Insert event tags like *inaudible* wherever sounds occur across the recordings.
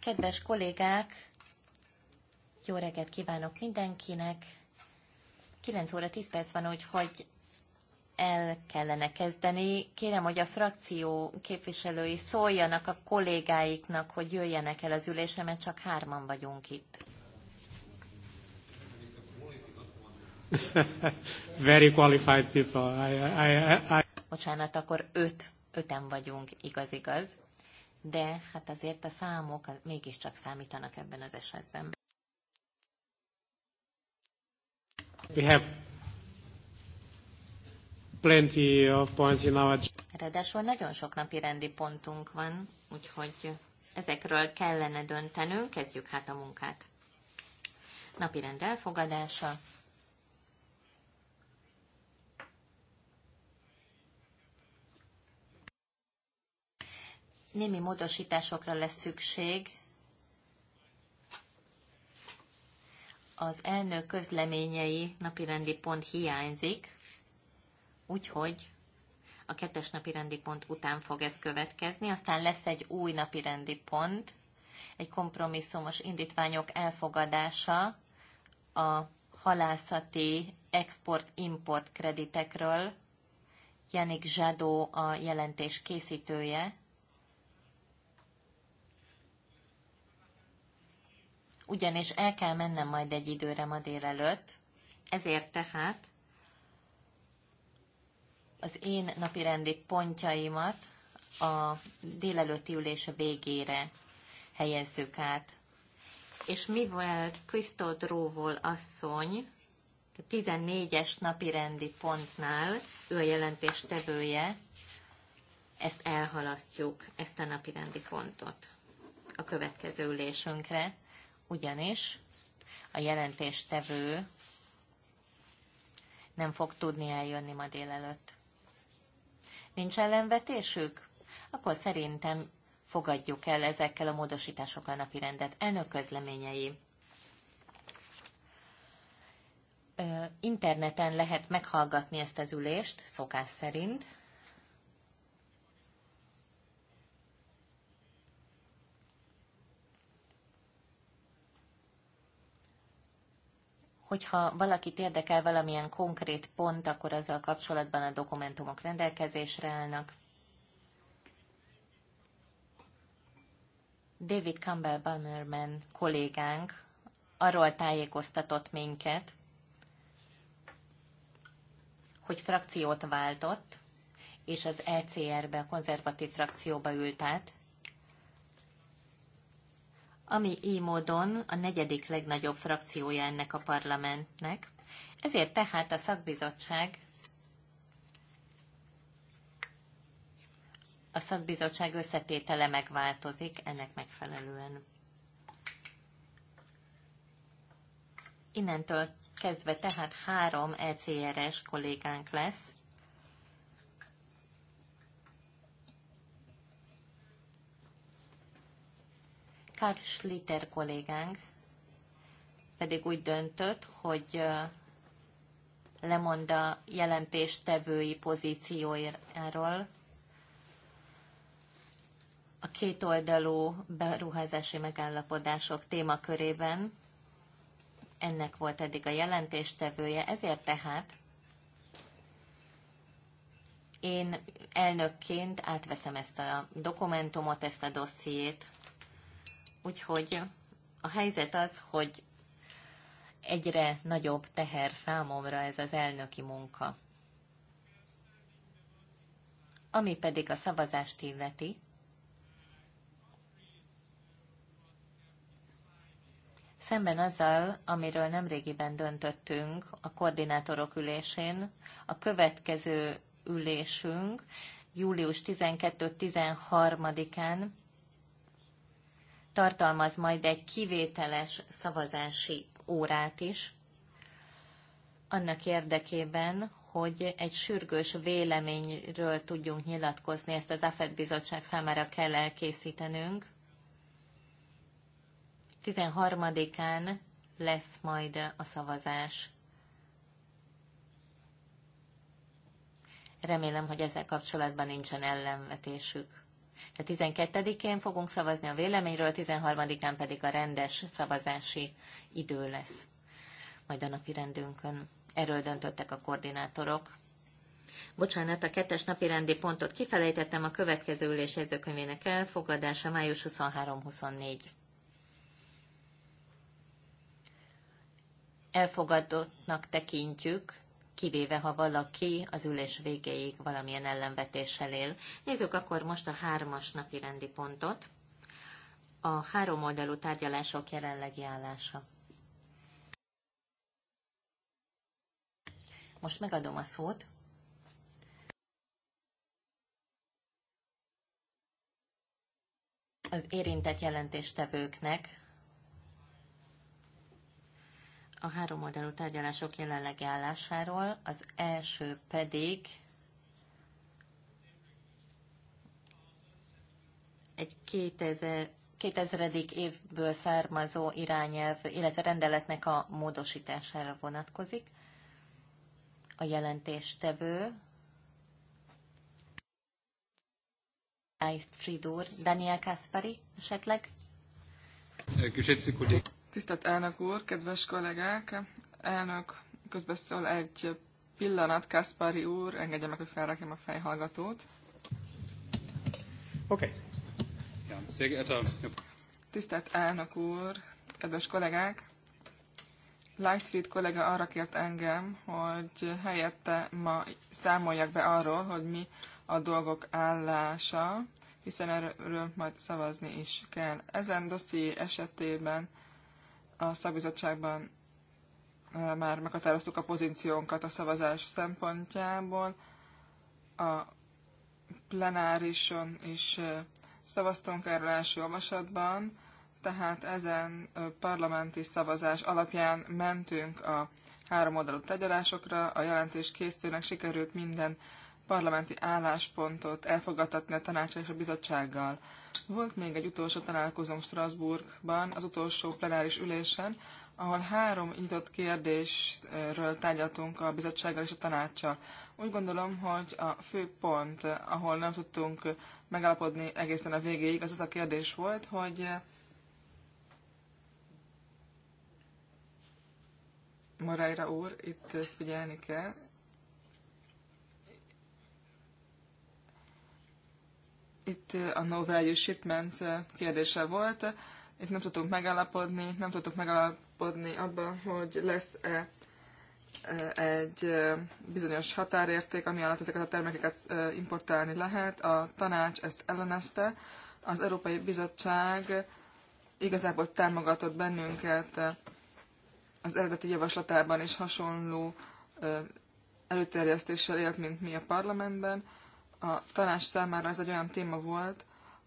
Kedves kollégák, jó reggelt kívánok mindenkinek. 9 óra 10 perc van, úgyhogy el kellene kezdeni. Kérem, hogy a frakció képviselői szóljanak a kollégáiknak, hogy jöjjenek el az ülésre, mert csak hárman vagyunk itt. *laughs* Very qualified people. I, I, I... Bocsánat, akkor öt, öten vagyunk, igaz-igaz de hát azért a számok mégiscsak számítanak ebben az esetben. We have plenty of points in our... Ráadásul nagyon sok napi rendi pontunk van, úgyhogy ezekről kellene döntenünk, kezdjük hát a munkát. rend elfogadása, némi módosításokra lesz szükség az elnök közleményei napirendi pont hiányzik, úgyhogy a kettes napirendi pont után fog ez következni, aztán lesz egy új napirendi pont, egy kompromisszumos indítványok elfogadása a halászati export-import kreditekről. Janik Zsadó a jelentés készítője, ugyanis el kell mennem majd egy időre ma délelőtt, ezért tehát az én napirendi pontjaimat a délelőtti ülés végére helyezzük át. És mivel Crystal Dróvol asszony, a 14-es napi rendi pontnál, ő a jelentéstevője, ezt elhalasztjuk, ezt a napi rendi pontot a következő ülésünkre ugyanis a jelentéstevő nem fog tudni eljönni ma délelőtt. Nincs ellenvetésük? Akkor szerintem fogadjuk el ezekkel a módosításokkal napi rendet. Elnök közleményei. Interneten lehet meghallgatni ezt az ülést, szokás szerint. hogyha valakit érdekel valamilyen konkrét pont, akkor azzal kapcsolatban a dokumentumok rendelkezésre állnak. David Campbell Balmerman kollégánk arról tájékoztatott minket, hogy frakciót váltott, és az ECR-be, a konzervatív frakcióba ült át, ami így módon a negyedik legnagyobb frakciója ennek a parlamentnek. Ezért tehát a szakbizottság a szakbizottság összetétele megváltozik ennek megfelelően. Innentől kezdve tehát három ECRS kollégánk lesz, Karl Schlitter kollégánk pedig úgy döntött, hogy lemond a jelentéstevői pozíciójáról, a kétoldalú beruházási megállapodások témakörében. Ennek volt eddig a jelentéstevője, ezért tehát én elnökként átveszem ezt a dokumentumot, ezt a dossziét, Úgyhogy a helyzet az, hogy egyre nagyobb teher számomra ez az elnöki munka. Ami pedig a szavazást illeti, Szemben azzal, amiről nemrégiben döntöttünk a koordinátorok ülésén, a következő ülésünk július 12-13-án tartalmaz majd egy kivételes szavazási órát is, annak érdekében, hogy egy sürgős véleményről tudjunk nyilatkozni, ezt az AFED bizottság számára kell elkészítenünk. 13-án lesz majd a szavazás. Remélem, hogy ezzel kapcsolatban nincsen ellenvetésük. Tehát 12-én fogunk szavazni a véleményről, 13-án pedig a rendes szavazási idő lesz majd a napi rendünkön. Erről döntöttek a koordinátorok. Bocsánat, a kettes napi rendi pontot kifelejtettem, a következő ülés jegyzőkönyvének elfogadása május 23-24. Elfogadottnak tekintjük kivéve ha valaki az ülés végéig valamilyen ellenvetéssel él. Nézzük akkor most a hármas napi rendi pontot, a három oldalú tárgyalások jelenlegi állása. Most megadom a szót. Az érintett jelentéstevőknek, a három oldalú tárgyalások jelenlegi állásáról, az első pedig egy 2000, 2000. évből származó irányelv, illetve rendeletnek a módosítására vonatkozik. A jelentéstevő Leif Fridur, Daniel Kaspari esetleg. Geschätzte Kollegen. Tisztelt elnök úr, kedves kollégák! Elnök közbeszól egy pillanat, Kaspari úr, engedje meg, hogy felrakjam a fejhallgatót. Oké. Okay. Tisztelt elnök úr, kedves kollégák! Lightfeed kollega arra kért engem, hogy helyette ma számoljak be arról, hogy mi a dolgok állása, hiszen erről majd szavazni is kell. Ezen dosszié esetében a szakbizottságban már meghatároztuk a pozíciónkat a szavazás szempontjából. A plenárison is szavaztunk erről első olvasatban, tehát ezen parlamenti szavazás alapján mentünk a három oldalú tegyelásokra, a jelentés készítőnek sikerült minden parlamenti álláspontot elfogadtatni a tanácsra és a bizottsággal. Volt még egy utolsó találkozom Strasbourgban, az utolsó plenáris ülésen, ahol három nyitott kérdésről tárgyaltunk a bizottsággal és a tanácssal. Úgy gondolom, hogy a fő pont, ahol nem tudtunk megállapodni egészen a végéig, az az a kérdés volt, hogy Moreira úr, itt figyelni kell, Itt a no value shipment kérdése volt. Itt nem tudtunk megállapodni, nem tudtuk megállapodni abban, hogy lesz-e egy bizonyos határérték, ami alatt ezeket a termékeket importálni lehet. A tanács ezt ellenezte. Az Európai Bizottság igazából támogatott bennünket az eredeti javaslatában is hasonló előterjesztéssel élt, mint mi a parlamentben a tanács számára ez egy olyan téma volt,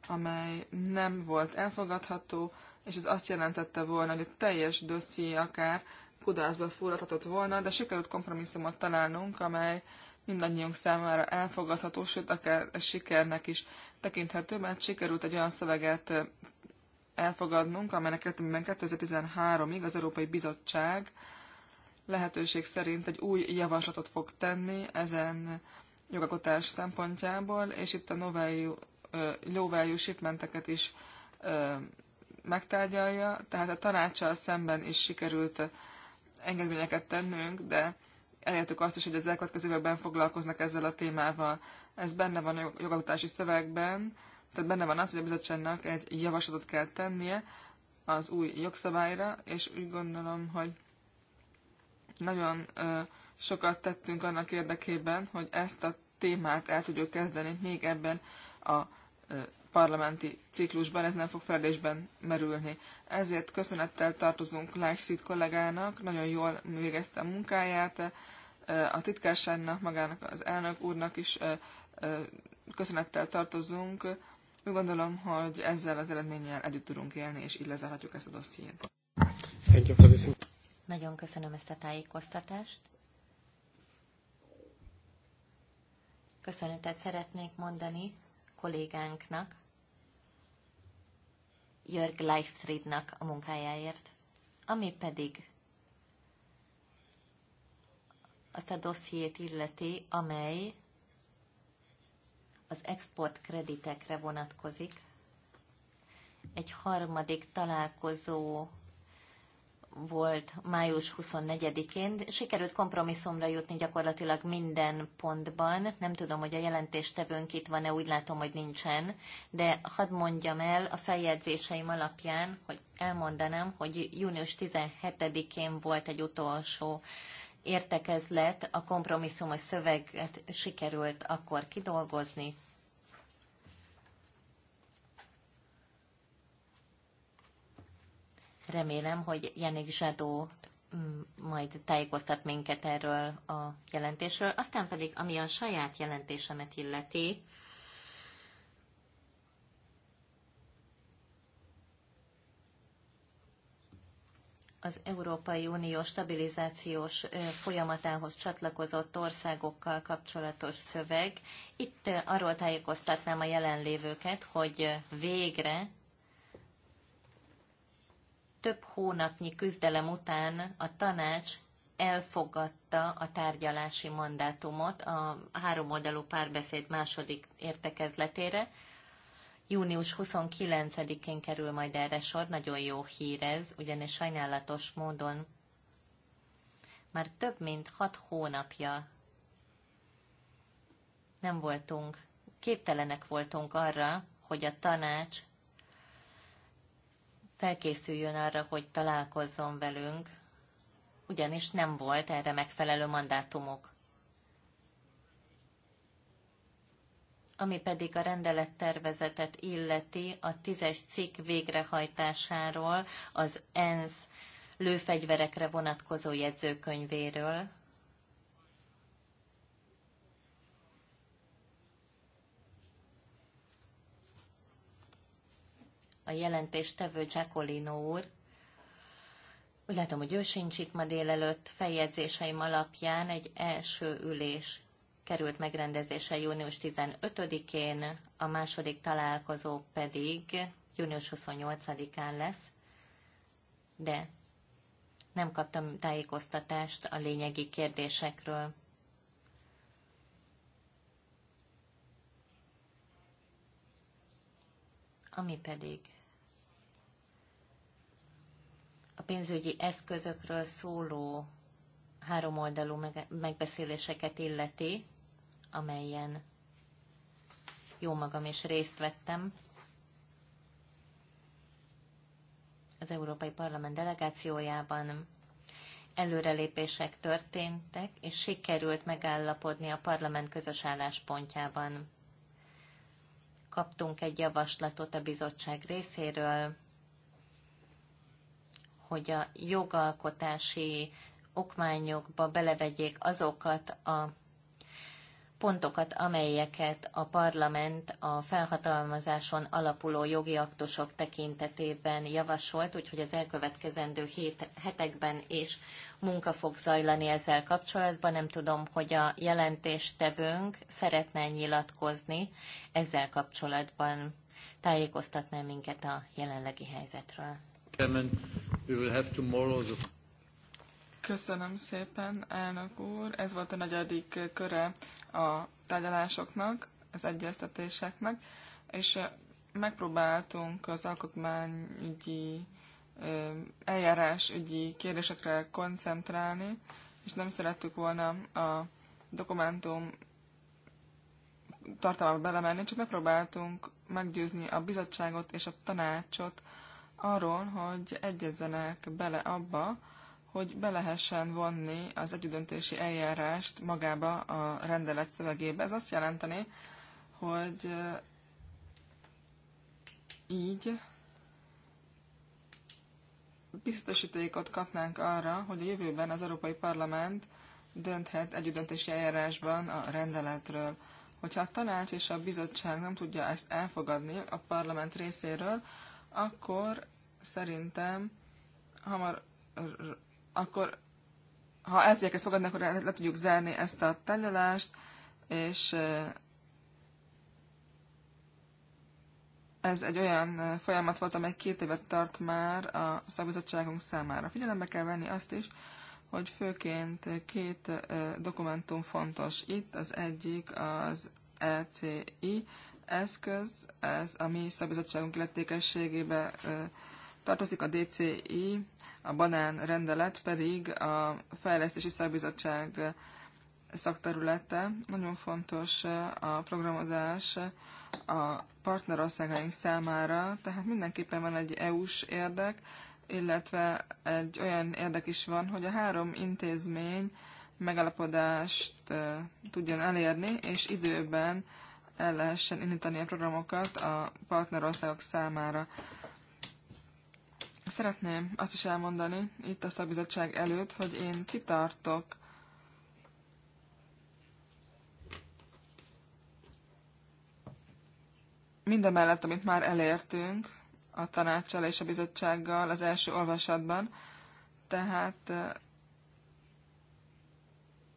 amely nem volt elfogadható, és ez azt jelentette volna, hogy a teljes dosszié akár kudarcba fulladhatott volna, de sikerült kompromisszumot találnunk, amely mindannyiunk számára elfogadható, sőt, akár sikernek is tekinthető, mert sikerült egy olyan szöveget elfogadnunk, amelynek 2013-ig az Európai Bizottság lehetőség szerint egy új javaslatot fog tenni ezen jogalkotás szempontjából, és itt a noveljú, low value shipmenteket is megtárgyalja, tehát a tanácssal szemben is sikerült engedményeket tennünk, de elértük azt is, hogy az elkövetkező években foglalkoznak ezzel a témával. Ez benne van a jogalkotási szövegben, tehát benne van az, hogy a bizottságnak egy javaslatot kell tennie az új jogszabályra, és úgy gondolom, hogy nagyon sokat tettünk annak érdekében, hogy ezt a témát el tudjuk kezdeni még ebben a parlamenti ciklusban, ez nem fog felelésben merülni. Ezért köszönettel tartozunk Lightstreet kollégának, nagyon jól végezte a munkáját, a titkárságnak, magának az elnök úrnak is köszönettel tartozunk. Úgy gondolom, hogy ezzel az eredménnyel együtt tudunk élni, és így lezárhatjuk ezt a dossziét. Nagyon köszönöm ezt a tájékoztatást. Köszönetet szeretnék mondani kollégánknak, Jörg Leifriednak a munkájáért, ami pedig azt a dossziét illeti, amely az exportkreditekre vonatkozik. Egy harmadik találkozó volt május 24-én. Sikerült kompromisszumra jutni gyakorlatilag minden pontban. Nem tudom, hogy a jelentéstevőnk itt van-e, úgy látom, hogy nincsen, de hadd mondjam el a feljegyzéseim alapján, hogy elmondanám, hogy június 17-én volt egy utolsó értekezlet, a kompromisszumos szöveget sikerült akkor kidolgozni, Remélem, hogy Janik Zsadó mm, majd tájékoztat minket erről a jelentésről. Aztán pedig, ami a saját jelentésemet illeti, az Európai Unió stabilizációs folyamatához csatlakozott országokkal kapcsolatos szöveg. Itt arról tájékoztatnám a jelenlévőket, hogy végre több hónapnyi küzdelem után a tanács elfogadta a tárgyalási mandátumot a három oldalú párbeszéd második értekezletére. Június 29-én kerül majd erre sor, nagyon jó hír ez, ugyanis sajnálatos módon már több mint hat hónapja nem voltunk, képtelenek voltunk arra, hogy a tanács felkészüljön arra, hogy találkozzon velünk, ugyanis nem volt erre megfelelő mandátumok. Ami pedig a rendelettervezetet illeti a tízes cikk végrehajtásáról, az ENSZ lőfegyverekre vonatkozó jegyzőkönyvéről, a jelentéstevő Giacolino úr. Úgy látom, hogy ő sincs itt ma délelőtt. Feljegyzéseim alapján egy első ülés került megrendezése június 15-én, a második találkozó pedig június 28-án lesz, de nem kaptam tájékoztatást a lényegi kérdésekről. Ami pedig a pénzügyi eszközökről szóló háromoldalú megbeszéléseket illeti, amelyen jó magam is részt vettem. Az Európai Parlament delegációjában előrelépések történtek, és sikerült megállapodni a parlament közös álláspontjában. Kaptunk egy javaslatot a bizottság részéről, hogy a jogalkotási okmányokba belevegyék azokat a pontokat, amelyeket a parlament a felhatalmazáson alapuló jogi aktusok tekintetében javasolt, úgyhogy az elkövetkezendő hét, hetekben is munka fog zajlani ezzel kapcsolatban. Nem tudom, hogy a jelentéstevőnk szeretne nyilatkozni ezzel kapcsolatban. Tájékoztatná minket a jelenlegi helyzetről. Köszönöm. We will have tomorrow the... Köszönöm szépen, elnök úr. Ez volt a negyedik köre a tárgyalásoknak, az egyeztetéseknek, és megpróbáltunk az alkotmányügyi eljárásügyi kérdésekre koncentrálni, és nem szerettük volna a dokumentum tartalmába belemenni, csak megpróbáltunk meggyőzni a bizottságot és a tanácsot arról, hogy egyezzenek bele abba, hogy be lehessen vonni az együttdöntési eljárást magába a rendelet szövegébe. Ez azt jelenteni, hogy így biztosítékot kapnánk arra, hogy a jövőben az Európai Parlament dönthet együttdöntési eljárásban a rendeletről. Hogyha a tanács és a bizottság nem tudja ezt elfogadni a parlament részéről, akkor szerintem hamar, akkor ha el tudják ezt fogadni, akkor le, tudjuk zárni ezt a tárgyalást, és ez egy olyan folyamat volt, amely két évet tart már a szakbizottságunk számára. Figyelembe kell venni azt is, hogy főként két dokumentum fontos itt, az egyik az ECI, eszköz, ez a mi szabizottságunk illetékességébe tartozik a DCI, a banán rendelet pedig a fejlesztési szabizottság szakterülete. Nagyon fontos a programozás a partnerországaink számára, tehát mindenképpen van egy EU-s érdek, illetve egy olyan érdek is van, hogy a három intézmény megalapodást tudjon elérni, és időben el lehessen indítani a programokat a partnerországok számára. Szeretném azt is elmondani itt a szakbizottság előtt, hogy én kitartok mindemellett, amit már elértünk a tanácssal és a bizottsággal az első olvasatban, tehát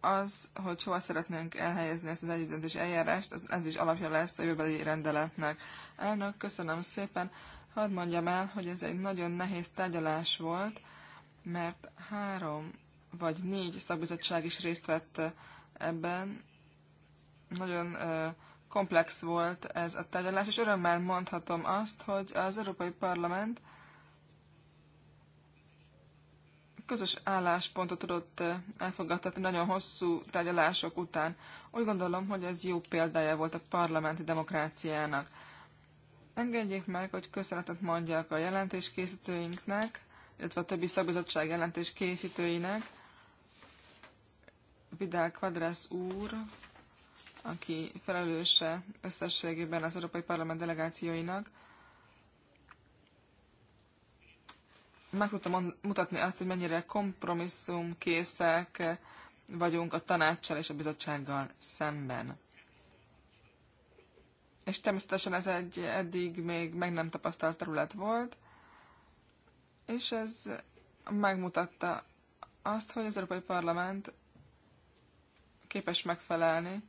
az, hogy hova szeretnénk elhelyezni ezt az együttdöntés eljárást, ez is alapja lesz a jövőbeli rendeletnek. Elnök, köszönöm szépen. Hadd mondjam el, hogy ez egy nagyon nehéz tárgyalás volt, mert három vagy négy szakbizottság is részt vett ebben. Nagyon komplex volt ez a tárgyalás, és örömmel mondhatom azt, hogy az Európai Parlament közös álláspontot tudott eh, elfogadtatni nagyon hosszú tárgyalások után. Úgy gondolom, hogy ez jó példája volt a parlamenti demokráciának. Engedjék meg, hogy köszönetet mondjak a jelentéskészítőinknek, illetve a többi szakbizottság jelentéskészítőinek. Vidal Quadrász úr, aki felelőse összességében az Európai Parlament delegációinak, meg tudtam mutatni azt, hogy mennyire kompromisszumkészek vagyunk a tanácssal és a bizottsággal szemben. És természetesen ez egy eddig még meg nem tapasztalt terület volt, és ez megmutatta azt, hogy az Európai Parlament képes megfelelni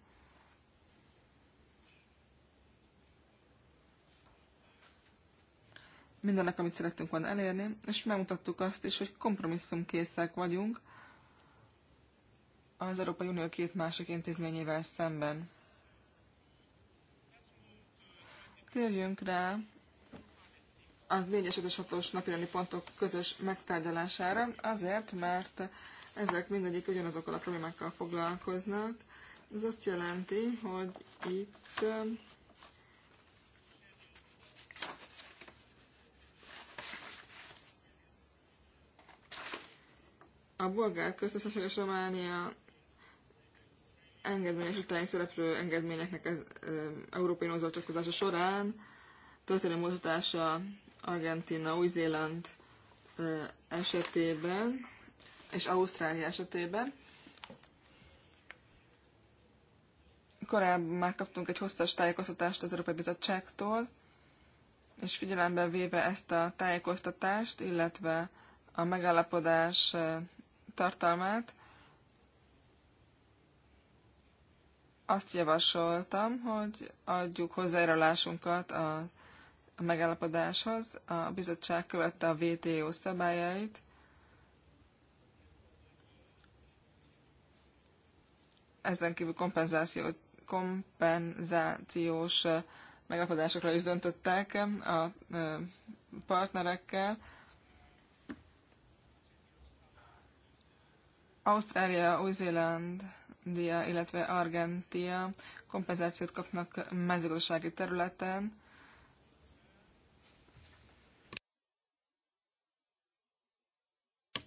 mindennek, amit szerettünk volna elérni, és megmutattuk azt is, hogy kompromisszumkészek vagyunk az Európai Unió két másik intézményével szemben. Térjünk rá az 4-es, 5 6-os napirani pontok közös megtárgyalására, azért, mert ezek mindegyik ugyanazokkal a problémákkal foglalkoznak. Ez azt jelenti, hogy itt A bolgár köztársaság és Románia engedményes utáni szereplő engedményeknek az európai nozolcsatkozása során történő mutatása Argentina, Új-Zéland esetében és Ausztrália esetében. Korábban már kaptunk egy hosszas tájékoztatást az Európai Bizottságtól, és figyelembe véve ezt a tájékoztatást, illetve a megállapodás tartalmát, azt javasoltam, hogy adjuk hozzájárulásunkat a, megállapodáshoz. A bizottság követte a WTO szabályait. Ezen kívül kompenzáció, kompenzációs megállapodásokra is döntöttek a partnerekkel. Ausztrália, Új-Zélandia, illetve Argentia kompenzációt kapnak mezőgazdasági területen.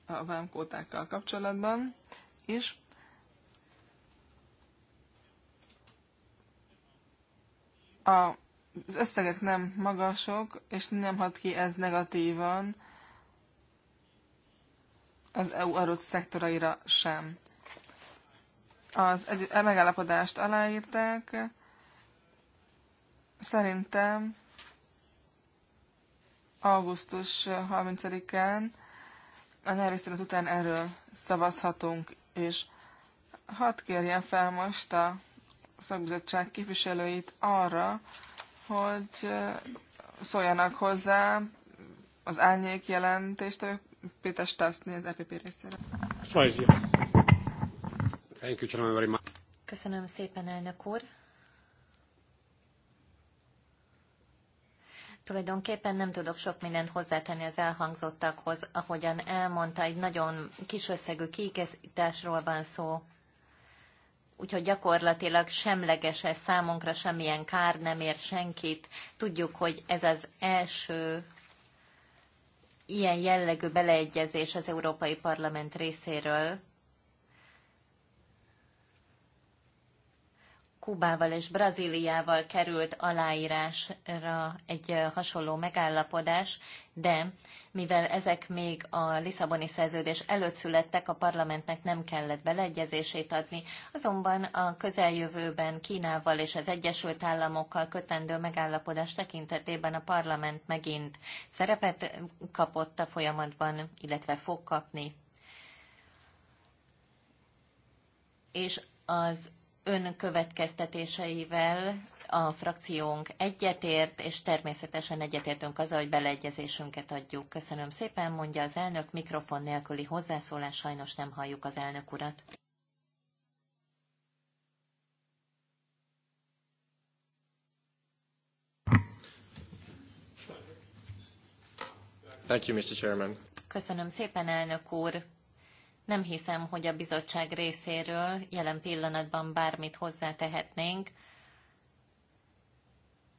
a vámkótákkal kapcsolatban is. az összegek nem magasok, és nem hat ki ez negatívan az EU adott szektoraira sem. Az egy, e megállapodást aláírták. Szerintem augusztus 30-án a nyári szünet után erről szavazhatunk, és hadd kérjen fel most a szakbizottság képviselőit arra, hogy szóljanak hozzá az árnyék jelentéstevők Péter Stászné az EPP részére. Köszönöm szépen, elnök úr. Tulajdonképpen nem tudok sok mindent hozzátenni az elhangzottakhoz, ahogyan elmondta, egy nagyon kis összegű kiigazításról van szó, úgyhogy gyakorlatilag semleges ez számunkra, semmilyen kár nem ér senkit. Tudjuk, hogy ez az első ilyen jellegű beleegyezés az Európai Parlament részéről Kubával és Brazíliával került aláírásra egy hasonló megállapodás, de mivel ezek még a Lisszaboni szerződés előtt születtek, a parlamentnek nem kellett beleegyezését adni, azonban a közeljövőben Kínával és az Egyesült Államokkal kötendő megállapodás tekintetében a parlament megint szerepet kapott a folyamatban, illetve fog kapni. És az Ön következtetéseivel a frakciónk egyetért, és természetesen egyetértünk azzal, hogy beleegyezésünket adjuk. Köszönöm szépen, mondja az elnök, mikrofon nélküli hozzászólás, sajnos nem halljuk az elnök urat. Thank you, Mr. Chairman. Köszönöm szépen, elnök úr. Nem hiszem, hogy a bizottság részéről jelen pillanatban bármit hozzátehetnénk.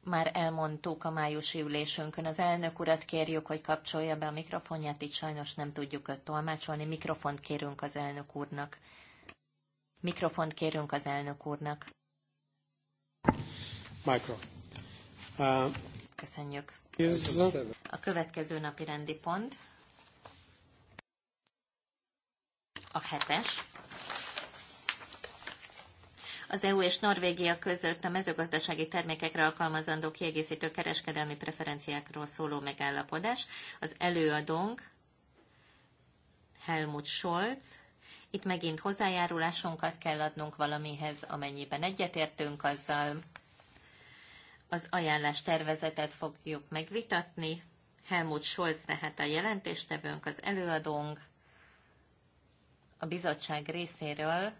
Már elmondtuk a májusi ülésünkön. Az elnök urat kérjük, hogy kapcsolja be a mikrofonját, itt sajnos nem tudjuk őt tolmácsolni. Mikrofont kérünk az elnök úrnak. Mikrofont kérünk az elnök úrnak. Mikro. Uh, Köszönjük. A következő napi rendi pont. a hetes, az EU és Norvégia között a mezőgazdasági termékekre alkalmazandó kiegészítő kereskedelmi preferenciákról szóló megállapodás. Az előadónk Helmut Scholz. Itt megint hozzájárulásunkat kell adnunk valamihez, amennyiben egyetértünk azzal. Az ajánlás tervezetet fogjuk megvitatni. Helmut Scholz tehát a jelentéstevőnk, az előadónk a bizottság részéről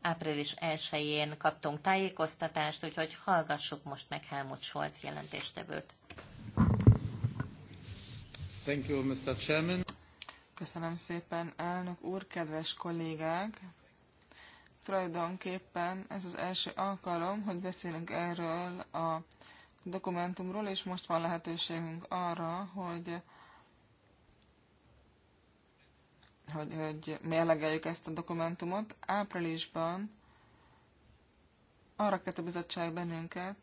április 1-én kaptunk tájékoztatást, úgyhogy hallgassuk most meg Helmut Scholz jelentéstevőt. Thank you, Mr. Chairman. Köszönöm szépen, elnök úr, kedves kollégák! Tulajdonképpen ez az első alkalom, hogy beszélünk erről a dokumentumról, és most van lehetőségünk arra, hogy hogy, hogy mérlegeljük ezt a dokumentumot. Áprilisban arra kért a bizottság bennünket,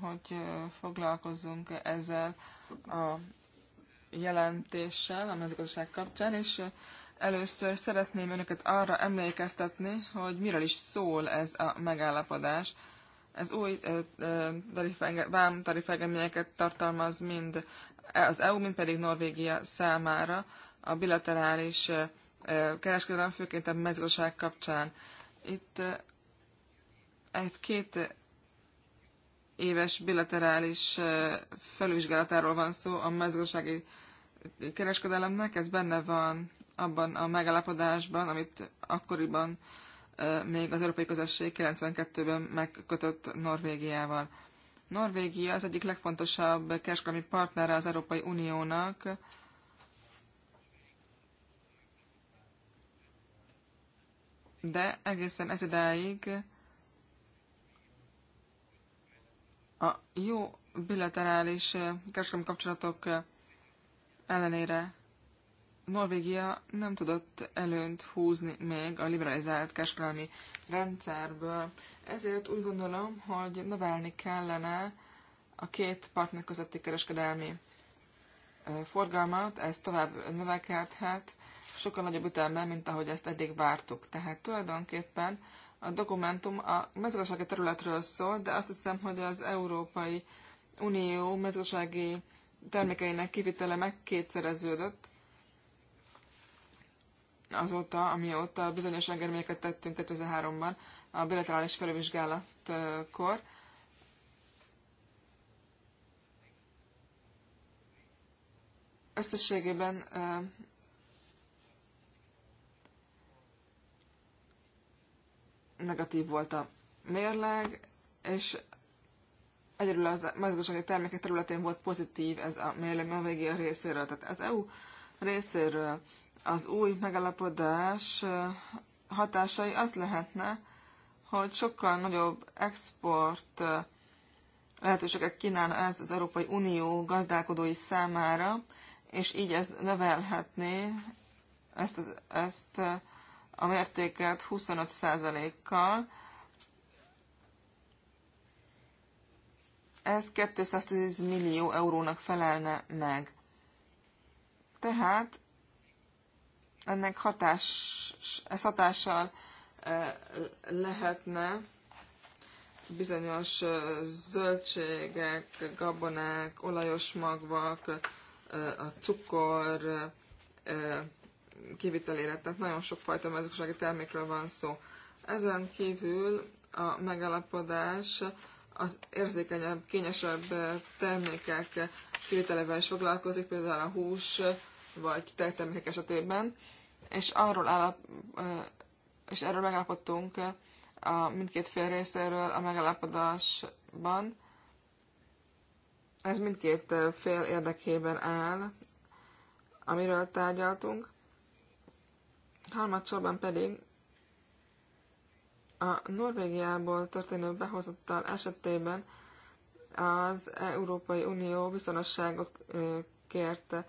hogy foglalkozzunk ezzel a jelentéssel a mezőgazdaság kapcsán, és először szeretném önöket arra emlékeztetni, hogy miről is szól ez a megállapodás. Ez új vám tarifengeményeket tartalmaz mind az EU, mind pedig Norvégia számára a bilaterális kereskedelem, főként a mezőgazdaság kapcsán. Itt egy két éves bilaterális felvizsgálatáról van szó a mezőgazdasági kereskedelemnek, ez benne van abban a megállapodásban, amit akkoriban még az Európai Közösség 92-ben megkötött Norvégiával. Norvégia az egyik legfontosabb kereskedelmi partnere az Európai Uniónak, de egészen ez idáig a jó bilaterális eh, kereskedelmi kapcsolatok eh, ellenére Norvégia nem tudott előnt húzni még a liberalizált kereskedelmi rendszerből. Ezért úgy gondolom, hogy növelni kellene a két partner közötti kereskedelmi eh, forgalmat, ez tovább növekedhet, sokkal nagyobb ütemben, mint ahogy ezt eddig vártuk. Tehát tulajdonképpen a dokumentum a mezőgazdasági területről szól, de azt hiszem, hogy az Európai Unió mezőgazdasági termékeinek kivitele megkétszereződött azóta, amióta bizonyos engedményeket tettünk 2003-ban a bilaterális felvizsgálatkor. Összességében eh, negatív volt a mérleg, és egyedül az mezőgazdasági termékek területén volt pozitív ez a mérleg Norvégia részéről. Tehát az EU részéről az új megállapodás eh, hatásai az lehetne, hogy sokkal nagyobb export eh, lehetőséget kínálna ez az Európai Unió gazdálkodói számára, és így ez növelhetné ezt, az, ezt eh, a mértéket 25%-kal. Ez 210 millió eurónak felelne meg. Tehát ennek hatás, ez hatással e, lehetne bizonyos e, zöldségek, gabonák, olajos magvak, e, a cukor, kivitelére, tehát nagyon sok fajta mezőgazdasági termékről van szó. Ezen kívül a megállapodás az érzékenyebb, kényesebb termékek kivitelevel is foglalkozik, például a hús vagy tejtermékek esetében, és arról állap, és erről megállapodtunk a mindkét fél részéről a megállapodásban. Ez mindkét fél érdekében áll, amiről tárgyaltunk. Harmadsorban pedig a Norvégiából történő behozottal esetében az Európai Unió viszonosságot kérte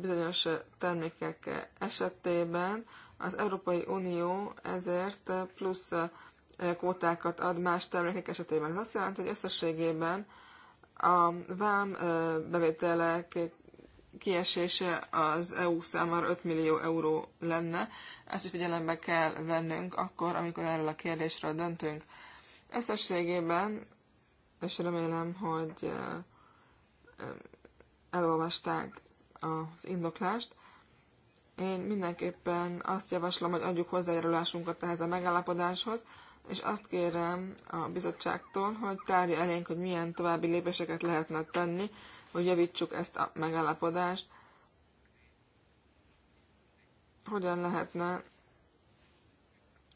bizonyos termékek esetében. Az Európai Unió ezért plusz kvótákat ad más termékek esetében. Ez azt jelenti, hogy összességében a vám bevételek kiesése az EU számára 5 millió euró lenne. Ezt is figyelembe kell vennünk akkor, amikor erről a kérdésről döntünk. Összességében, és remélem, hogy elolvasták az indoklást, én mindenképpen azt javaslom, hogy adjuk hozzájárulásunkat ehhez a megállapodáshoz, és azt kérem a bizottságtól, hogy tárja elénk, hogy milyen további lépéseket lehetne tenni hogy javítsuk ezt a megállapodást. Hogyan lehetne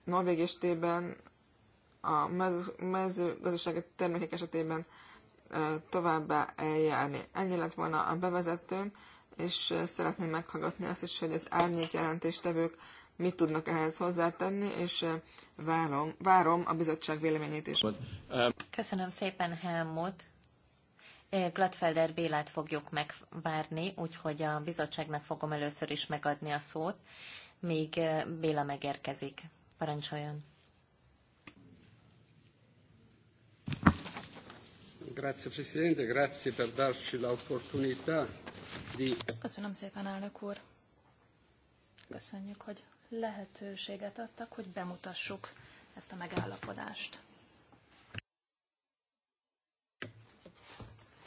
Norvég estében a mezőgazdasági termékek esetében továbbá eljárni. Ennyi lett volna a bevezetőm, és szeretném meghallgatni azt is, hogy az árnyék jelentéstevők mit tudnak ehhez hozzátenni, és várom, várom a bizottság véleményét is. Köszönöm szépen, Helmut. Gladfelder Bélát fogjuk megvárni, úgyhogy a bizottságnak fogom először is megadni a szót, míg Béla megérkezik. Parancsoljon! Grazie Presidente, grazie per darci l'opportunità di... Köszönöm szépen, elnök úr! Köszönjük, hogy lehetőséget adtak, hogy bemutassuk ezt a megállapodást.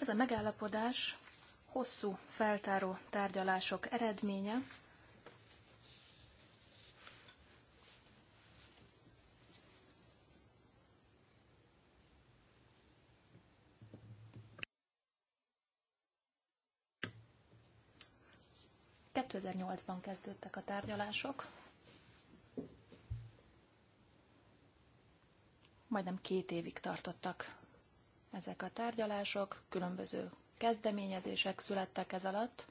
Ez a megállapodás hosszú feltáró tárgyalások eredménye, ban kezdődtek a tárgyalások. Majdnem két évig tartottak ezek a tárgyalások, különböző kezdeményezések születtek ez alatt,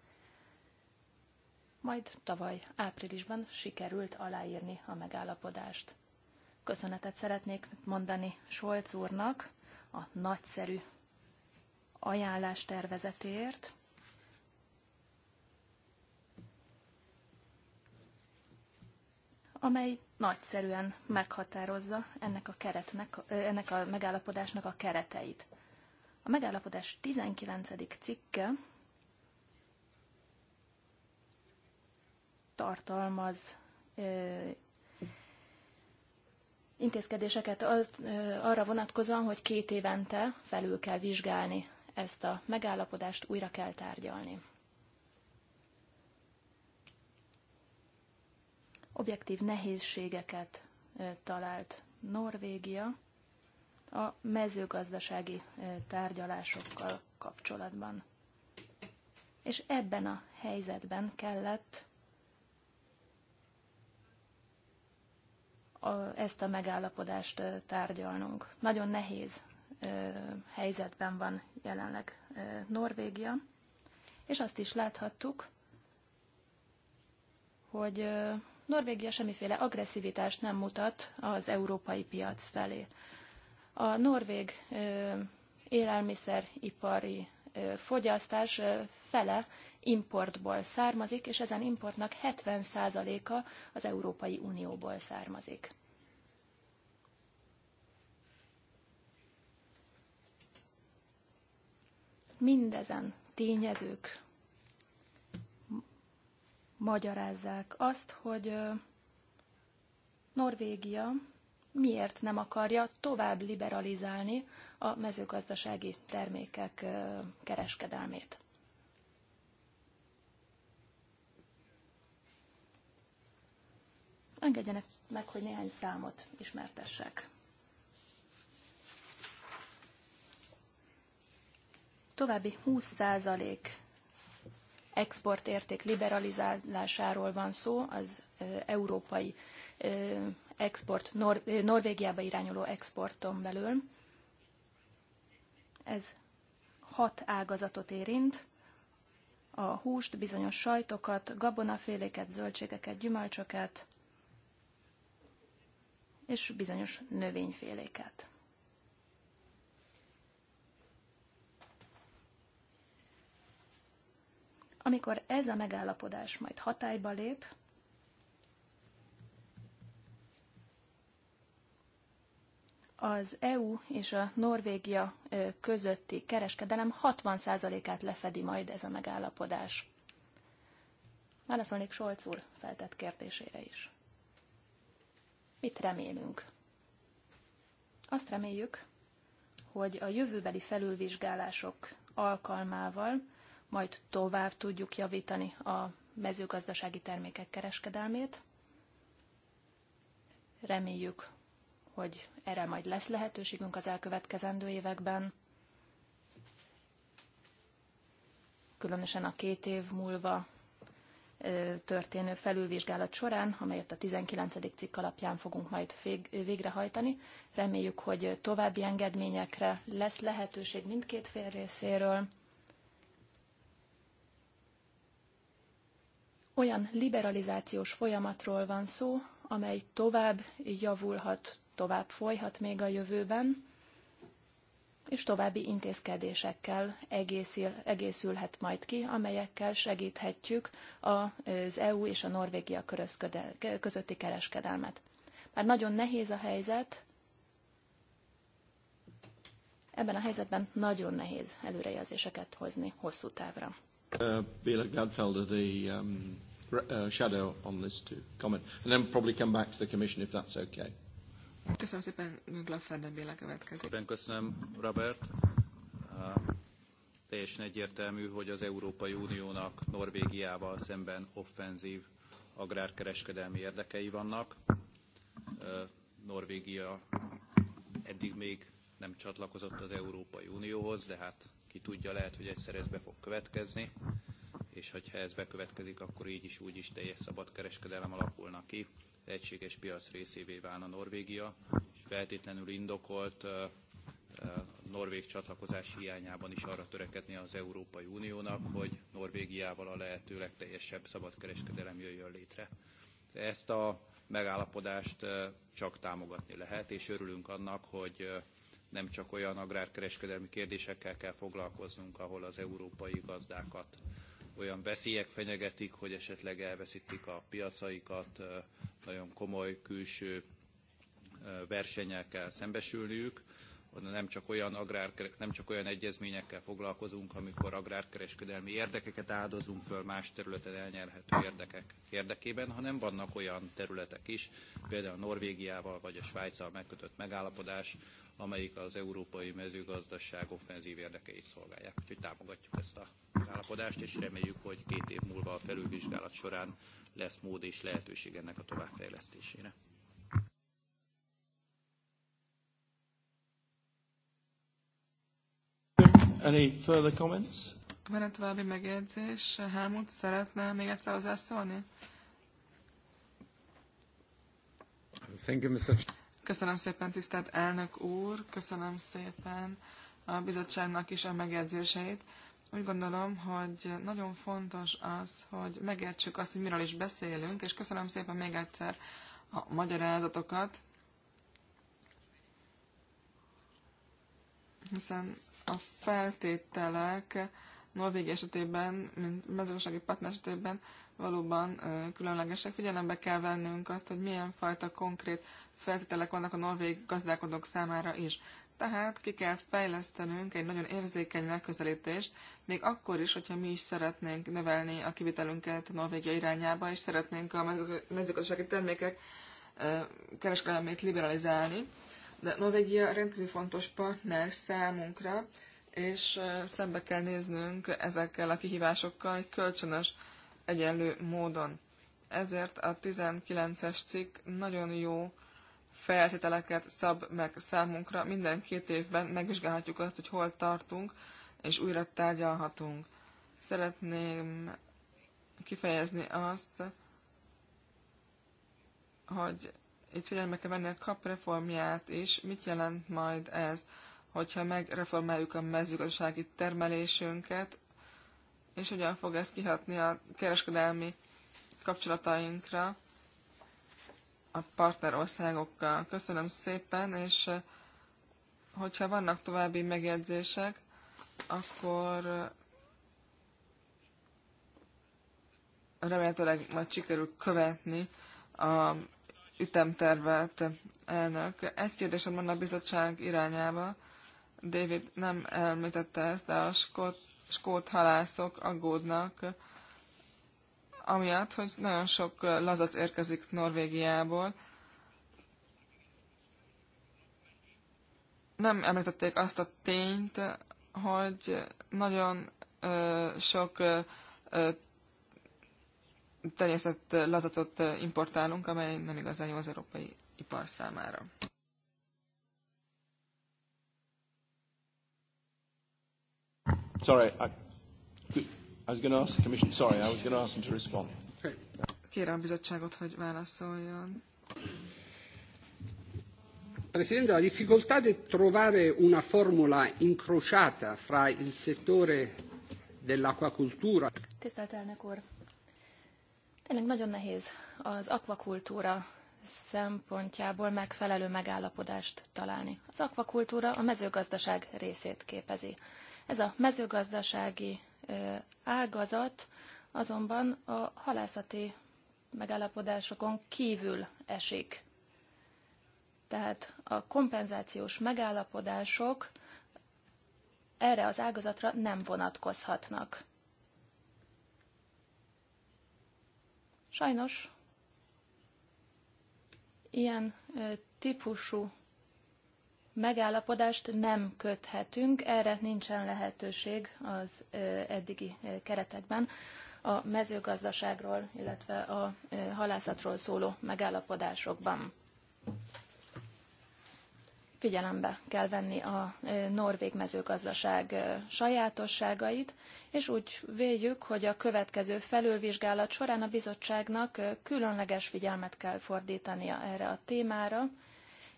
majd tavaly áprilisban sikerült aláírni a megállapodást. Köszönetet szeretnék mondani Solc úrnak a nagyszerű ajánlástervezetért, amely nagyszerűen meghatározza ennek a, keretnek, ennek a megállapodásnak a kereteit. A megállapodás 19. cikke tartalmaz intézkedéseket arra vonatkozóan, hogy két évente felül kell vizsgálni ezt a megállapodást, újra kell tárgyalni. objektív nehézségeket talált Norvégia a mezőgazdasági tárgyalásokkal kapcsolatban. És ebben a helyzetben kellett a, ezt a megállapodást tárgyalnunk. Nagyon nehéz ö, helyzetben van jelenleg ö, Norvégia, és azt is láthattuk, hogy ö, Norvégia semmiféle agresszivitást nem mutat az európai piac felé. A norvég élelmiszeripari fogyasztás fele importból származik, és ezen importnak 70%-a az Európai Unióból származik. Mindezen tényezők magyarázzák azt, hogy Norvégia miért nem akarja tovább liberalizálni a mezőgazdasági termékek kereskedelmét. Engedjenek meg, hogy néhány számot ismertessek. További 20% exportérték liberalizálásáról van szó, az európai export, Nor Norvégiába irányuló exporton belül. Ez hat ágazatot érint, a húst, bizonyos sajtokat, gabonaféléket, zöldségeket, gyümölcsöket és bizonyos növényféléket. Amikor ez a megállapodás majd hatályba lép, az EU és a Norvégia közötti kereskedelem 60%-át lefedi majd ez a megállapodás. Válaszolnék Solc úr feltett kérdésére is. Mit remélünk? Azt reméljük, hogy a jövőbeli felülvizsgálások alkalmával majd tovább tudjuk javítani a mezőgazdasági termékek kereskedelmét. Reméljük, hogy erre majd lesz lehetőségünk az elkövetkezendő években. Különösen a két év múlva történő felülvizsgálat során, amelyet a 19. cikk alapján fogunk majd végrehajtani. Reméljük, hogy további engedményekre lesz lehetőség mindkét fél részéről, Olyan liberalizációs folyamatról van szó, amely tovább javulhat, tovább folyhat még a jövőben, és további intézkedésekkel egészül, egészülhet majd ki, amelyekkel segíthetjük az EU és a Norvégia közötti kereskedelmet. Már nagyon nehéz a helyzet, ebben a helyzetben nagyon nehéz előrejelzéseket hozni hosszú távra. Uh, Béla the um, uh, shadow on this to comment, and then probably come back to the Commission if that's okay. Köszönöm szépen, Gladfelden Béla következik. Szépen köszönöm, Robert. Uh, teljesen egyértelmű, hogy az Európai Uniónak Norvégiával szemben offenzív agrárkereskedelmi érdekei vannak. Uh, Norvégia eddig még nem csatlakozott az Európai Unióhoz, de hát ki tudja, lehet, hogy egyszer ez be fog következni és hogyha ez bekövetkezik, akkor így is úgy is teljes kereskedelem alakulna ki, egységes piac részévé válna Norvégia, és feltétlenül indokolt Norvég csatlakozás hiányában is arra törekedni az Európai Uniónak, hogy Norvégiával a lehető legteljesebb szabadkereskedelem jöjjön létre. Ezt a megállapodást csak támogatni lehet, és örülünk annak, hogy nem csak olyan agrárkereskedelmi kérdésekkel kell foglalkoznunk, ahol az európai gazdákat olyan veszélyek fenyegetik, hogy esetleg elveszítik a piacaikat, nagyon komoly külső versenyekkel szembesülniük nem csak olyan, agrár, nem csak olyan egyezményekkel foglalkozunk, amikor agrárkereskedelmi érdekeket áldozunk föl más területen elnyerhető érdekek érdekében, hanem vannak olyan területek is, például Norvégiával vagy a Svájccal megkötött megállapodás, amelyik az európai mezőgazdaság offenzív érdekeit szolgálják. Úgyhogy támogatjuk ezt a megállapodást, és reméljük, hogy két év múlva a felülvizsgálat során lesz mód és lehetőség ennek a továbbfejlesztésére. Any further comments? van egy további megjegyzés? Helmut, szeretne még egyszer hozzászólni? Thank you, Mr. Köszönöm szépen, tisztelt elnök úr, köszönöm szépen a bizottságnak is a megjegyzéseit. Úgy gondolom, hogy nagyon fontos az, hogy megértsük azt, hogy miről is beszélünk, és köszönöm szépen még egyszer a magyarázatokat, hiszen a feltételek Norvég esetében, mint mezőgazdasági partner esetében valóban különlegesek. Figyelembe kell vennünk azt, hogy milyen fajta konkrét feltételek vannak a norvég gazdálkodók számára is. Tehát ki kell fejlesztenünk egy nagyon érzékeny megközelítést, még akkor is, hogyha mi is szeretnénk növelni a kivitelünket Norvégia irányába, és szeretnénk a mezőgazdasági termékek kereskedelmét liberalizálni. De Norvégia rendkívül fontos partner számunkra, és szembe kell néznünk ezekkel a kihívásokkal egy kölcsönös, egyenlő módon. Ezért a 19-es cikk nagyon jó feltételeket szab meg számunkra. Minden két évben megvizsgálhatjuk azt, hogy hol tartunk, és újra tárgyalhatunk. Szeretném kifejezni azt, hogy itt figyelme kell venni a kap reformját is. Mit jelent majd ez, hogyha megreformáljuk a mezőgazdasági termelésünket, és hogyan fog ez kihatni a kereskedelmi kapcsolatainkra a partnerországokkal. Köszönöm szépen, és eh, hogyha vannak további megjegyzések, akkor eh, remélhetőleg majd sikerül követni a ütemtervet, elnök. Egy kérdésem van a bizottság irányába. David nem elmítette ezt, de a skót, skót halászok aggódnak, amiatt, hogy nagyon sok lazac érkezik Norvégiából. Nem említették azt a tényt, hogy nagyon ö, sok ö, terjesztett lazacot importálunk, amely nem igazán jó az európai ipar számára. Sorry, I, I was going to ask the commission. Sorry, I was going to ask them to respond. Kérem a bizottságot, hogy válaszoljon. Presidente, la difficoltà di trovare una formula incrociata fra il settore dell'acquacultura. Tisztelt elnök úr, Tényleg nagyon nehéz az akvakultúra szempontjából megfelelő megállapodást találni. Az akvakultúra a mezőgazdaság részét képezi. Ez a mezőgazdasági ágazat azonban a halászati megállapodásokon kívül esik. Tehát a kompenzációs megállapodások erre az ágazatra nem vonatkozhatnak. Sajnos ilyen típusú megállapodást nem köthetünk, erre nincsen lehetőség az eddigi keretekben a mezőgazdaságról, illetve a halászatról szóló megállapodásokban figyelembe kell venni a norvég mezőgazdaság sajátosságait, és úgy véljük, hogy a következő felülvizsgálat során a bizottságnak különleges figyelmet kell fordítania erre a témára,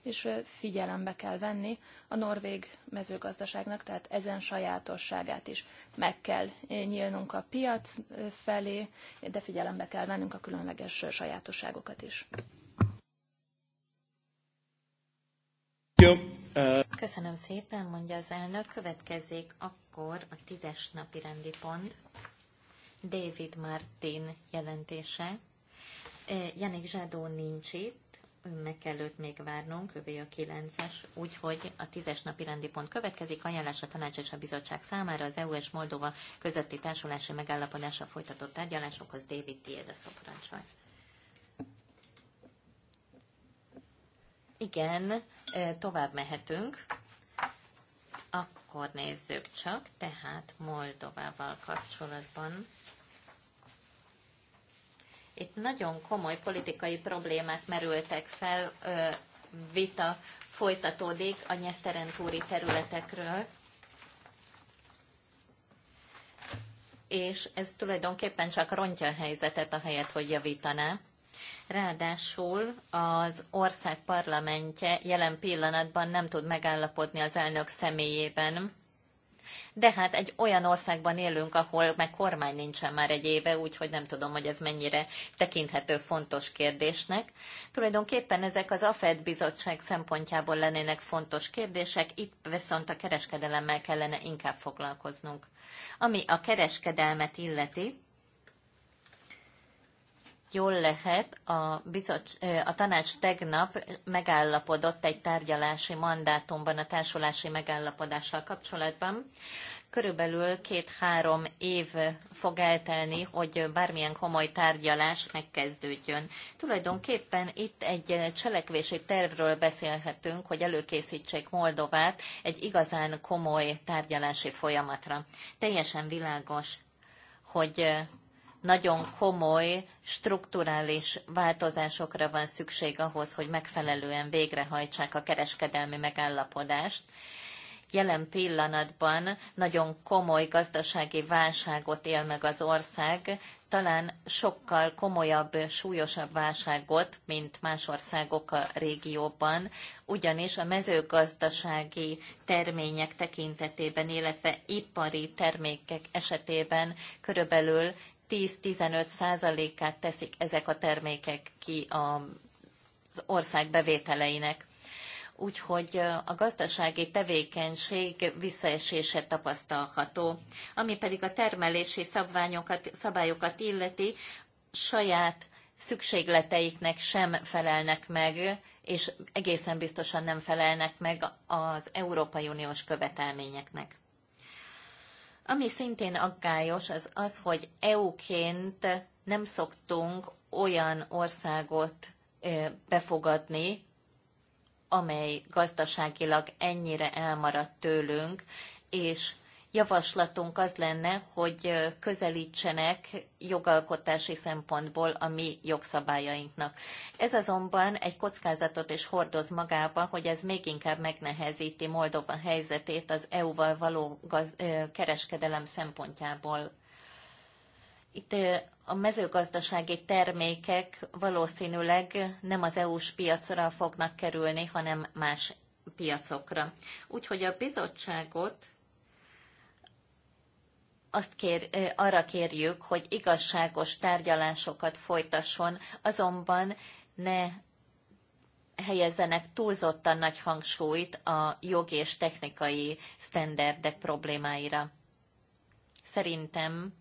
és figyelembe kell venni a norvég mezőgazdaságnak, tehát ezen sajátosságát is. Meg kell nyílnunk a piac felé, de figyelembe kell vennünk a különleges sajátosságokat is. Köszönöm szépen, mondja az elnök. Következzék akkor a tízes napi rendi pont. David Martin jelentése. Janik Zsadó nincs itt, meg kellőtt még várnunk, ővé a 9-es, úgyhogy a 10-es napi rendi pont következik, ajánlás a tanács és a bizottság számára az EU és Moldova közötti társulási megállapodásra folytatott tárgyalásokhoz David Tied a szoprancsaj. Igen, Tovább mehetünk. Akkor nézzük csak, tehát Moldovával kapcsolatban. Itt nagyon komoly politikai problémák merültek fel, vita folytatódik a nyeszterentúri területekről. és ez tulajdonképpen csak rontja a helyzetet, ahelyett, hogy javítaná. Ráadásul az ország parlamentje jelen pillanatban nem tud megállapodni az elnök személyében. De hát egy olyan országban élünk, ahol meg kormány nincsen már egy éve, úgyhogy nem tudom, hogy ez mennyire tekinthető fontos kérdésnek. Tulajdonképpen ezek az AFED bizottság szempontjából lennének fontos kérdések, itt viszont a kereskedelemmel kellene inkább foglalkoznunk. Ami a kereskedelmet illeti, jól lehet, a, bizots, a tanács tegnap megállapodott egy tárgyalási mandátumban a társulási megállapodással kapcsolatban. Körülbelül két-három év fog eltelni, hogy bármilyen komoly tárgyalás megkezdődjön. Tulajdonképpen itt egy cselekvési tervről beszélhetünk, hogy előkészítsék Moldovát egy igazán komoly tárgyalási folyamatra. Teljesen világos, hogy nagyon komoly strukturális változásokra van szükség ahhoz, hogy megfelelően végrehajtsák a kereskedelmi megállapodást. Jelen pillanatban nagyon komoly gazdasági válságot él meg az ország, talán sokkal komolyabb, súlyosabb válságot, mint más országok a régióban, ugyanis a mezőgazdasági termények tekintetében, illetve ipari termékek esetében körülbelül 10-15 százalékát teszik ezek a termékek ki az ország bevételeinek. Úgyhogy a gazdasági tevékenység visszaesése tapasztalható. Ami pedig a termelési szabványokat, szabályokat illeti, saját szükségleteiknek sem felelnek meg, és egészen biztosan nem felelnek meg az Európai Uniós követelményeknek. Ami szintén aggályos, az az, hogy EU-ként nem szoktunk olyan országot befogadni, amely gazdaságilag ennyire elmaradt tőlünk, és javaslatunk az lenne, hogy közelítsenek jogalkotási szempontból a mi jogszabályainknak. Ez azonban egy kockázatot is hordoz magába, hogy ez még inkább megnehezíti Moldova helyzetét az EU-val való gaz- kereskedelem szempontjából. Itt a mezőgazdasági termékek valószínűleg nem az EU-s piacra fognak kerülni, hanem más piacokra. Úgyhogy a bizottságot azt kér, arra kérjük, hogy igazságos tárgyalásokat folytasson, azonban ne helyezzenek túlzottan nagy hangsúlyt a jogi és technikai sztenderdek problémáira. Szerintem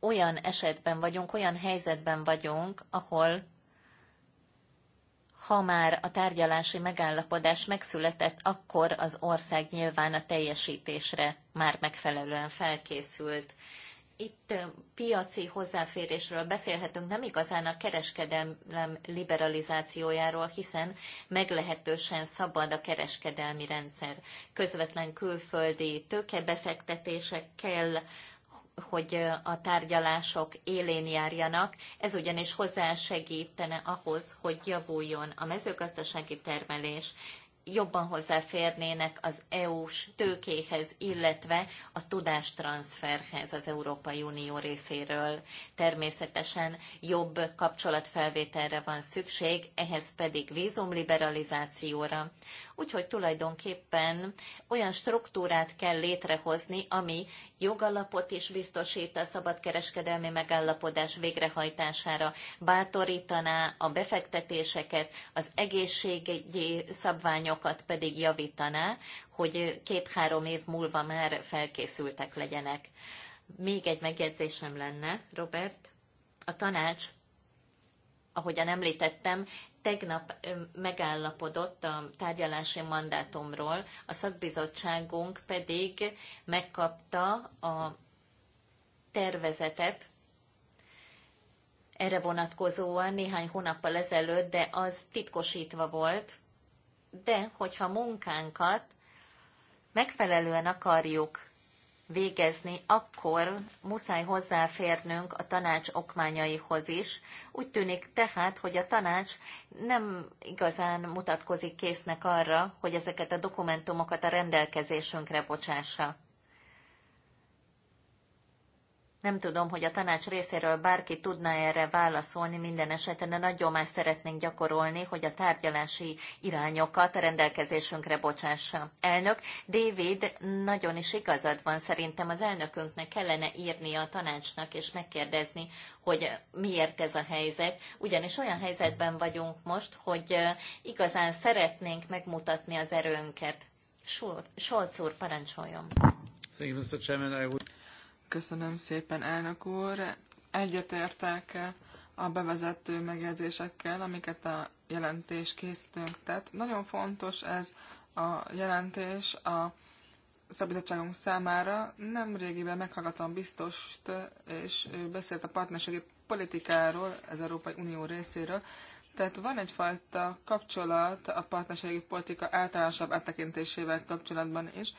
olyan esetben vagyunk, olyan helyzetben vagyunk, ahol ha már a tárgyalási megállapodás megszületett, akkor az ország nyilván a teljesítésre már megfelelően felkészült. Itt piaci hozzáférésről beszélhetünk, nem igazán a kereskedelem liberalizációjáról, hiszen meglehetősen szabad a kereskedelmi rendszer. Közvetlen külföldi tőkebefektetésekkel hogy a tárgyalások élén járjanak, ez ugyanis hozzásegítene ahhoz, hogy javuljon a mezőgazdasági termelés, jobban hozzáférnének az EU-s tőkéhez, illetve a tudástranszferhez az Európai Unió részéről. Természetesen jobb kapcsolatfelvételre van szükség, ehhez pedig vízumliberalizációra. Úgyhogy tulajdonképpen olyan struktúrát kell létrehozni, ami jogalapot is biztosít a szabadkereskedelmi megállapodás végrehajtására, bátorítaná a befektetéseket, az egészségügyi szabványok tanulmányokat pedig javítaná, hogy két-három év múlva már felkészültek legyenek. Még egy megjegyzésem lenne, Robert. A tanács, ahogyan említettem, tegnap megállapodott a tárgyalási mandátumról, a szakbizottságunk pedig megkapta a tervezetet erre vonatkozóan néhány hónappal ezelőtt, de az titkosítva volt, de hogyha munkánkat megfelelően akarjuk végezni, akkor muszáj hozzáférnünk a tanács okmányaihoz is. Úgy tűnik tehát, hogy a tanács nem igazán mutatkozik késznek arra, hogy ezeket a dokumentumokat a rendelkezésünkre bocsássa. Nem tudom, hogy a tanács részéről bárki tudna erre válaszolni, minden esetben nagyon már szeretnénk gyakorolni, hogy a tárgyalási irányokat a rendelkezésünkre bocsássa. Elnök, David, nagyon is igazad van, szerintem az elnökünknek kellene írni a tanácsnak és megkérdezni, hogy miért ez a helyzet, ugyanis olyan helyzetben vagyunk most, hogy igazán szeretnénk megmutatni az erőnket. Solc úr, parancsoljon. Thank you, Mr. Chairman. I would... Köszönöm szépen, elnök úr. Egyetértek a bevezető megjegyzésekkel, amiket a jelentés készítőnk tett. Nagyon fontos ez a jelentés a szabadságunk számára. Nem régiben meghallgattam biztost, és ő beszélt a partnerségi politikáról, az Európai Unió részéről. Tehát van egyfajta kapcsolat a partnerségi politika általánosabb áttekintésével kapcsolatban is,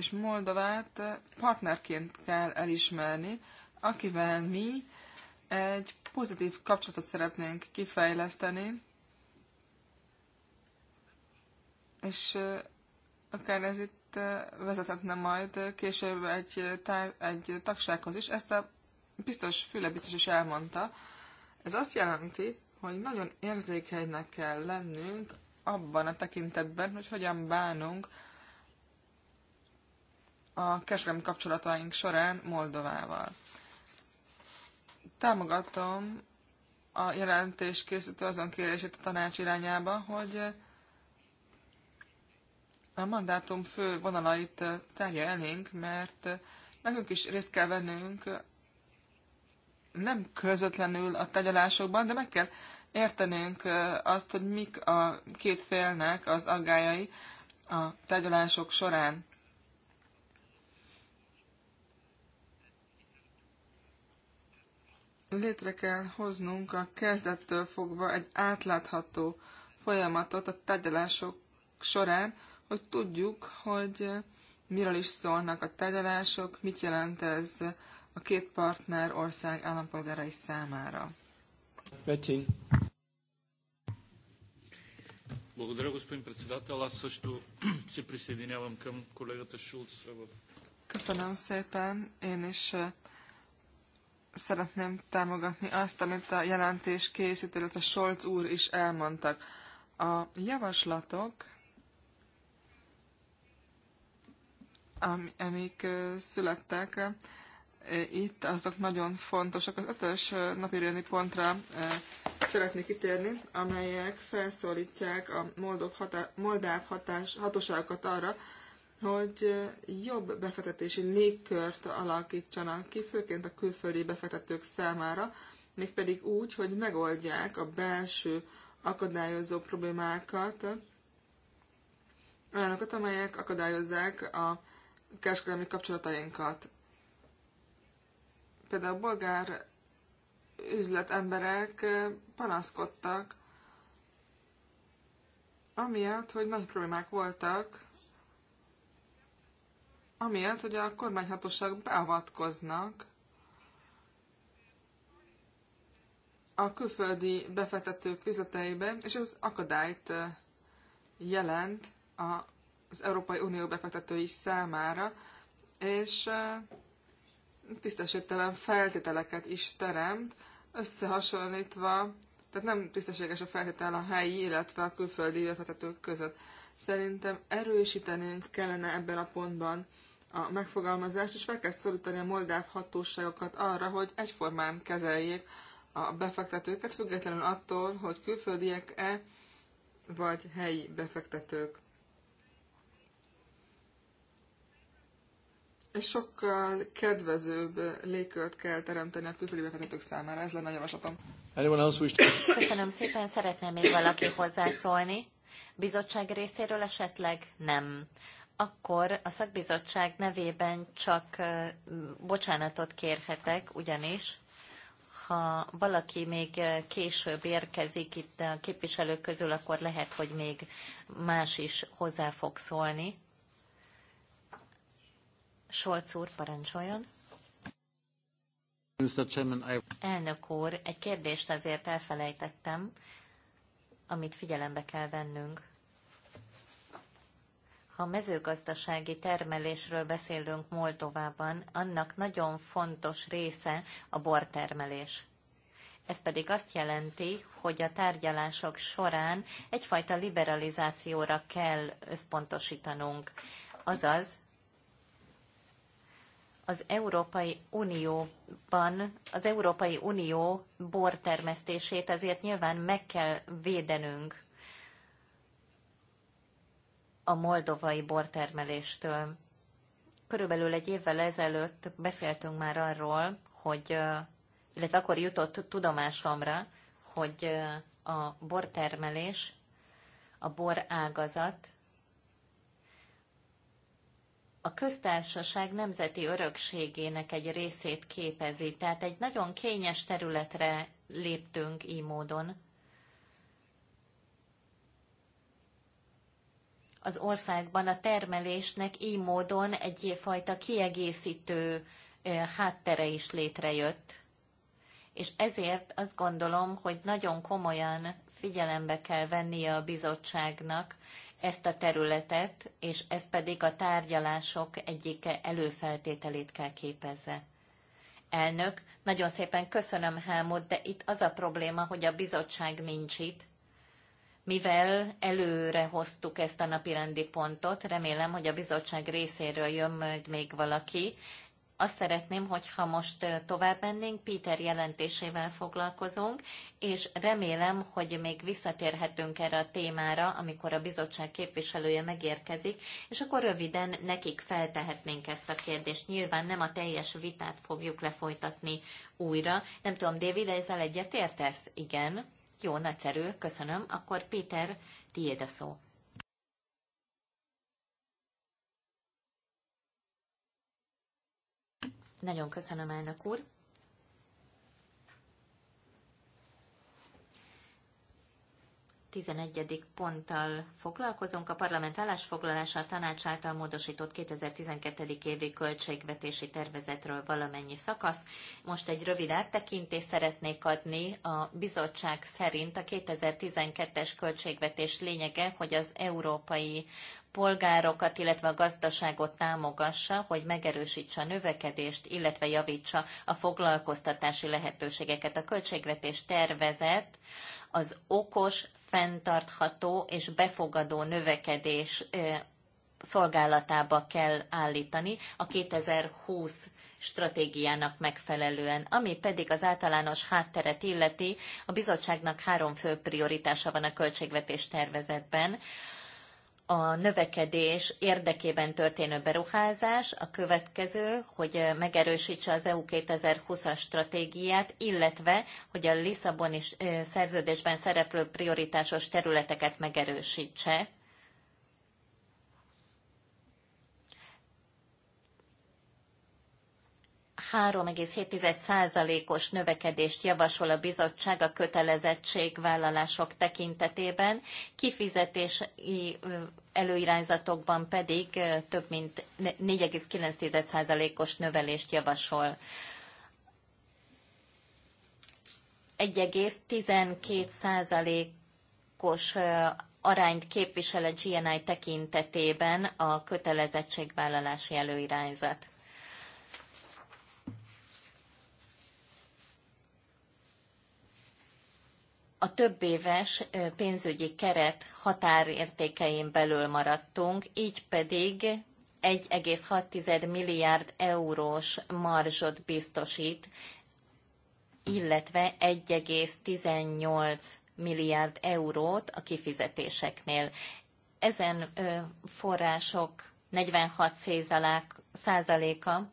és Moldovát partnerként kell elismerni, akivel mi egy pozitív kapcsolatot szeretnénk kifejleszteni, és akár ez itt vezethetne majd később egy, tá- egy tagsághoz is. Ezt a biztos, Füle biztos is elmondta. Ez azt jelenti, hogy nagyon érzékenynek kell lennünk abban a tekintetben, hogy hogyan bánunk a kereskedelmi kapcsolataink során Moldovával. Támogatom a jelentés készítő azon kérését a tanács irányába, hogy a mandátum fő vonalait tárja elénk, mert nekünk is részt kell vennünk nem közvetlenül a tegyelásokban, de meg kell értenünk azt, hogy mik a két félnek az aggájai a tegyelások során. Létre kell hoznunk a kezdettől fogva egy átlátható folyamatot a tárgyalások során, hogy tudjuk, hogy miről is szólnak a tárgyalások, mit jelent ez a két partner ország állampolgárai számára. Petin. *clears throat* Köszönöm szépen, én is szeretném támogatni azt, amit a jelentés készítő, illetve Solc úr is elmondtak. A javaslatok, amik születtek, itt azok nagyon fontosak. Az ötös napirendi pontra szeretnék kitérni, amelyek felszólítják a Moldov hatá- moldáv hatás, hatóságokat arra, hogy jobb befektetési légkört alakítsanak ki, főként a külföldi befektetők számára, mégpedig úgy, hogy megoldják a belső akadályozó problémákat, olyanokat, amelyek akadályozzák a kereskedelmi kapcsolatainkat. Például a bolgár üzletemberek panaszkodtak, amiatt, hogy nagy problémák voltak amiatt, hogy a kormányhatóságok beavatkoznak a külföldi befektetők üzleteibe, és ez akadályt jelent az Európai Unió befektetői számára, és tisztességtelen feltételeket is teremt, összehasonlítva, tehát nem tisztességes a feltétel a helyi, illetve a külföldi befektetők között. Szerintem erősítenünk kellene ebben a pontban a megfogalmazást, és fel kell szólítani a moldáv hatóságokat arra, hogy egyformán kezeljék a befektetőket, függetlenül attól, hogy külföldiek-e vagy helyi befektetők. És sokkal kedvezőbb légkört kell teremteni a külföldi befektetők számára. Ez lenne a javaslatom. Köszönöm szépen, szeretném még valaki hozzászólni? Bizottság részéről esetleg nem akkor a szakbizottság nevében csak bocsánatot kérhetek, ugyanis ha valaki még később érkezik itt a képviselők közül, akkor lehet, hogy még más is hozzá fog szólni. Solc úr, parancsoljon. Elnök úr, egy kérdést azért elfelejtettem, amit figyelembe kell vennünk ha mezőgazdasági termelésről beszélünk Moldovában, annak nagyon fontos része a bortermelés. Ez pedig azt jelenti, hogy a tárgyalások során egyfajta liberalizációra kell összpontosítanunk. Azaz, az Európai Unióban, az Európai Unió bortermesztését azért nyilván meg kell védenünk a moldovai bortermeléstől. Körülbelül egy évvel ezelőtt beszéltünk már arról, hogy, illetve akkor jutott tudomásomra, hogy a bortermelés, a bor ágazat a köztársaság nemzeti örökségének egy részét képezi, tehát egy nagyon kényes területre léptünk így módon. az országban a termelésnek így módon egyfajta kiegészítő háttere is létrejött. És ezért azt gondolom, hogy nagyon komolyan figyelembe kell vennie a bizottságnak ezt a területet, és ez pedig a tárgyalások egyik előfeltételét kell képezze. Elnök, nagyon szépen köszönöm Helmut, de itt az a probléma, hogy a bizottság nincs itt, mivel előre hoztuk ezt a napirendi pontot, remélem, hogy a bizottság részéről jön majd még valaki. Azt szeretném, hogyha most tovább mennénk, Péter jelentésével foglalkozunk, és remélem, hogy még visszatérhetünk erre a témára, amikor a bizottság képviselője megérkezik, és akkor röviden nekik feltehetnénk ezt a kérdést. Nyilván nem a teljes vitát fogjuk lefolytatni újra. Nem tudom, David, ezzel egyetértesz? Igen. Jó, nagyszerű, köszönöm. Akkor Péter, tiéd a szó. Nagyon köszönöm, elnök úr. 11. ponttal foglalkozunk. A parlament állásfoglalása a tanács által módosított 2012. évi költségvetési tervezetről valamennyi szakasz. Most egy rövid áttekintést szeretnék adni. A bizottság szerint a 2012-es költségvetés lényege, hogy az európai polgárokat, illetve a gazdaságot támogassa, hogy megerősítse a növekedést, illetve javítsa a foglalkoztatási lehetőségeket. A költségvetés tervezet az okos, fenntartható és befogadó növekedés szolgálatába kell állítani a 2020 stratégiának megfelelően. Ami pedig az általános hátteret illeti, a bizottságnak három fő prioritása van a költségvetés tervezetben a növekedés érdekében történő beruházás, a következő, hogy megerősítse az EU 2020-as stratégiát, illetve, hogy a Lisszaboni szerződésben szereplő prioritásos területeket megerősítse, 3,7%-os növekedést javasol a bizottság a kötelezettségvállalások tekintetében, kifizetési előirányzatokban pedig több mint 4,9%-os növelést javasol. 1,12%-os arányt képvisel a GNI tekintetében a kötelezettségvállalási előirányzat. a több éves pénzügyi keret határértékein belül maradtunk, így pedig 1,6 milliárd eurós marzsot biztosít, illetve 1,18 milliárd eurót a kifizetéseknél. Ezen források 46 százaléka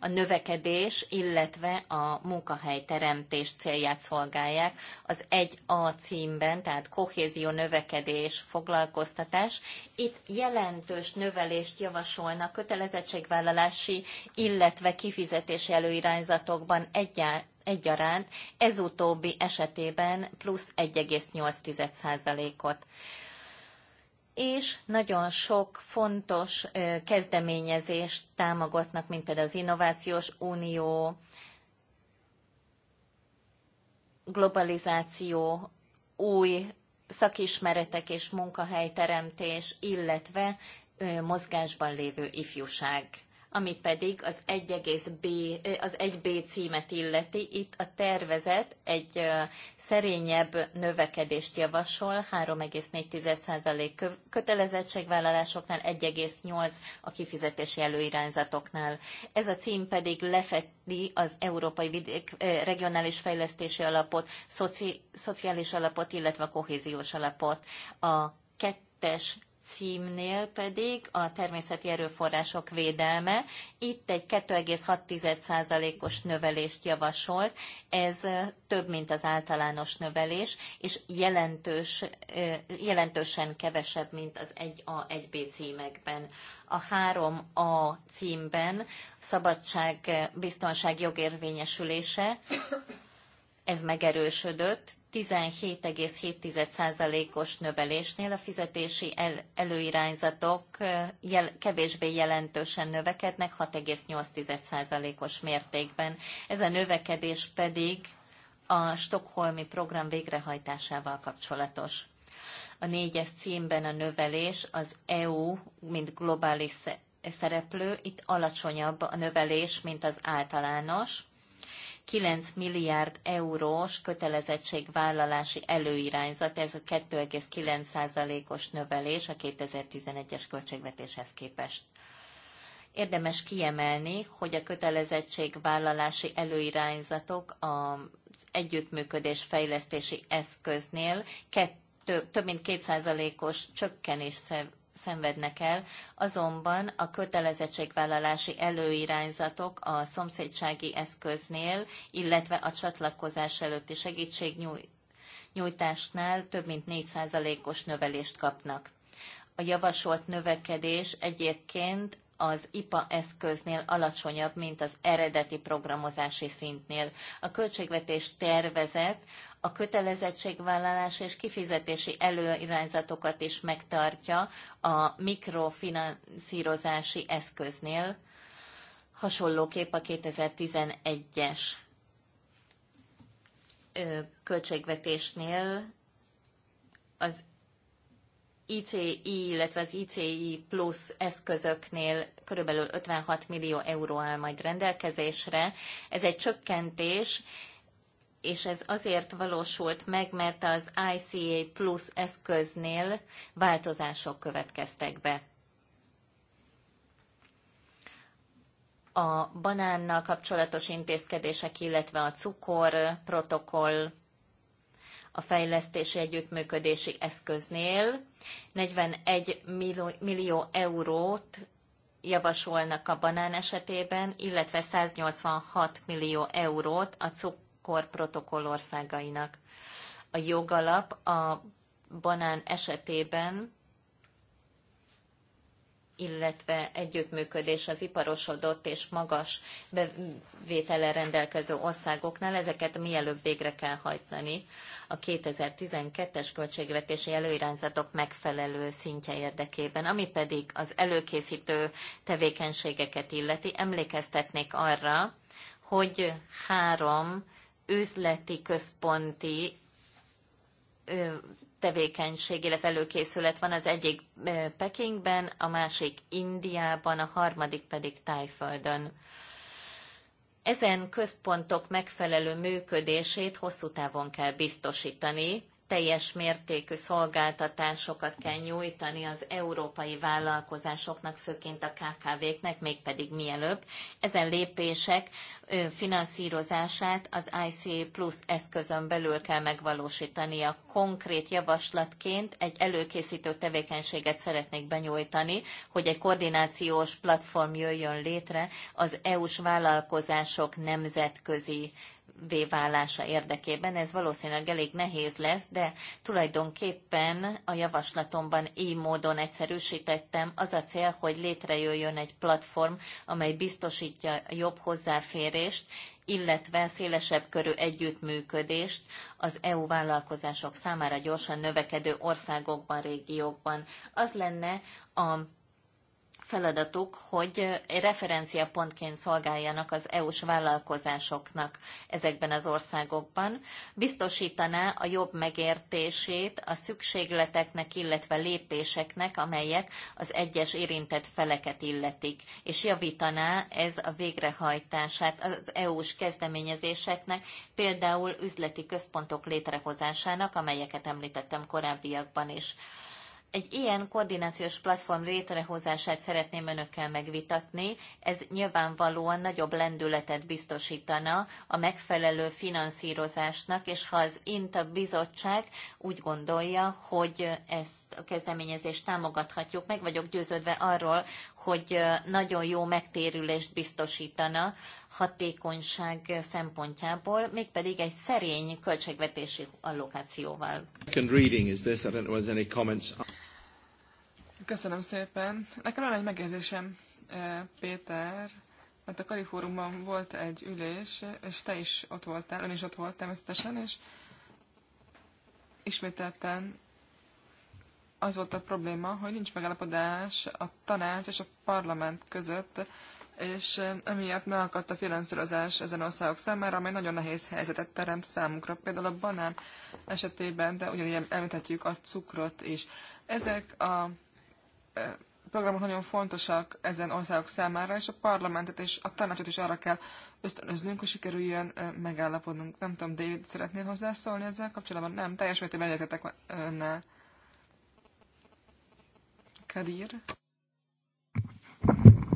a növekedés, illetve a munkahelyteremtés célját szolgálják. Az 1A címben, tehát kohézió, növekedés, foglalkoztatás, itt jelentős növelést javasolnak kötelezettségvállalási, illetve kifizetési előirányzatokban egyáltalán egyaránt, ez utóbbi esetében plusz 1,8%-ot és nagyon sok fontos kezdeményezést támogatnak, mint például az Innovációs Unió, globalizáció, új szakismeretek és munkahelyteremtés, illetve mozgásban lévő ifjúság ami pedig az B az 1B címet illeti. Itt a tervezet egy szerényebb növekedést javasol, 3,4% kötelezettségvállalásoknál, 1,8% a kifizetési előirányzatoknál. Ez a cím pedig lefedi az Európai Vidék Regionális Fejlesztési Alapot, Szoci, Szociális Alapot, illetve a Kohéziós Alapot. A kettes címnél pedig a természeti erőforrások védelme. Itt egy 2,6%-os növelést javasolt, ez több, mint az általános növelés, és jelentős, jelentősen kevesebb, mint az 1A, 1B címekben. A 3A címben szabadság, biztonság jogérvényesülése, ez megerősödött, 17,7%-os növelésnél a fizetési előirányzatok jel- kevésbé jelentősen növekednek 6,8%-os mértékben. Ez a növekedés pedig a Stockholmi program végrehajtásával kapcsolatos. A négyes címben a növelés az EU, mint globális szereplő, itt alacsonyabb a növelés, mint az általános 9 milliárd eurós kötelezettségvállalási előirányzat, ez a 2,9%-os növelés a 2011-es költségvetéshez képest. Érdemes kiemelni, hogy a kötelezettségvállalási előirányzatok az együttműködés fejlesztési eszköznél kettő, több mint 2%-os csökkenés szenvednek el, azonban a kötelezettségvállalási előirányzatok a szomszédsági eszköznél, illetve a csatlakozás előtti segítségnyújtásnál több mint 4%-os növelést kapnak. A javasolt növekedés egyébként az IPA eszköznél alacsonyabb, mint az eredeti programozási szintnél. A költségvetés tervezet a kötelezettségvállalás és kifizetési előirányzatokat is megtartja a mikrofinanszírozási eszköznél, hasonlóképp a 2011-es költségvetésnél az ICI, illetve az ICI plusz eszközöknél körülbelül 56 millió euró áll majd rendelkezésre. Ez egy csökkentés, és ez azért valósult meg, mert az ICA plusz eszköznél változások következtek be. A banánnal kapcsolatos intézkedések, illetve a cukor protokoll a fejlesztési együttműködési eszköznél. 41 millió eurót javasolnak a banán esetében, illetve 186 millió eurót a cukor protokoll országainak. A jogalap a banán esetében illetve együttműködés az iparosodott és magas bevétele rendelkező országoknál, ezeket mielőbb végre kell hajtani a 2012-es költségvetési előirányzatok megfelelő szintje érdekében, ami pedig az előkészítő tevékenységeket illeti. Emlékeztetnék arra, hogy három üzleti központi tevékenység, illetve előkészület van, az egyik Pekingben, a másik Indiában, a harmadik pedig Tájföldön. Ezen központok megfelelő működését hosszú távon kell biztosítani, teljes mértékű szolgáltatásokat kell nyújtani az európai vállalkozásoknak, főként a KKV-knek, mégpedig mielőbb. Ezen lépések finanszírozását az ICA+ Plus eszközön belül kell megvalósítani. A konkrét javaslatként egy előkészítő tevékenységet szeretnék benyújtani, hogy egy koordinációs platform jöjjön létre az EU-s vállalkozások nemzetközi válása érdekében. Ez valószínűleg elég nehéz lesz, de tulajdonképpen a javaslatomban így módon egyszerűsítettem. Az a cél, hogy létrejöjjön egy platform, amely biztosítja jobb hozzáférést, illetve szélesebb körű együttműködést az EU vállalkozások számára gyorsan növekedő országokban, régiókban. Az lenne a feladatuk, hogy referenciapontként szolgáljanak az EU-s vállalkozásoknak ezekben az országokban. Biztosítaná a jobb megértését a szükségleteknek, illetve lépéseknek, amelyek az egyes érintett feleket illetik, és javítaná ez a végrehajtását az EU-s kezdeményezéseknek, például üzleti központok létrehozásának, amelyeket említettem korábbiakban is. Egy ilyen koordinációs platform létrehozását szeretném önökkel megvitatni. Ez nyilvánvalóan nagyobb lendületet biztosítana a megfelelő finanszírozásnak, és ha az INTA bizottság úgy gondolja, hogy ez a kezdeményezést támogathatjuk. Meg vagyok győződve arról, hogy nagyon jó megtérülést biztosítana hatékonyság szempontjából, mégpedig egy szerény költségvetési allokációval. Köszönöm szépen. Nekem van egy megjegyzésem, Péter, mert a Karifórumban volt egy ülés, és te is ott voltál, ön is ott volt természetesen, és ismételten az volt a probléma, hogy nincs megállapodás a tanács és a parlament között, és emiatt megakadt a finanszírozás ezen országok számára, amely nagyon nehéz helyzetet teremt számukra. Például a banán esetében, de ugyanígy említhetjük a cukrot is. Ezek a programok nagyon fontosak ezen országok számára, és a parlamentet és a tanácsot is arra kell ösztönöznünk, hogy sikerüljön megállapodnunk. Nem tudom, David, szeretnél hozzászólni ezzel kapcsolatban? Nem, teljes mértékben egyetetek önnel. Kadir.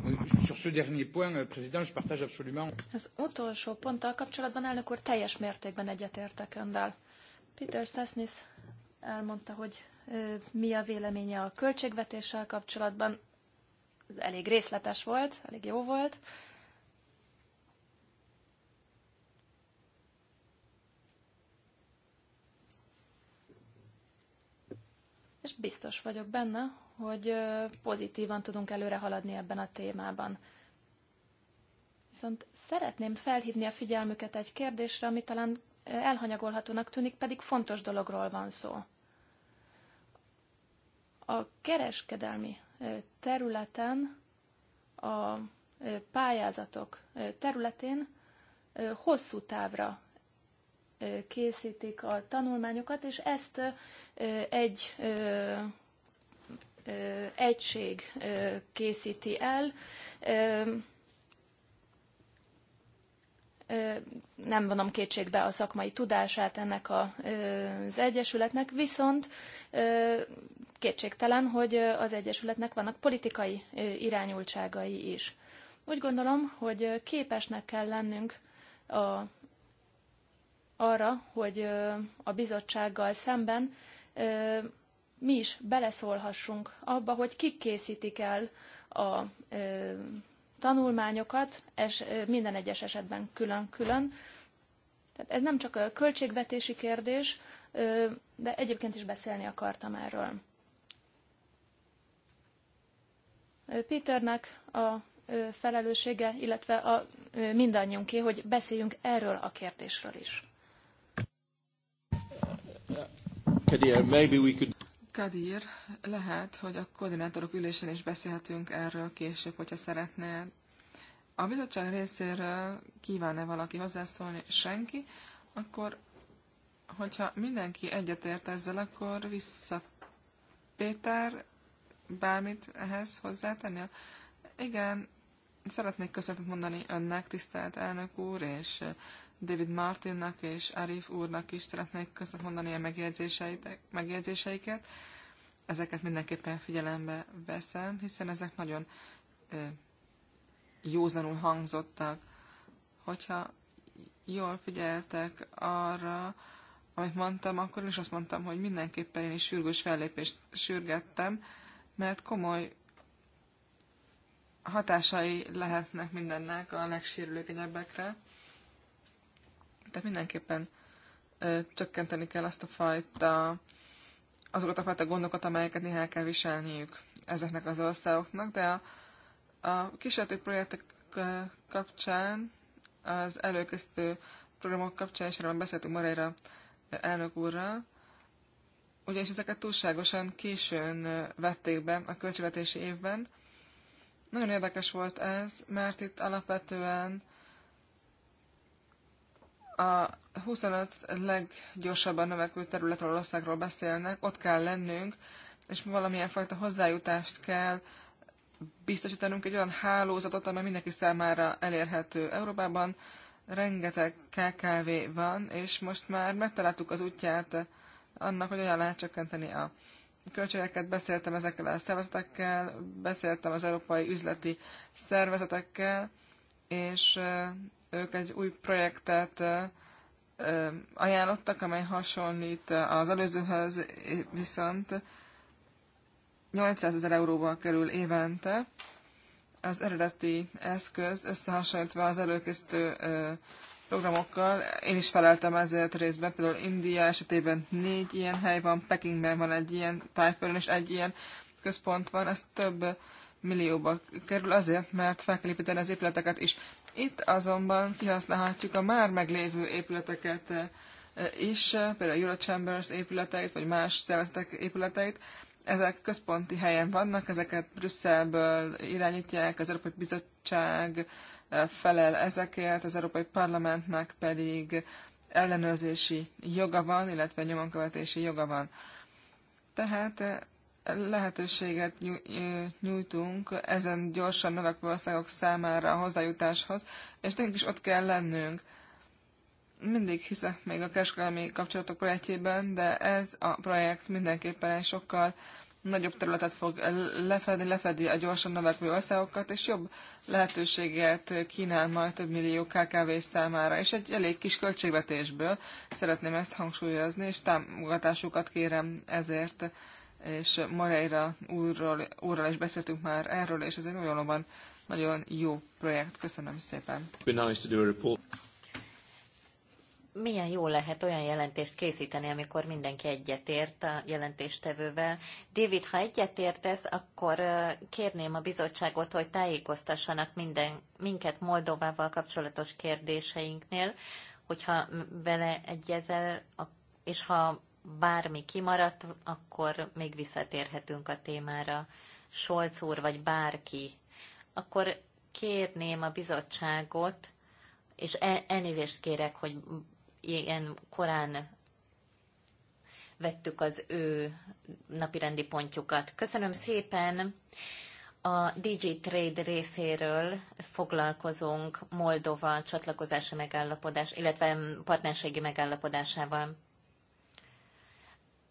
Euh, Az utolsó ponttal kapcsolatban, elnök úr, teljes mértékben egyetértek önnel. Peter Sesnis elmondta, hogy ö, mi a véleménye a költségvetéssel kapcsolatban. Ez elég részletes volt, elég jó volt. És biztos vagyok benne, hogy pozitívan tudunk előre haladni ebben a témában. Viszont szeretném felhívni a figyelmüket egy kérdésre, ami talán elhanyagolhatónak tűnik, pedig fontos dologról van szó. A kereskedelmi területen, a pályázatok területén hosszú távra készítik a tanulmányokat, és ezt egy egység készíti el. Nem vonom kétségbe a szakmai tudását ennek az egyesületnek, viszont kétségtelen, hogy az egyesületnek vannak politikai irányultságai is. Úgy gondolom, hogy képesnek kell lennünk a, arra, hogy a bizottsággal szemben mi is beleszólhassunk abba, hogy kik készítik el a ö, tanulmányokat, és ö, minden egyes esetben külön-külön. Tehát ez nem csak a költségvetési kérdés, ö, de egyébként is beszélni akartam erről. Péternek a felelőssége, illetve a mindannyiunké, hogy beszéljünk erről a kérdésről is. Kadir, maybe we could... Kadir, lehet, hogy a koordinátorok ülésen is beszélhetünk erről később, hogyha szeretnél. A bizottság részéről kíván-e valaki hozzászólni? Senki? Akkor, hogyha mindenki egyetért ezzel, akkor vissza. Péter, bármit ehhez hozzátennél? Igen, szeretnék köszönetet mondani önnek, tisztelt elnök úr, és David Martinnak és Arif úrnak is szeretnék köszönet mondani a megjegyzéseiket. Ezeket mindenképpen figyelembe veszem, hiszen ezek nagyon ö, józanul hangzottak. Hogyha jól figyeltek arra, amit mondtam, akkor én is azt mondtam, hogy mindenképpen én is sürgős fellépést sürgettem, mert komoly hatásai lehetnek mindennek a legsérülékenyebbekre. Tehát mindenképpen ö, csökkenteni kell azt a fajta, azokat a fajta gondokat, amelyeket néha el kell viselniük ezeknek az országoknak, de a, a kísérleti projektek kapcsán, az előkészítő programok kapcsán, és erről beszéltünk Moreira elnök úrral, ugyanis ezeket túlságosan későn vették be a költségvetési évben. Nagyon érdekes volt ez, mert itt alapvetően a 25 leggyorsabban növekvő területről országról beszélnek, ott kell lennünk, és valamilyen fajta hozzájutást kell biztosítanunk egy olyan hálózatot, amely mindenki számára elérhető Európában. Rengeteg KKV van, és most már megtaláltuk az útját annak, hogy olyan lehet csökkenteni a költségeket. Beszéltem ezekkel a szervezetekkel, beszéltem az európai üzleti szervezetekkel, és ők egy új projektet ajánlottak, amely hasonlít az előzőhöz, viszont 800 ezer euróba kerül évente. Az eredeti eszköz összehasonlítva az előkészítő programokkal. Én is feleltem ezért részben, például India esetében négy ilyen hely van, Pekingben van egy ilyen, Tájföldön is egy ilyen központ van, ez több millióba kerül azért, mert fel kell építeni az épületeket is. Itt azonban kihasználhatjuk a már meglévő épületeket eh, is, eh, például a Chambers épületeit, vagy más szervezetek épületeit. Ezek központi helyen vannak, ezeket Brüsszelből irányítják, az Európai Bizottság eh, felel ezekért, az Európai Parlamentnek pedig ellenőrzési joga van, illetve nyomonkövetési joga van. Tehát lehetőséget nyújtunk ezen gyorsan növekvő országok számára a hozzájutáshoz, és nekünk is ott kell lennünk. Mindig hiszek még a kereskedelmi kapcsolatok projektjében, de ez a projekt mindenképpen egy sokkal nagyobb területet fog lefedni, lefedi a gyorsan növekvő országokat, és jobb lehetőséget kínál majd több millió KKV számára, és egy elég kis költségvetésből szeretném ezt hangsúlyozni, és támogatásukat kérem ezért és Mareira úrról, úrral is beszéltünk már erről, és ez egy nagyon nagyon jó projekt. Köszönöm szépen. Milyen jó lehet olyan jelentést készíteni, amikor mindenki egyetért a jelentéstevővel. David, ha egyetértesz, akkor kérném a bizottságot, hogy tájékoztassanak minden, minket Moldovával kapcsolatos kérdéseinknél, hogyha egyezel, és ha bármi kimaradt, akkor még visszatérhetünk a témára. Solc úr, vagy bárki. Akkor kérném a bizottságot, és e, elnézést kérek, hogy ilyen korán vettük az ő napirendi pontjukat. Köszönöm szépen! A DG Trade részéről foglalkozunk Moldova csatlakozási megállapodás, illetve partnerségi megállapodásával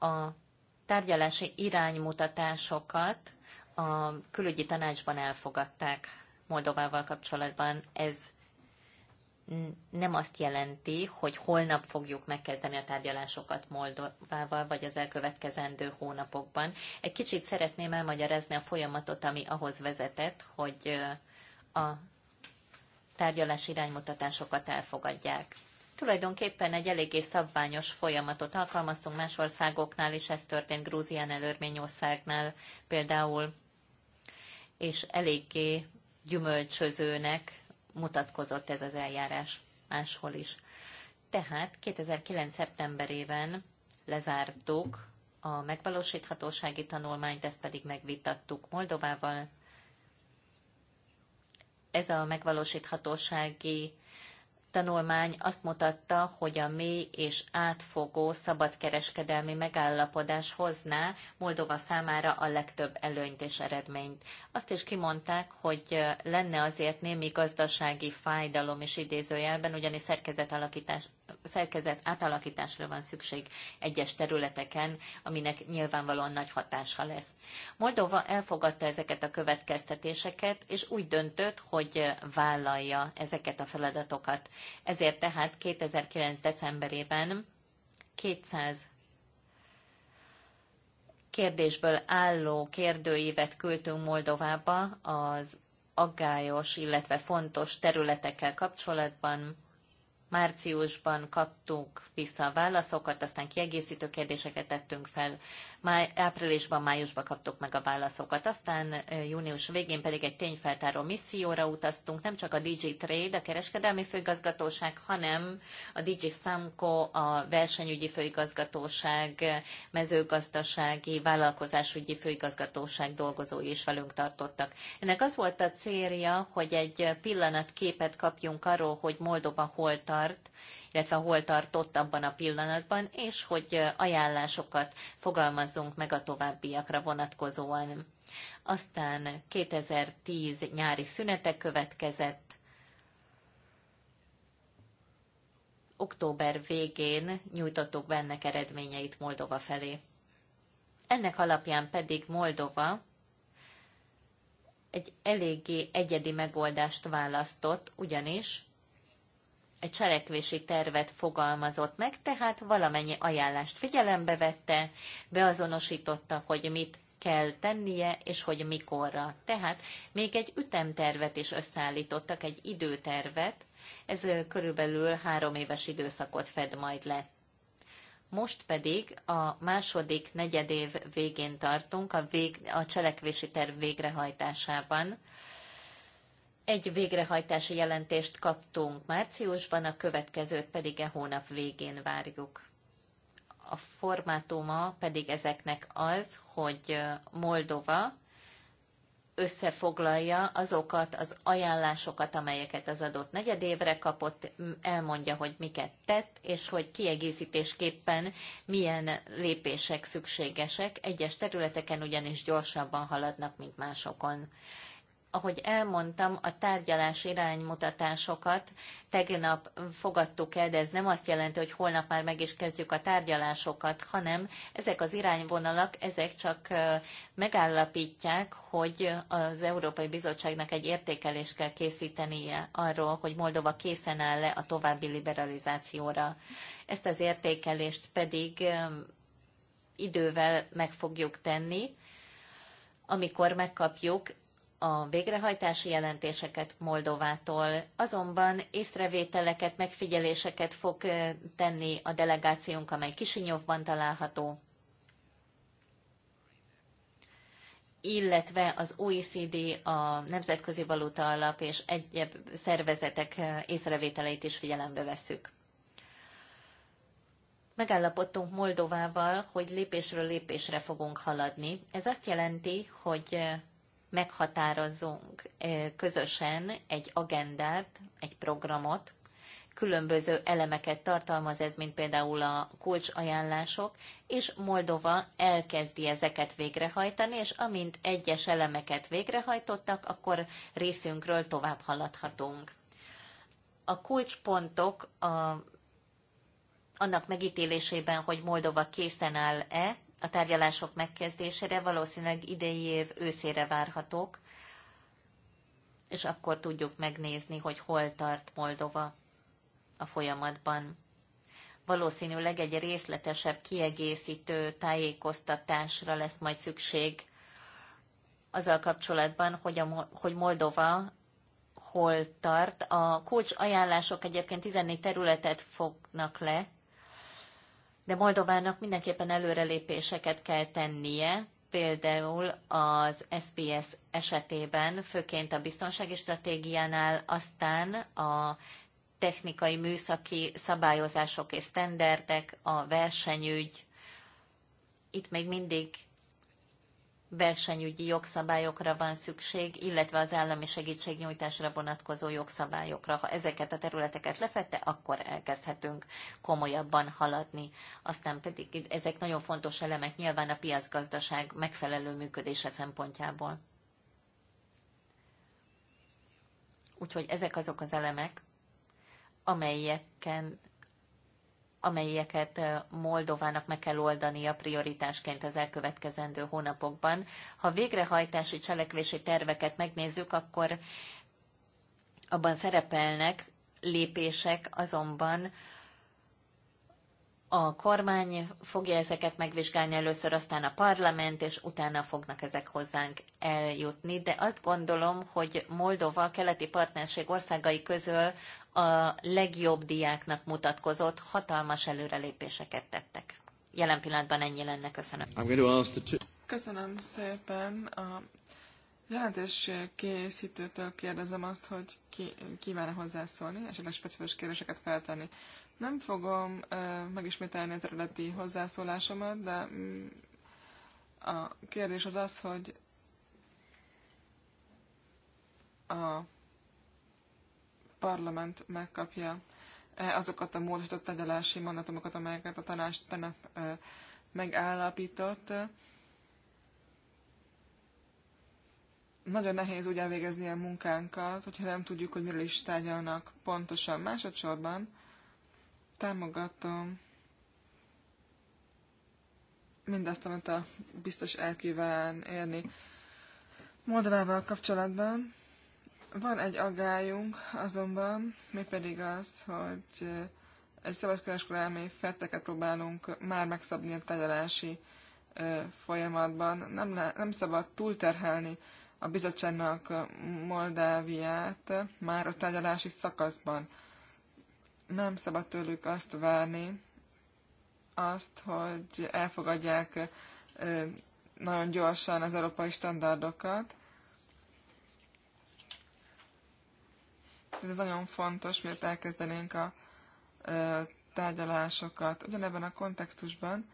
a tárgyalási iránymutatásokat a külügyi tanácsban elfogadták Moldovával kapcsolatban. Ez nem azt jelenti, hogy holnap fogjuk megkezdeni a tárgyalásokat Moldovával, vagy az elkövetkezendő hónapokban. Egy kicsit szeretném elmagyarázni a folyamatot, ami ahhoz vezetett, hogy a tárgyalás iránymutatásokat elfogadják tulajdonképpen egy eléggé szabványos folyamatot alkalmaztunk más országoknál, és ez történt Grúzián előrményországnál például, és eléggé gyümölcsözőnek mutatkozott ez az eljárás máshol is. Tehát 2009. szeptemberében lezártuk a megvalósíthatósági tanulmányt, ezt pedig megvitattuk Moldovával. Ez a megvalósíthatósági tanulmány azt mutatta, hogy a mély és átfogó szabadkereskedelmi megállapodás hozná Moldova számára a legtöbb előnyt és eredményt. Azt is kimondták, hogy lenne azért némi gazdasági fájdalom is idézőjelben, ugyanis szerkezetalakítás szerkezet átalakításra van szükség egyes területeken, aminek nyilvánvalóan nagy hatása lesz. Moldova elfogadta ezeket a következtetéseket, és úgy döntött, hogy vállalja ezeket a feladatokat. Ezért tehát 2009. decemberében 200 kérdésből álló kérdőívet küldtünk Moldovába az aggályos, illetve fontos területekkel kapcsolatban, Márciusban kaptunk vissza a válaszokat, aztán kiegészítő kérdéseket tettünk fel. Máj, áprilisban, májusban kaptuk meg a válaszokat. Aztán június végén pedig egy tényfeltáró misszióra utaztunk, nem csak a DG Trade, a kereskedelmi főigazgatóság, hanem a DG Samco, a versenyügyi főigazgatóság, mezőgazdasági, vállalkozásügyi főigazgatóság dolgozói is velünk tartottak. Ennek az volt a célja, hogy egy pillanatképet kapjunk arról, hogy Moldova hol tart, tart, illetve hol tartott abban a pillanatban, és hogy ajánlásokat fogalmazzunk meg a továbbiakra vonatkozóan. Aztán 2010 nyári szünete következett, október végén nyújtottuk bennek eredményeit Moldova felé. Ennek alapján pedig Moldova egy eléggé egyedi megoldást választott, ugyanis egy cselekvési tervet fogalmazott meg, tehát valamennyi ajánlást figyelembe vette, beazonosította, hogy mit kell tennie, és hogy mikorra. Tehát még egy ütemtervet is összeállítottak, egy időtervet, ez körülbelül három éves időszakot fed majd le. Most pedig a második negyedév végén tartunk a, vég, a cselekvési terv végrehajtásában. Egy végrehajtási jelentést kaptunk márciusban, a következőt pedig e hónap végén várjuk. A formátuma pedig ezeknek az, hogy Moldova összefoglalja azokat az ajánlásokat, amelyeket az adott negyedévre kapott, elmondja, hogy miket tett, és hogy kiegészítésképpen milyen lépések szükségesek. Egyes területeken ugyanis gyorsabban haladnak, mint másokon ahogy elmondtam, a tárgyalás iránymutatásokat tegnap fogadtuk el, de ez nem azt jelenti, hogy holnap már meg is kezdjük a tárgyalásokat, hanem ezek az irányvonalak, ezek csak megállapítják, hogy az Európai Bizottságnak egy értékelést kell készítenie arról, hogy Moldova készen áll-e a további liberalizációra. Ezt az értékelést pedig idővel meg fogjuk tenni, amikor megkapjuk a végrehajtási jelentéseket Moldovától, azonban észrevételeket, megfigyeléseket fog tenni a delegációnk, amely Kisinyovban található, illetve az OECD, a Nemzetközi Valuta Alap és egyéb szervezetek észrevételeit is figyelembe vesszük. Megállapodtunk Moldovával, hogy lépésről lépésre fogunk haladni. Ez azt jelenti, hogy meghatározzunk közösen egy agendát, egy programot, különböző elemeket tartalmaz ez, mint például a kulcsajánlások, és Moldova elkezdi ezeket végrehajtani, és amint egyes elemeket végrehajtottak, akkor részünkről tovább haladhatunk. A kulcspontok a, annak megítélésében, hogy Moldova készen áll-e, a tárgyalások megkezdésére, valószínűleg idei év őszére várhatók, és akkor tudjuk megnézni, hogy hol tart Moldova a folyamatban. Valószínűleg egy részletesebb, kiegészítő tájékoztatásra lesz majd szükség azzal kapcsolatban, hogy, a, hogy Moldova hol tart. A kulcs ajánlások egyébként 14 területet fognak le, de Moldovának mindenképpen előrelépéseket kell tennie, például az SPS esetében, főként a biztonsági stratégiánál, aztán a technikai műszaki szabályozások és sztenderdek, a versenyügy. Itt még mindig versenyügyi jogszabályokra van szükség, illetve az állami segítségnyújtásra vonatkozó jogszabályokra. Ha ezeket a területeket lefette, akkor elkezdhetünk komolyabban haladni. Aztán pedig ezek nagyon fontos elemek nyilván a piacgazdaság megfelelő működése szempontjából. Úgyhogy ezek azok az elemek, amelyeken amelyeket Moldovának meg kell oldania prioritásként az elkövetkezendő hónapokban. Ha végrehajtási cselekvési terveket megnézzük, akkor abban szerepelnek lépések azonban, a kormány fogja ezeket megvizsgálni először, aztán a parlament, és utána fognak ezek hozzánk eljutni. De azt gondolom, hogy Moldova a keleti partnerség országai közül a legjobb diáknak mutatkozott, hatalmas előrelépéseket tettek. Jelen pillanatban ennyi lenne, köszönöm. Köszönöm szépen. A jelentés készítőtől kérdezem azt, hogy ki, kíván-e hozzászólni, esetleg specifikus kérdéseket feltenni. Nem fogom megismételni az eredeti hozzászólásomat, de mm, a kérdés az az, hogy a parlament megkapja azokat a módosított tegyelási mandatomokat, amelyeket a tanács tegnap megállapított. Nagyon nehéz úgy elvégezni a munkánkat, hogyha nem tudjuk, hogy miről is tárgyalnak pontosan másodszorban. Támogatom mindazt, amit a biztos elkíván érni Moldovával kapcsolatban. Van egy aggályunk azonban, mégpedig az, hogy egy szabadkereskedelmi fetteket próbálunk már megszabni a tárgyalási folyamatban. Nem, le, nem szabad túlterhelni a bizottságnak Moldáviát már a tárgyalási szakaszban nem szabad tőlük azt várni, azt, hogy elfogadják nagyon gyorsan az európai standardokat. Ez nagyon fontos, miért elkezdenénk a tárgyalásokat. Ugyanebben a kontextusban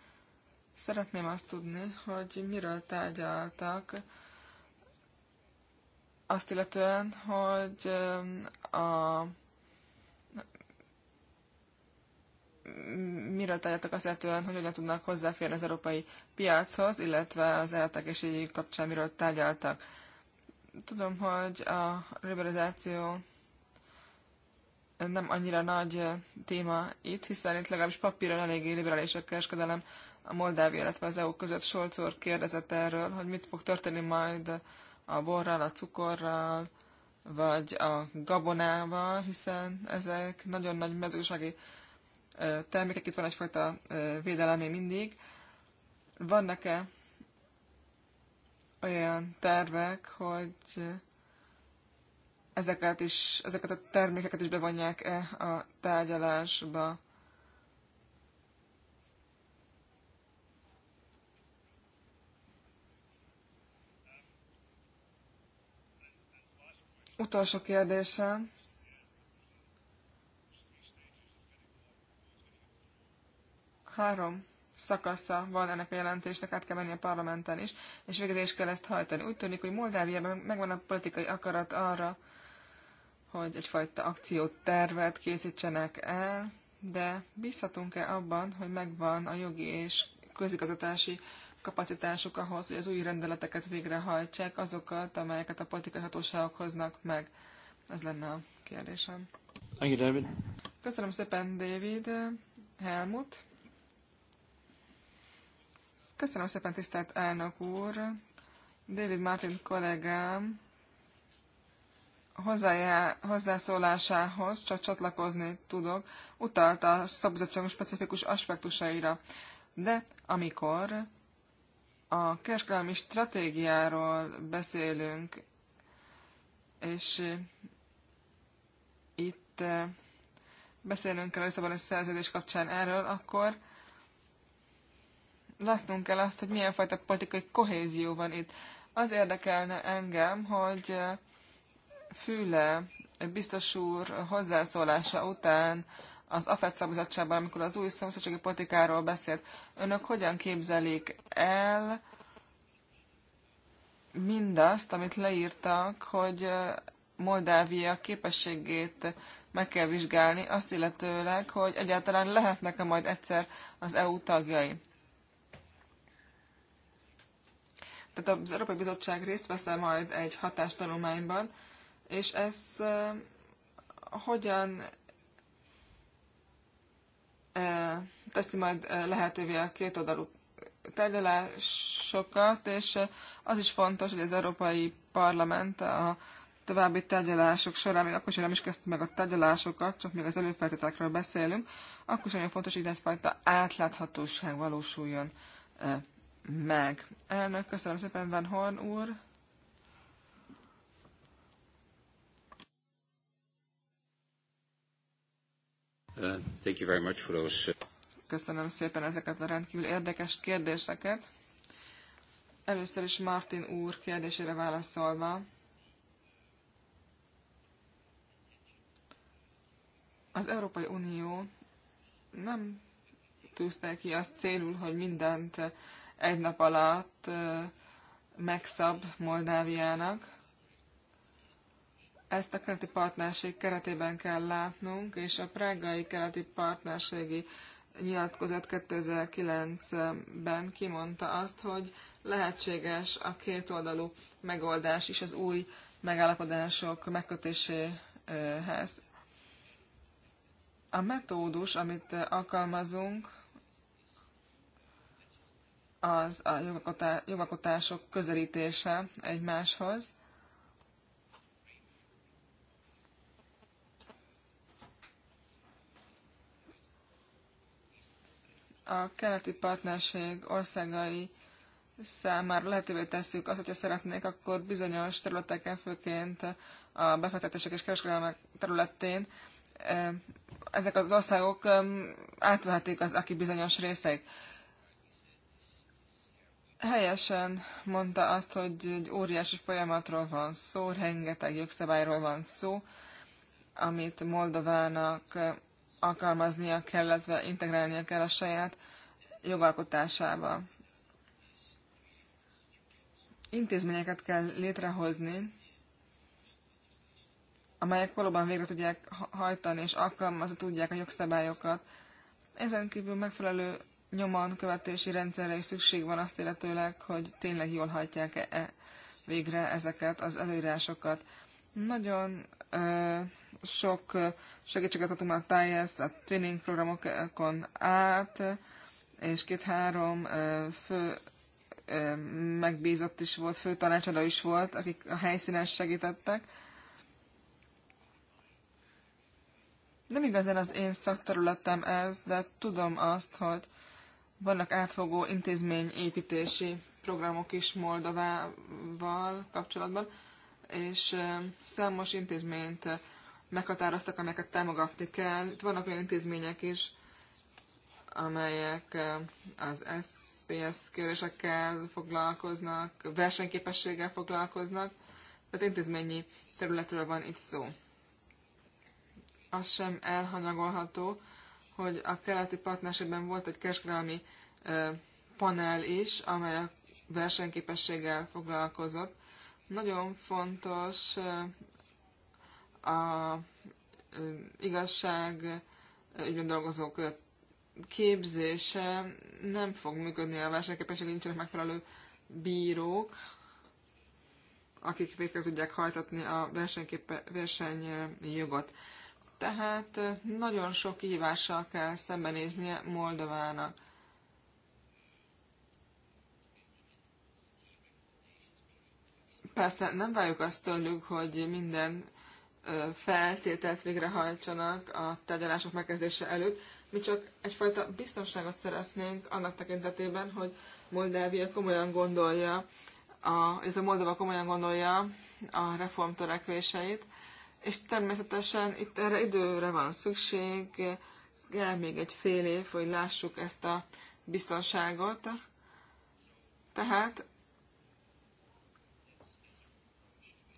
szeretném azt tudni, hogy miről tárgyaltak, azt illetően, hogy a miről tárgyaltak azt illetően, hogy hogyan tudnak hozzáférni az európai piachoz, illetve az így kapcsán miről tárgyaltak. Tudom, hogy a liberalizáció nem annyira nagy téma itt, hiszen itt legalábbis papíron eléggé liberális a kereskedelem a Moldávia, illetve az EU között. Solcor kérdezett erről, hogy mit fog történni majd a borral, a cukorral, vagy a gabonával, hiszen ezek nagyon nagy uh, termékek, itt van egyfajta védelemé mindig. Vannak-e olyan tervek, hogy ezeket, is, ezeket a termékeket is bevonják-e a tárgyalásba? Utolsó kérdésem. Három szakasza van ennek a jelentésnek, át kell menni a parlamenten is, és végre is kell ezt hajtani. Úgy tűnik, hogy Moldáviában megvan a politikai akarat arra, hogy egyfajta tervet készítsenek el, de bízhatunk-e abban, hogy megvan a jogi és közigazgatási kapacitásuk ahhoz, hogy az új rendeleteket végrehajtsák, azokat, amelyeket a politikai hatóságok hoznak meg? Ez lenne a kérdésem. Köszönöm szépen, David. Helmut. Köszönöm szépen, tisztelt elnök úr! David Martin kollégám hozzájá, hozzászólásához csak csatlakozni tudok, utalta a szabadságos specifikus aspektusaira. De amikor a kereskedelmi stratégiáról beszélünk, és itt eh, beszélünk a Lisszaboni szerződés kapcsán erről, akkor látnunk kell azt, hogy milyen fajta politikai kohézió van itt. Az érdekelne engem, hogy eh, Füle biztos úr hozzászólása után az AFET szabadságban, amikor az új szomszédsági politikáról beszélt, önök hogyan képzelik el mindazt, amit leírtak, hogy eh, Moldávia képességét meg kell vizsgálni, azt illetőleg, hogy egyáltalán lehetnek-e majd egyszer az EU tagjai. tehát az Európai Bizottság részt veszel majd egy hatástanulmányban, és ez eh, hogyan eh, teszi majd eh, lehetővé a oldalú tárgyalásokat, és az is fontos, hogy az Európai Parlament a további tárgyalások során, még akkor sem nem is kezdtük meg a tárgyalásokat, csak még az előfeltételekről beszélünk, akkor is nagyon fontos, hogy ez fajta átláthatóság valósuljon meg. Elnök, köszönöm szépen, Van Horn úr. Uh, thank you very much for those. Uh, köszönöm szépen ezeket a rendkívül érdekes kérdéseket. Először is Martin úr kérdésére válaszolva. Az Európai Unió nem tűzte ki azt célul, hogy mindent egy nap alatt megszab Moldáviának. Ezt a keleti partnerség keretében kell látnunk, és a prágai keleti partnerségi nyilatkozat 2009-ben kimondta azt, hogy lehetséges a kétoldalú megoldás is az új megállapodások megkötéséhez. A metódus, amit alkalmazunk, az a jogakotások közelítése egymáshoz. A keleti partnerség országai számára lehetővé tesszük azt, hogyha szeretnék, akkor bizonyos területeken, főként a befektetések és kereskedelmek területén eh, ezek az országok átvehetik az aki bizonyos részeit helyesen mondta azt, hogy egy óriási folyamatról van szó, rengeteg jogszabályról van szó, amit Moldovának alkalmaznia kell, illetve integrálnia kell a saját jogalkotásába. Intézményeket kell létrehozni, amelyek valóban végre tudják hajtani és alkalmazni tudják a jogszabályokat. Ezen kívül megfelelő nyomon követési rendszerre is szükség van azt illetőleg, hogy tényleg jól hajtják -e, -e végre ezeket az előírásokat. Nagyon ö, sok segítséget adtunk már a TIES, a twinning programokon át, és két-három fő ö, megbízott is volt, fő tanácsadó is volt, akik a helyszínen segítettek. Nem igazán az én szakterületem ez, de tudom azt, hogy vannak átfogó intézményépítési programok is Moldovával kapcsolatban, és számos intézményt meghatároztak, amelyeket támogatni kell. Itt vannak olyan intézmények is, amelyek az SPS kérdésekkel foglalkoznak, versenyképességgel foglalkoznak, tehát intézményi területről van itt szó. Az sem elhanyagolható, hogy a keleti partnerségben volt egy kereskedelmi panel is, amely a versenyképességgel foglalkozott. Nagyon fontos a igazság ügyben dolgozók képzése nem fog működni a versenyképesség, nincsenek megfelelő bírók, akik végre tudják hajtatni a versenyjogot. Tehát nagyon sok kihívással kell szembenéznie Moldovának. Persze nem várjuk azt tőlük, hogy minden feltételt végrehajtsanak a tárgyalások megkezdése előtt. Mi csak egyfajta biztonságot szeretnénk annak tekintetében, hogy Moldávia komolyan gondolja, a, ez a Moldova komolyan gondolja a reform törekvéseit, és természetesen itt erre időre van szükség, kell még egy fél év, hogy lássuk ezt a biztonságot. Tehát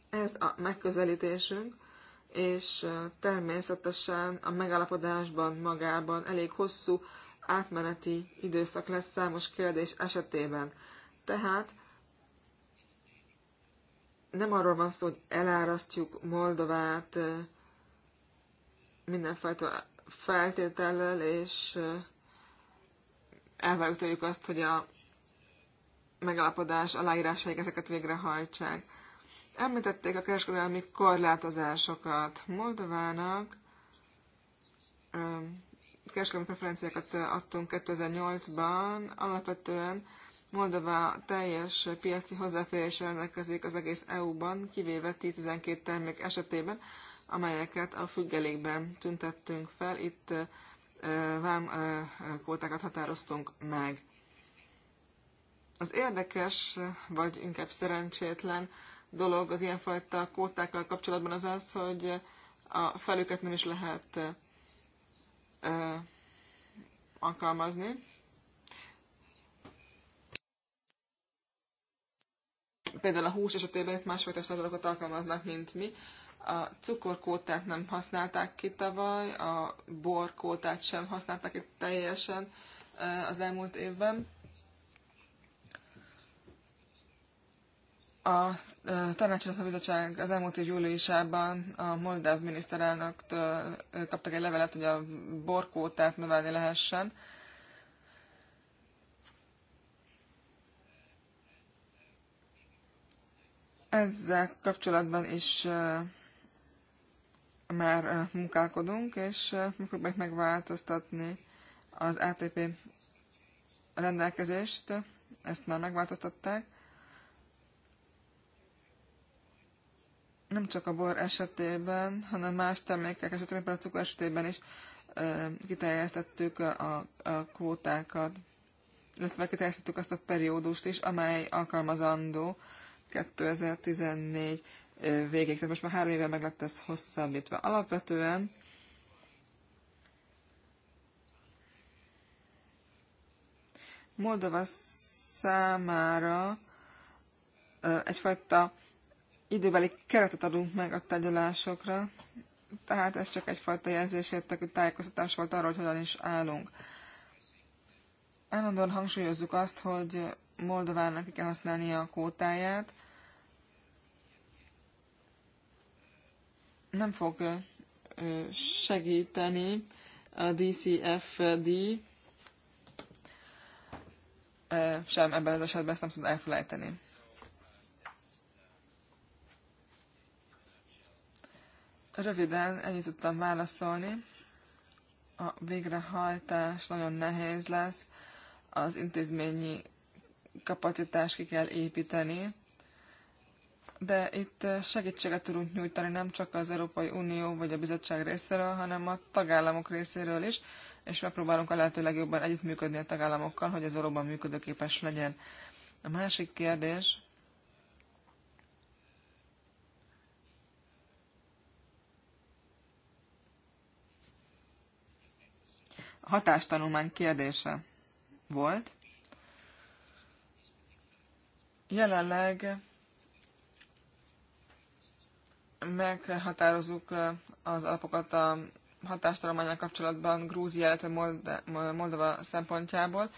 ez a megközelítésünk, és természetesen a megállapodásban magában elég hosszú átmeneti időszak lesz számos kérdés esetében. Tehát nem arról van szó, hogy elárasztjuk Moldovát mindenfajta feltétellel, és elvárjuk azt, hogy a megállapodás aláírásáig ezeket végrehajtsák. Említették a kereskedelmi korlátozásokat. Moldovának kereskedelmi preferenciákat adtunk 2008-ban, alapvetően Moldova teljes piaci hozzáférésre rendelkezik az egész EU-ban, kivéve 10-12 termék esetében, amelyeket a függelékben tüntettünk fel. Itt vámkótákat határoztunk meg. Az érdekes, vagy inkább szerencsétlen dolog az ilyenfajta kótákkal kapcsolatban az az, hogy a felüket nem is lehet alkalmazni. például a hús esetében itt másfajta szabályokat alkalmaznak, mint mi. A cukorkótát nem használták ki tavaly, a borkótát sem használták ki teljesen eh, az elmúlt évben. A eh, Tanácsadó Bizottság az elmúlt év júliusában a moldáv miniszterelnöktől eh, kaptak egy levelet, hogy a borkótát növelni lehessen Ezzel kapcsolatban is már munkálkodunk, és megpróbáljuk megváltoztatni az ATP rendelkezést, ezt már megváltoztatták. Nem csak a bor esetében, hanem más termékek esetében, például a cukor esetében is kiterjesztettük a, a kvótákat, illetve kiterjesztettük azt a periódust is, amely alkalmazandó 2014 végéig, tehát most már három éve meg lett ez hosszabbítva. Alapvetően Moldova számára egyfajta időbeli keretet adunk meg a tárgyalásokra, tehát ez csak egyfajta jelzésértekű tájékoztatás volt arról, hogy hogyan is állunk. Állandóan hangsúlyozzuk azt, hogy Moldovának ki kell használnia a kótáját. Nem fog segíteni a DCFD sem ebben az esetben, ezt nem szabad elfelejteni. Röviden ennyit tudtam válaszolni. A végrehajtás nagyon nehéz lesz, az intézményi kapacitást ki kell építeni, de itt segítséget tudunk nyújtani nem csak az Európai Unió vagy a bizottság részéről, hanem a tagállamok részéről is, és megpróbálunk a lehető legjobban együttműködni a tagállamokkal, hogy ez valóban működőképes legyen. A másik kérdés, hatástanulmány kérdése volt. Jelenleg meghatározunk az alapokat a hatástalományán kapcsolatban Grúzia, illetve Moldova szempontjából.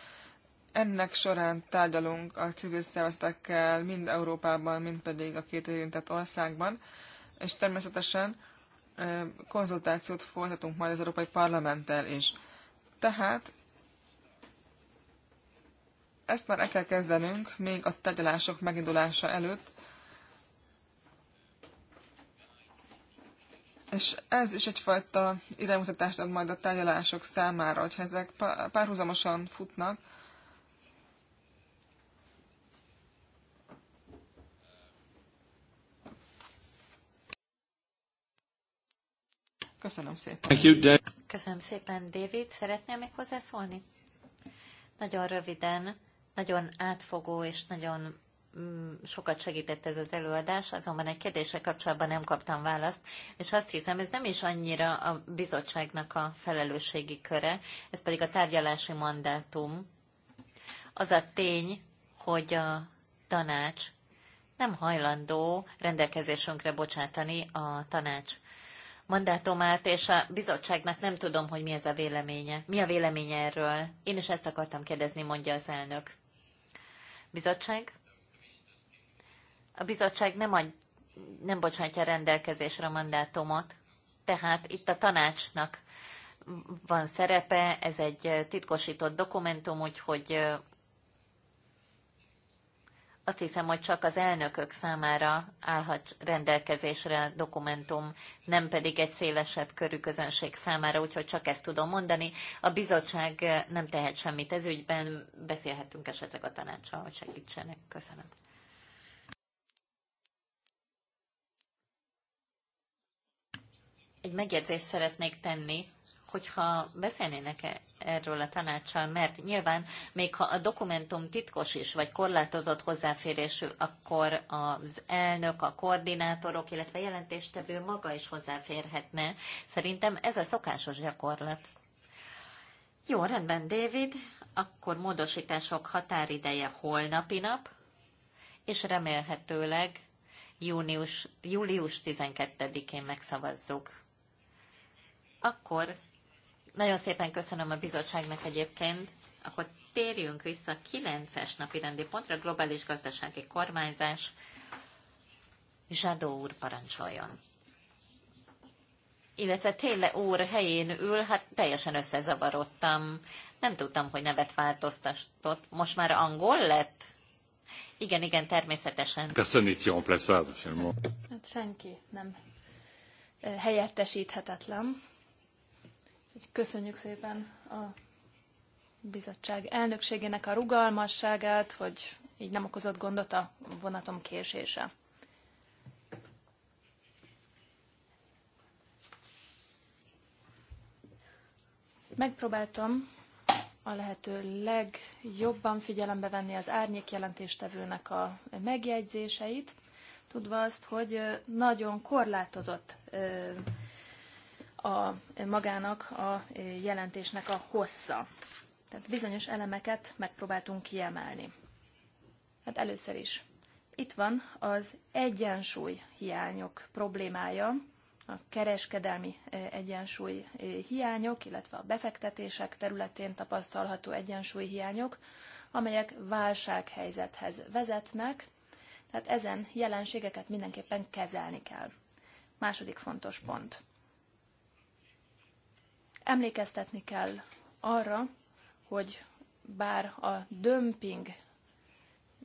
Ennek során tárgyalunk a civil szervezetekkel mind Európában, mind pedig a két érintett országban, és természetesen konzultációt folytatunk majd az Európai Parlamenttel is. Tehát ezt már el kell kezdenünk, még a tegyelások megindulása előtt. És ez is egyfajta iránymutatást ad majd a tegyelások számára, hogy ezek párhuzamosan futnak. Köszönöm szépen. Köszönöm szépen, David. Szeretnél még hozzászólni? Nagyon röviden. Nagyon átfogó és nagyon mm, sokat segített ez az előadás, azonban egy kérdése kapcsolatban nem kaptam választ, és azt hiszem, ez nem is annyira a bizottságnak a felelősségi köre, ez pedig a tárgyalási mandátum. Az a tény, hogy a tanács nem hajlandó rendelkezésünkre bocsátani a tanács mandátumát, és a bizottságnak nem tudom, hogy mi ez a véleménye. Mi a véleménye erről? Én is ezt akartam kérdezni, mondja az elnök. Bizottság? A bizottság nem, ad, nem bocsátja rendelkezésre a mandátumot, tehát itt a tanácsnak van szerepe, ez egy titkosított dokumentum, úgyhogy azt hiszem, hogy csak az elnökök számára állhat rendelkezésre a dokumentum, nem pedig egy szélesebb körű közönség számára, úgyhogy csak ezt tudom mondani. A bizottság nem tehet semmit ez ügyben, beszélhetünk esetleg a tanácssal, hogy segítsenek. Köszönöm. Egy megjegyzést szeretnék tenni hogyha beszélnének -e erről a tanácssal, mert nyilván még ha a dokumentum titkos is, vagy korlátozott hozzáférésű, akkor az elnök, a koordinátorok, illetve jelentéstevő maga is hozzáférhetne. Szerintem ez a szokásos gyakorlat. Jó, rendben, David. Akkor módosítások határideje holnapi nap, és remélhetőleg június, július 12-én megszavazzuk. Akkor nagyon szépen köszönöm a bizottságnak egyébként. Akkor térjünk vissza a 9-es napi rendi pontra, globális gazdasági kormányzás. Zsadó úr parancsoljon. Illetve Téle úr helyén ül, hát teljesen összezavarodtam. Nem tudtam, hogy nevet változtatott. Most már angol lett? Igen, igen, természetesen. Köszönjük, jó, pleszál, Hát senki nem helyettesíthetetlen. Köszönjük szépen a bizottság elnökségének a rugalmasságát, hogy így nem okozott gondot a vonatom késése. Megpróbáltam a lehető legjobban figyelembe venni az árnyék jelentéstevőnek a megjegyzéseit, tudva azt, hogy nagyon korlátozott a, magának a jelentésnek a hossza. Tehát bizonyos elemeket megpróbáltunk kiemelni. Hát először is. Itt van az egyensúly hiányok problémája, a kereskedelmi e, egyensúly e, hiányok, illetve a befektetések területén tapasztalható egyensúly hiányok, amelyek válsághelyzethez vezetnek, tehát ezen jelenségeket mindenképpen kezelni kell. Második fontos pont. Emlékeztetni kell arra, hogy bár a dömping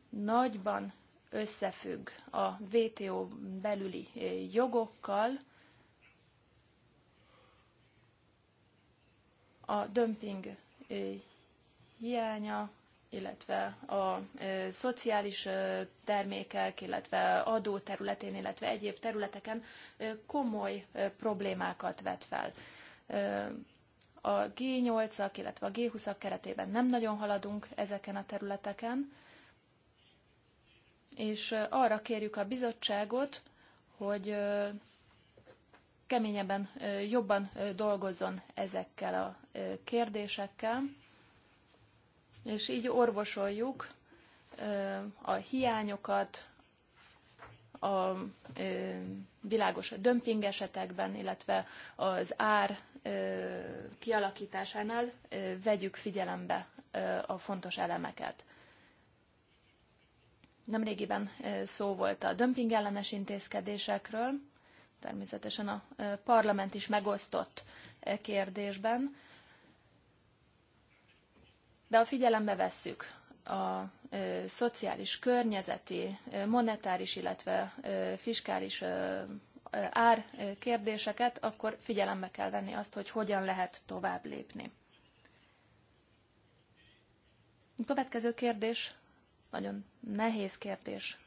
nagyban összefügg a WTO belüli eh, jogokkal, a dömping eh, hiánya, illetve a eh, szociális termékek, illetve adó területén, illetve egyéb területeken komoly problémákat vet fel a G8-ak, illetve a G20-ak keretében nem nagyon haladunk ezeken a területeken, és arra kérjük a bizottságot, hogy keményebben, jobban dolgozzon ezekkel a kérdésekkel, és így orvosoljuk a hiányokat a világos dömping esetekben, illetve az ár kialakításánál vegyük figyelembe a fontos elemeket. Nemrégiben szó volt a dömpingellenes intézkedésekről, természetesen a parlament is megosztott kérdésben, de a figyelembe vesszük a szociális, környezeti, monetáris, illetve fiskális ár kérdéseket, akkor figyelembe kell venni azt, hogy hogyan lehet tovább lépni. A következő kérdés, nagyon nehéz kérdés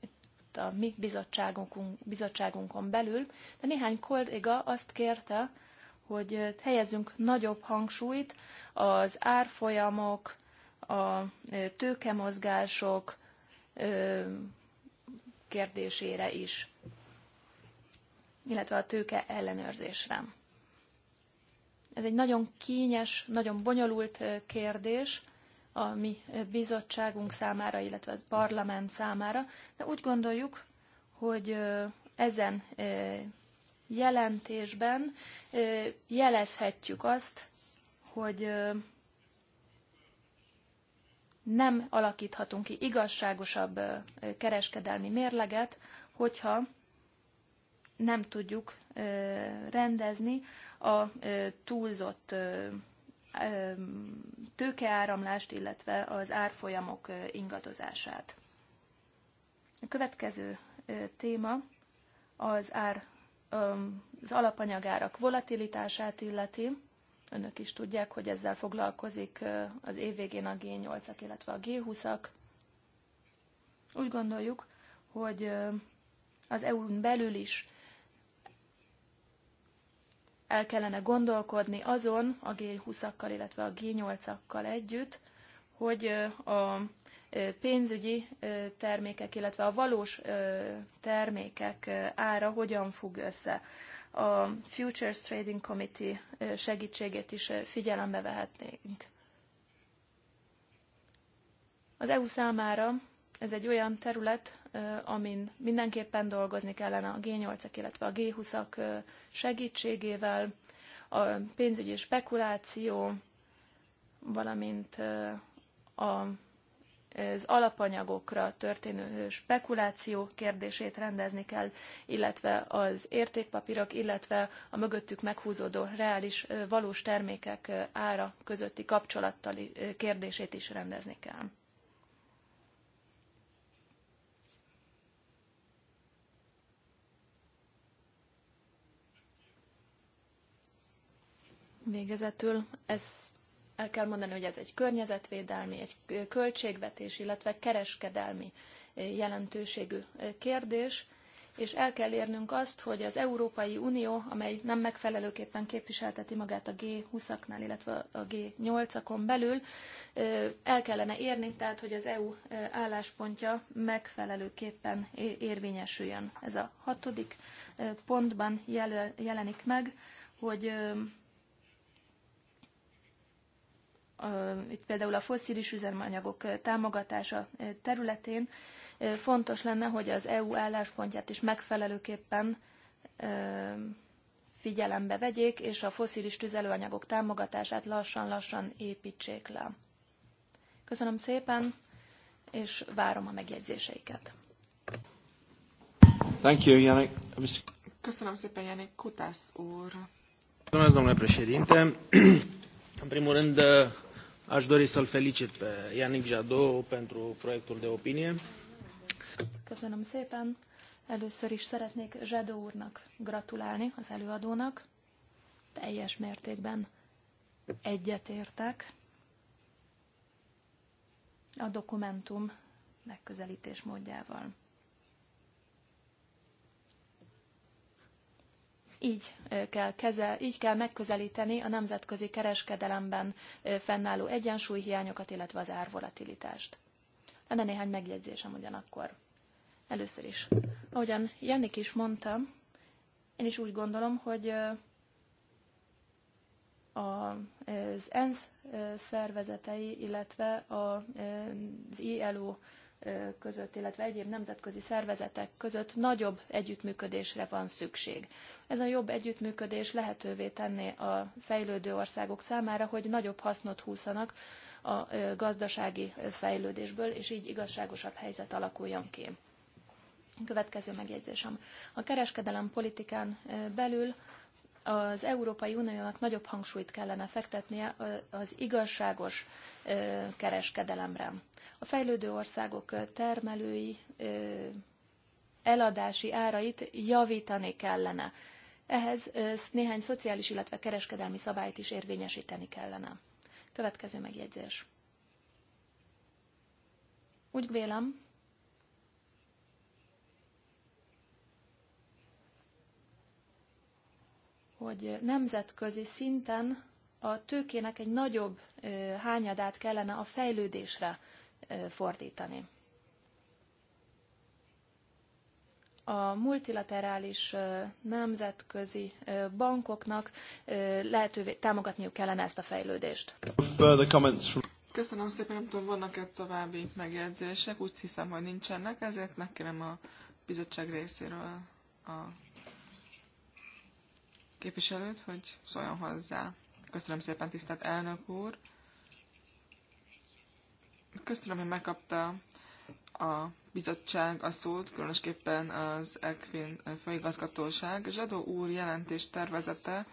itt a mi bizottságunkon, bizottságunkon belül, de néhány kolléga azt kérte, hogy helyezzünk nagyobb hangsúlyt az árfolyamok, a tőkemozgások kérdésére is illetve a tőke ellenőrzésre. Ez egy nagyon kényes, nagyon bonyolult kérdés a mi bizottságunk számára, illetve a parlament számára, de úgy gondoljuk, hogy ezen jelentésben jelezhetjük azt, hogy nem alakíthatunk ki igazságosabb kereskedelmi mérleget, hogyha nem tudjuk rendezni a túlzott tőkeáramlást, illetve az árfolyamok ingadozását. A következő téma az ár az alapanyagárak volatilitását illeti. Önök is tudják, hogy ezzel foglalkozik az végén a G8-ak, illetve a G20-ak. Úgy gondoljuk, hogy az EU-n belül is el kellene gondolkodni azon a G20-akkal, illetve a G8-akkal együtt, hogy a pénzügyi termékek, illetve a valós termékek ára hogyan függ össze. A Futures Trading Committee segítségét is figyelembe vehetnénk. Az EU számára ez egy olyan terület, amin mindenképpen dolgozni kellene a G8-ak, illetve a G20-ak segítségével, a pénzügyi spekuláció, valamint a az alapanyagokra történő spekuláció kérdését rendezni kell, illetve az értékpapírok, illetve a mögöttük meghúzódó reális valós termékek ára közötti kapcsolattali kérdését is rendezni kell. Végezetül ez el kell mondani, hogy ez egy környezetvédelmi, egy költségvetés, illetve kereskedelmi eh, jelentőségű eh, kérdés, és el kell érnünk azt, hogy az Európai Unió, amely nem megfelelőképpen képviselteti magát a G20-aknál, illetve a G8-akon belül, eh, el kellene érni, tehát hogy az EU álláspontja megfelelőképpen érvényesüljön. Ez a hatodik pontban jelenik meg, hogy itt például a fosszilis üzemanyagok támogatása területén fontos lenne, hogy az EU álláspontját is megfelelőképpen figyelembe vegyék, és a fosszilis tüzelőanyagok támogatását lassan-lassan építsék le. Köszönöm szépen, és várom a megjegyzéseiket. Thank you, Janik. Köszönöm szépen, Janik Kutász úr. Mulțumesc, domnule președinte. *clears throat* În primul rând, Aș dori să-l felicit pe Ianic Jadot pentru proiectul de opinie. Köszönöm szépen. Először is szeretnék Zsadó úrnak gratulálni, az előadónak. Teljes mértékben egyetértek a dokumentum megközelítés módjával. Így kell, kezel, így kell megközelíteni a nemzetközi kereskedelemben fennálló egyensúlyhiányokat, illetve az árvolatilitást. Lenne néhány megjegyzésem ugyanakkor. Először is. Ahogyan Jannik is mondta, én is úgy gondolom, hogy az ENSZ szervezetei, illetve az ILO között, illetve egyéb nemzetközi szervezetek között nagyobb együttműködésre van szükség. Ez a jobb együttműködés lehetővé tenné a fejlődő országok számára, hogy nagyobb hasznot húzanak a gazdasági fejlődésből, és így igazságosabb helyzet alakuljon ki. Következő megjegyzésem. A kereskedelem politikán belül az Európai Uniónak nagyobb hangsúlyt kellene fektetnie az igazságos kereskedelemre. A fejlődő országok termelői eladási árait javítani kellene. Ehhez néhány szociális, illetve kereskedelmi szabályt is érvényesíteni kellene. Következő megjegyzés. Úgy vélem, hogy nemzetközi szinten a tőkének egy nagyobb hányadát kellene a fejlődésre fordítani. a multilaterális nemzetközi bankoknak lehetővé támogatniuk kellene ezt a fejlődést. Köszönöm szépen, nem tudom, vannak-e további megjegyzések, úgy hiszem, hogy nincsenek, ezért megkérem a bizottság részéről a képviselőt, hogy szóljon hozzá. Köszönöm szépen, tisztelt elnök úr. Köszönöm, hogy megkapta a bizottság a szót, különösképpen az Equin főigazgatóság. Zsadó úr jelentés tervezete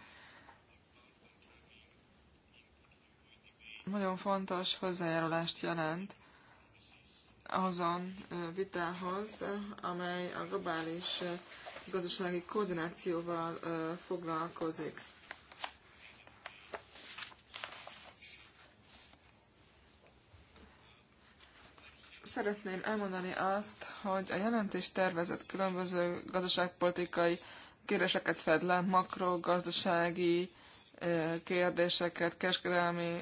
nagyon fontos hozzájárulást jelent azon vitához, amely a globális gazdasági koordinációval foglalkozik. Szeretném elmondani azt, hogy a jelentés tervezett különböző gazdaságpolitikai kérdéseket fed le, makrogazdasági kérdéseket, kereskedelmi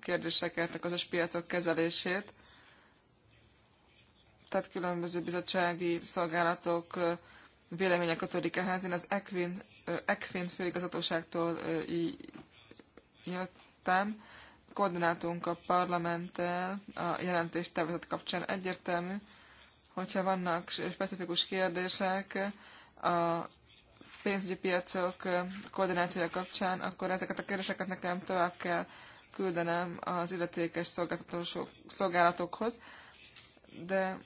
kérdéseket, a közös piacok kezelését, tehát különböző bizottsági szolgálatok véleménye kötődik ehhez. Én az Equin, Equin főigazgatóságtól jöttem. Koordinátunk a parlamenttel a jelentés tervezet kapcsán egyértelmű, hogyha vannak specifikus kérdések a pénzügyi piacok koordinációja kapcsán, akkor ezeket a kérdéseket nekem tovább kell küldenem az illetékes szolgálatokhoz, de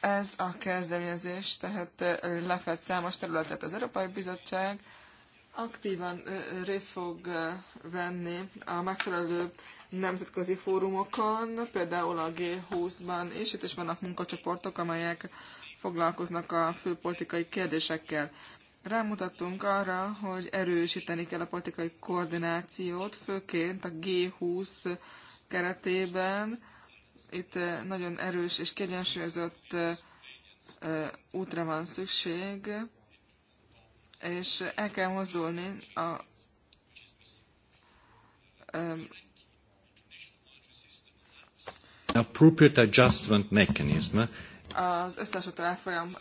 ez a kezdeményezés tehát lefed számos területet. Az Európai Bizottság aktívan részt fog venni a megfelelő nemzetközi fórumokon, például a G20-ban és itt is vannak munkacsoportok, amelyek foglalkoznak a főpolitikai kérdésekkel. Rámutattunk arra, hogy erősíteni kell a politikai koordinációt, főként a G20 keretében, itt nagyon erős és kiegyensúlyozott útra van szükség, és el kell mozdulni a appropriate adjustment mechanism az összehasonlító árfolyam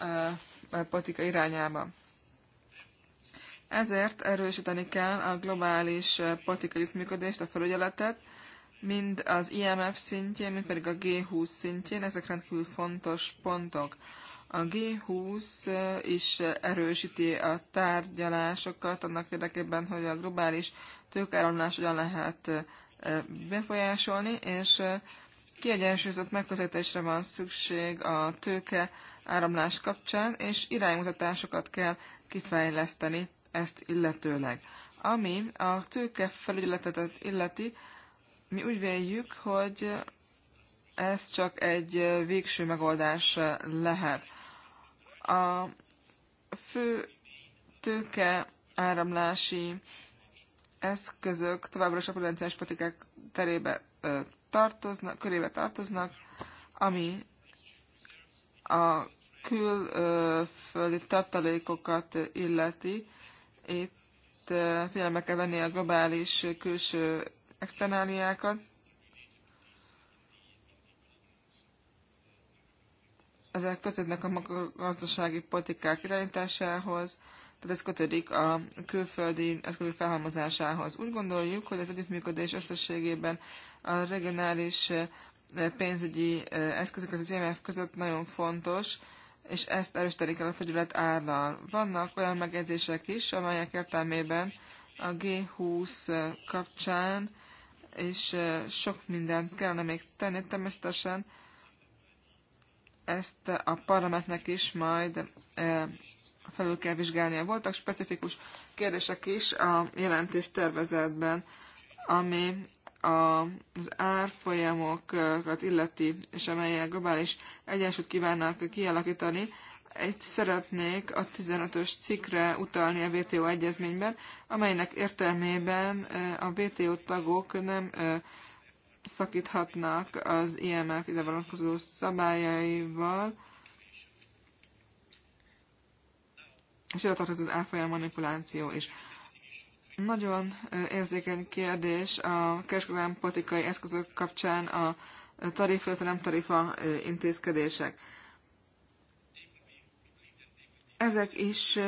politika irányába. Ezért erősíteni kell a globális politikai működést, a felügyeletet, mind az IMF szintjén, mind pedig a G20 szintjén. Ezek rendkívül fontos pontok. A G20 eh, is eh, erősíti a tárgyalásokat annak érdekében, hogy a globális tőkáramlás hogyan lehet eh, befolyásolni, és kiegyensúlyozott megközelítésre van szükség a tőke áramlás kapcsán, és iránymutatásokat kell kifejleszteni ezt illetőleg. Ami a tőke felügyeletet illeti, mi úgy véljük, hogy ez csak egy végső megoldás lehet. A fő tőke áramlási eszközök továbbra is a potenciális patikák terébe tartoznak, körébe tartoznak, ami a külföldi tartalékokat illeti. Itt figyelembe kell venni a globális külső externáliákat. Ezek kötődnek a gazdasági politikák irányításához, tehát ez kötődik a külföldi eszközök felhalmozásához. Úgy gondoljuk, hogy az együttműködés összességében a regionális eh, pénzügyi eh, eszközök az IMF között nagyon fontos, és ezt erősíteni kell a fegyület állal. Vannak olyan megjegyzések is, amelyek értelmében a G20 eh, kapcsán és sok mindent kellene még tenni. Természetesen ezt a parlamentnek is majd felül kell vizsgálnia. Voltak specifikus kérdések is a jelentés tervezetben, ami az árfolyamokat illeti, és amelyek globális egyensúlyt kívánnak kialakítani egy szeretnék a 15-ös cikkre utalni a WTO egyezményben, amelynek értelmében eh, a WTO tagok nem eh, szakíthatnak az IMF ide vonatkozó szabályaival, és ide tartozik az árfolyam manipuláció is. Nagyon eh, érzékeny kérdés a kereskedelmi politikai eszközök kapcsán a tarifa, nem tarifa intézkedések. Ezek is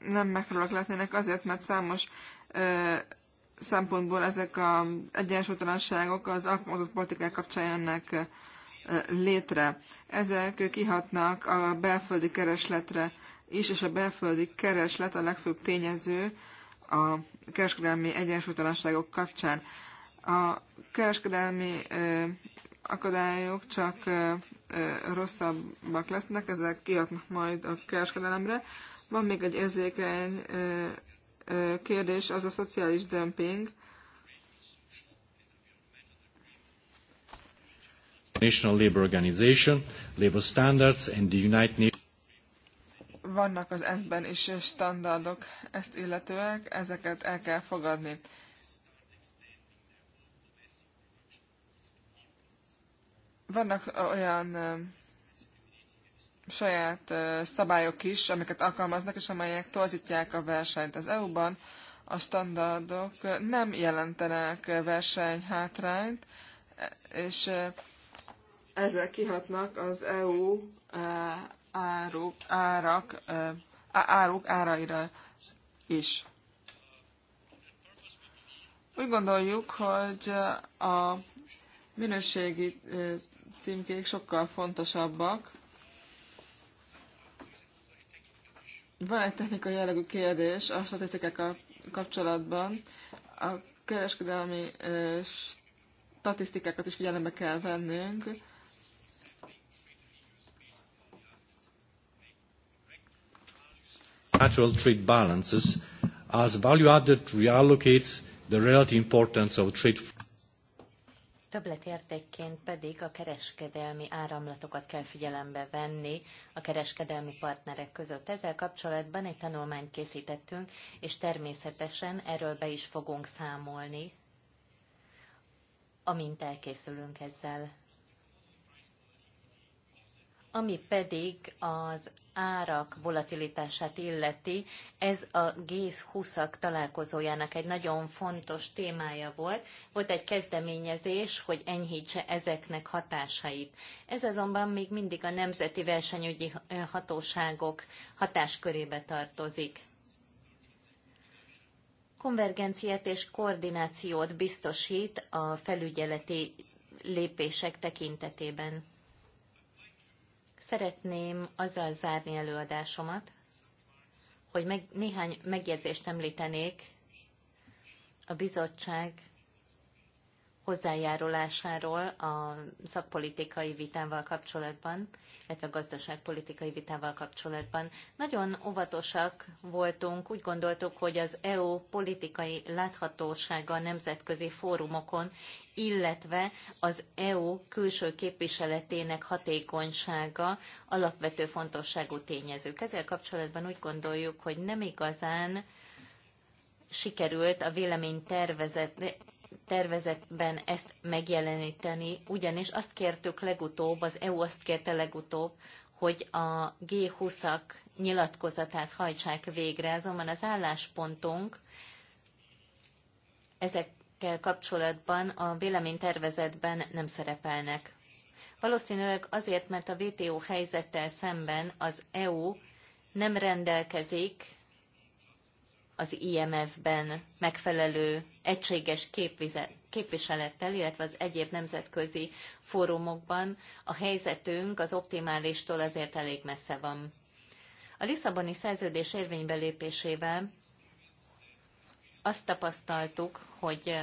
nem megfelelőek lehetnének azért, mert számos szempontból ezek az egyensúlytalanságok az alkalmazott politikák kapcsán jönnek létre. Ezek kihatnak a belföldi keresletre is, és a belföldi kereslet a legfőbb tényező a kereskedelmi egyensúlytalanságok kapcsán. A kereskedelmi akadályok csak rosszabbak lesznek, ezek kiaknak majd a kereskedelemre. Van még egy érzékeny kérdés, az a szociális dömping. National Labour Organization, Labour Standards and the United Nations. Vannak az ezben is standardok ezt illetőek, ezeket el kell fogadni. Vannak olyan saját szabályok is, amiket alkalmaznak, és amelyek torzítják a versenyt. Az EU-ban a standardok nem jelentenek versenyhátrányt, e, és ezzel kihatnak az EU áruk, árak, áruk áraira is. Úgy gondoljuk, hogy a minőségi címkék sokkal fontosabbak. Van egy technikai jellegű kérdés a statisztikák kapcsolatban. A kereskedelmi statisztikákat is figyelembe kell vennünk. Natural trade balances as value added reallocates the relative importance of trade Többletértékként pedig a kereskedelmi áramlatokat kell figyelembe venni a kereskedelmi partnerek között. Ezzel kapcsolatban egy tanulmányt készítettünk, és természetesen erről be is fogunk számolni, amint elkészülünk ezzel. Ami pedig az árak volatilitását illeti, ez a GÉZ 20 találkozójának egy nagyon fontos témája volt. Volt egy kezdeményezés, hogy enyhítse ezeknek hatásait. Ez azonban még mindig a nemzeti versenyügyi hatóságok hatáskörébe tartozik konvergenciát és koordinációt biztosít a felügyeleti lépések tekintetében. Szeretném azzal zárni előadásomat, hogy meg, néhány megjegyzést említenék a bizottság hozzájárulásáról a szakpolitikai vitával kapcsolatban, illetve a gazdaságpolitikai vitával kapcsolatban. Nagyon óvatosak voltunk, úgy gondoltuk, hogy az EU politikai láthatósága a nemzetközi fórumokon, illetve az EU külső képviseletének hatékonysága alapvető fontosságú tényezők. Ezzel kapcsolatban úgy gondoljuk, hogy nem igazán sikerült a vélemény tervezet, tervezetben ezt megjeleníteni, ugyanis azt kértük legutóbb, az EU azt kérte legutóbb, hogy a G20-ak nyilatkozatát hajtsák végre, azonban az álláspontunk ezekkel kapcsolatban a véleménytervezetben nem szerepelnek. Valószínűleg azért, mert a WTO helyzettel szemben az EU nem rendelkezik az IMF-ben megfelelő egységes képviselettel, illetve az egyéb nemzetközi fórumokban a helyzetünk az optimálistól azért elég messze van. A Lisszaboni szerződés érvénybe lépésével azt tapasztaltuk, hogy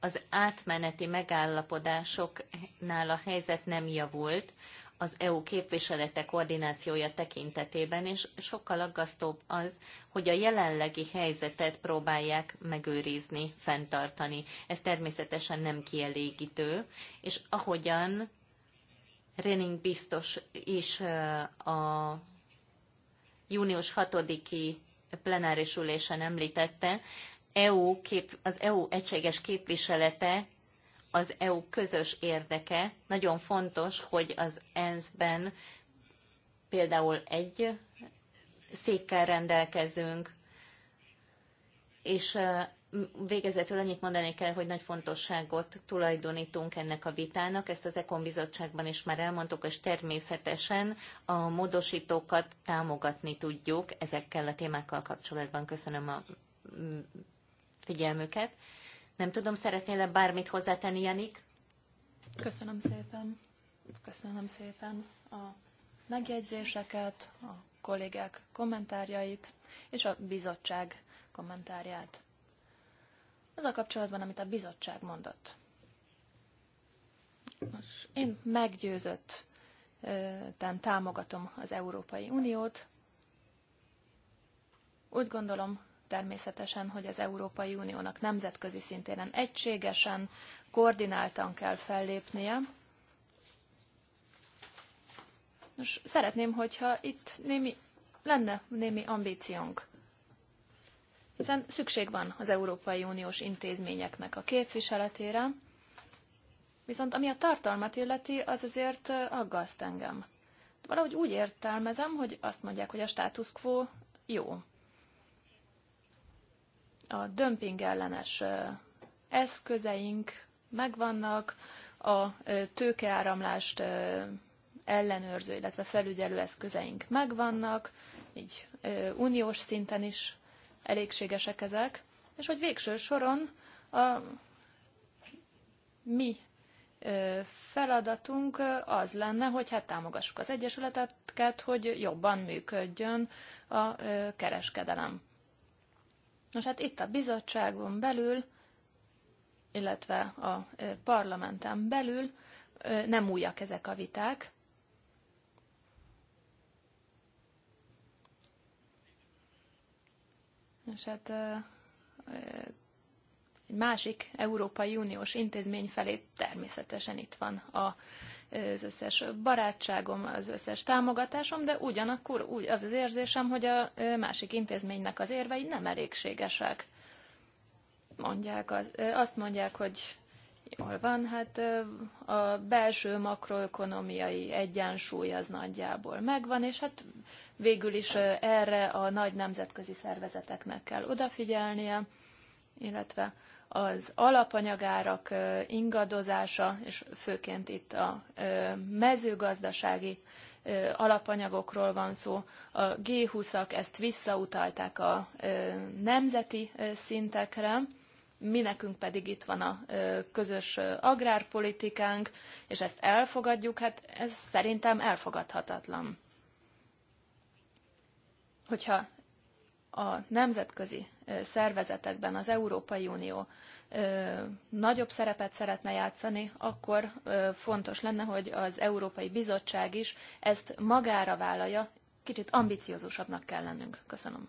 az átmeneti megállapodásoknál a helyzet nem javult, az EU képviselete koordinációja tekintetében, és sokkal aggasztóbb az, hogy a jelenlegi helyzetet próbálják megőrizni, fenntartani. Ez természetesen nem kielégítő, és ahogyan Renning biztos is a június 6-i plenáris ülésen említette, EU kép, az EU egységes képviselete az EU közös érdeke. Nagyon fontos, hogy az ENSZ-ben például egy székkel rendelkezünk, és végezetül annyit mondani kell, hogy nagy fontosságot tulajdonítunk ennek a vitának, ezt az Ekon bizottságban is már elmondtuk, és természetesen a módosítókat támogatni tudjuk ezekkel a témákkal kapcsolatban. Köszönöm a figyelmüket. Nem tudom, szeretnél-e bármit hozzátenni, Janik? Köszönöm szépen. Köszönöm szépen a megjegyzéseket, a kollégák kommentárjait és a bizottság kommentárját. Az a kapcsolatban, amit a bizottság mondott. Most én meggyőzött támogatom az Európai Uniót. Úgy gondolom, természetesen, hogy az Európai Uniónak nemzetközi szintéren egységesen, koordináltan kell fellépnie. Nos, szeretném, hogyha itt némi, lenne némi ambíciónk, hiszen szükség van az Európai Uniós intézményeknek a képviseletére, viszont ami a tartalmat illeti, az azért aggaszt engem. Valahogy úgy értelmezem, hogy azt mondják, hogy a status quo jó a dömping ellenes eszközeink megvannak, a tőkeáramlást ellenőrző, illetve felügyelő eszközeink megvannak, így uniós szinten is elégségesek ezek, és hogy végső soron a mi feladatunk az lenne, hogy hát támogassuk az egyesületeket, hogy jobban működjön a kereskedelem. Nos hát itt a bizottságon belül, illetve a parlamenten belül nem újak ezek a viták. És hát egy másik Európai Uniós intézmény felé természetesen itt van a az összes barátságom, az összes támogatásom, de ugyanakkor úgy az az érzésem, hogy a másik intézménynek az érvei nem elégségesek. Mondják, azt mondják, hogy jól van, hát a belső makroökonomiai egyensúly az nagyjából megvan, és hát végül is erre a nagy nemzetközi szervezeteknek kell odafigyelnie, illetve az alapanyagárak ingadozása, és főként itt a mezőgazdasági alapanyagokról van szó. A G20-ak ezt visszautalták a nemzeti szintekre, mi nekünk pedig itt van a közös agrárpolitikánk, és ezt elfogadjuk, hát ez szerintem elfogadhatatlan. Hogyha a nemzetközi szervezetekben az Európai Unió nagyobb szerepet szeretne játszani, akkor fontos lenne, hogy az Európai Bizottság is ezt magára vállalja, kicsit ambiciózusabbnak kell lennünk. Köszönöm.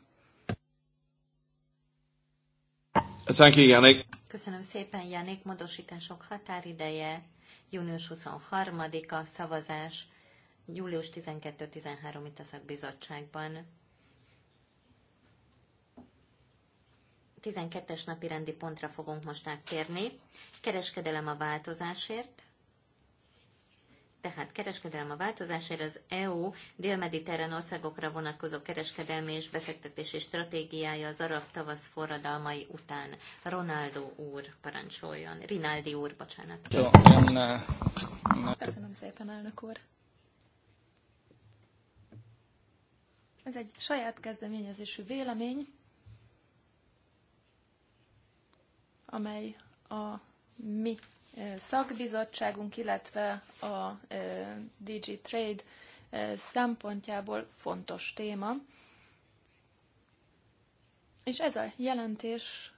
Thank you, Janik. Köszönöm szépen, Janik. Módosítások határideje június 23-a, szavazás július 12-13 itt a szakbizottságban. 12-es napi rendi pontra fogunk most áttérni. Kereskedelem a változásért. Tehát kereskedelem a változásért az EU dél-mediterrán országokra vonatkozó kereskedelmi és befektetési stratégiája az arab tavasz forradalmai után. Ronaldo úr parancsoljon. Rinaldi úr, bocsánat. Jó, én, eh, Köszönöm szépen, elnök úr. Ez egy saját kezdeményezésű vélemény, amely a mi eh, szakbizottságunk, illetve a eh, DG Trade eh, szempontjából fontos téma. És ez a jelentés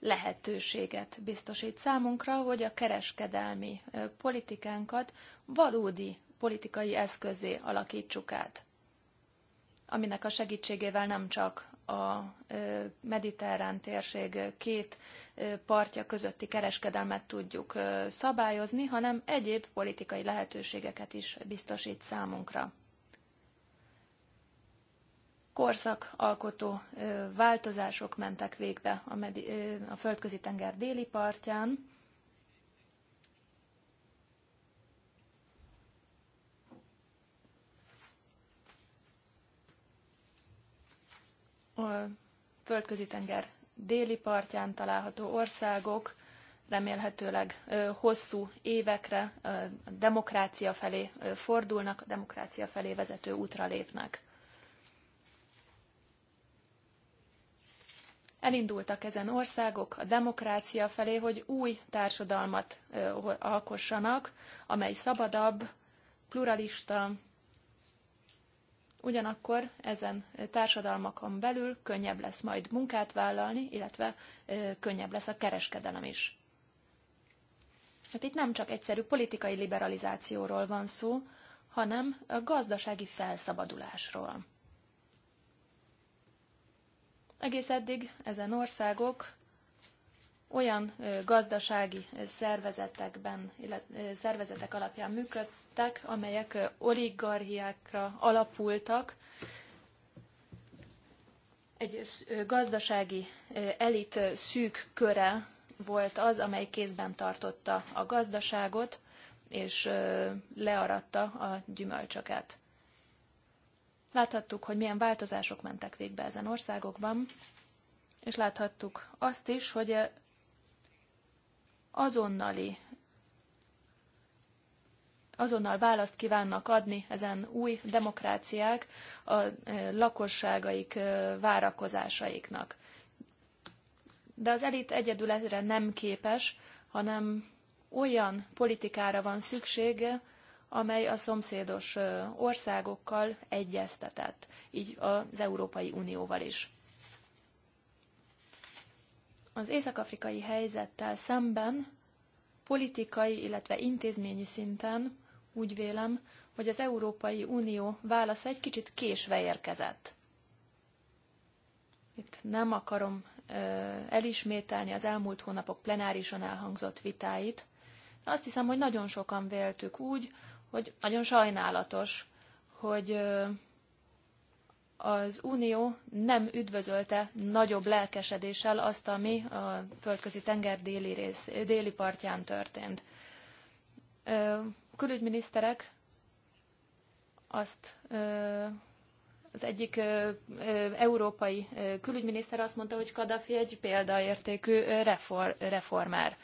lehetőséget biztosít számunkra, hogy a kereskedelmi politikánkat valódi politikai eszközé alakítsuk át, aminek a segítségével nem csak a mediterrán térség két partja közötti kereskedelmet tudjuk szabályozni, hanem egyéb politikai lehetőségeket is biztosít számunkra. Korszakalkotó változások mentek végbe a, a földközi tenger déli partján, a földközi tenger déli partján található országok remélhetőleg hosszú évekre a demokrácia felé fordulnak, a demokrácia felé vezető útra lépnek. Elindultak ezen országok a demokrácia felé, hogy új társadalmat alkossanak, amely szabadabb, pluralista, Ugyanakkor ezen társadalmakon belül könnyebb lesz majd munkát vállalni, illetve könnyebb lesz a kereskedelem is. Hát itt nem csak egyszerű politikai liberalizációról van szó, hanem a gazdasági felszabadulásról. Egész eddig ezen országok olyan gazdasági szervezetekben, illetve szervezetek alapján működtek, lettek, amelyek oligarchiákra alapultak, egy gazdasági elit szűk köre volt az, amely kézben tartotta a gazdaságot, és learatta a gyümölcsöket. Láthattuk, hogy milyen változások mentek végbe ezen országokban, és láthattuk azt is, hogy azonnali azonnal választ kívánnak adni ezen új demokráciák a eh, lakosságaik eh, várakozásaiknak. De az elit egyedül erre nem képes, hanem olyan politikára van szüksége, amely a szomszédos eh, országokkal egyeztetett, így az Európai Unióval is. Az észak-afrikai helyzettel szemben politikai, illetve intézményi szinten úgy vélem, hogy az Európai Unió válasza egy kicsit késve érkezett. Itt nem akarom elismételni az elmúlt hónapok plenárison elhangzott vitáit. Azt hiszem, hogy nagyon sokan véltük úgy, hogy nagyon sajnálatos, hogy az Unió nem üdvözölte nagyobb lelkesedéssel azt, ami a földközi tenger déli, rész, déli partján történt. A külügyminiszterek azt az egyik európai külügyminiszter azt mondta, hogy Kadafi egy példaértékű reformár.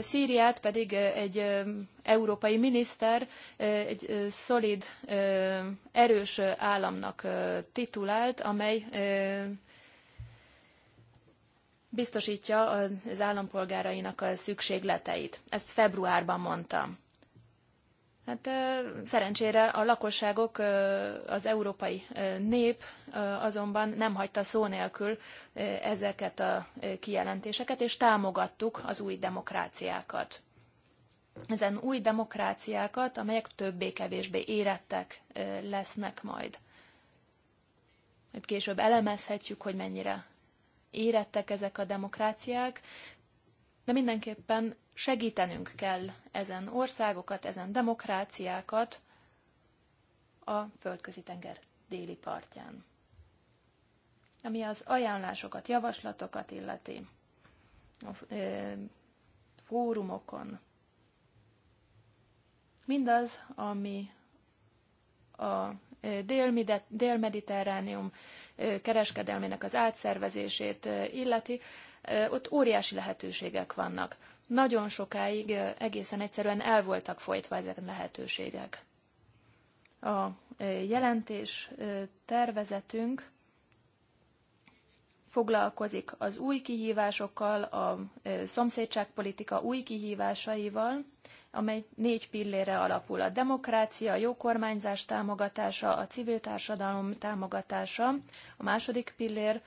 Szíriát pedig egy európai miniszter egy szolid, erős államnak titulált, amely biztosítja az állampolgárainak a szükségleteit. Ezt februárban mondta. Hát szerencsére a lakosságok, az európai nép azonban nem hagyta szó nélkül ezeket a kijelentéseket, és támogattuk az új demokráciákat. Ezen új demokráciákat, amelyek többé-kevésbé érettek lesznek majd. Később elemezhetjük, hogy mennyire érettek ezek a demokráciák, de mindenképpen segítenünk kell ezen országokat, ezen demokráciákat a földközi tenger déli partján. Ami az ajánlásokat, javaslatokat illeti a fórumokon. Mindaz, ami a dél-mediterránium kereskedelmének az átszervezését illeti, ott óriási lehetőségek vannak. Nagyon sokáig egészen egyszerűen el voltak folytva ezek a lehetőségek. A jelentés tervezetünk foglalkozik az új kihívásokkal, a szomszédságpolitika új kihívásaival, amely négy pillére alapul. A demokrácia, a jó kormányzás támogatása, a civil társadalom támogatása, a második pillér,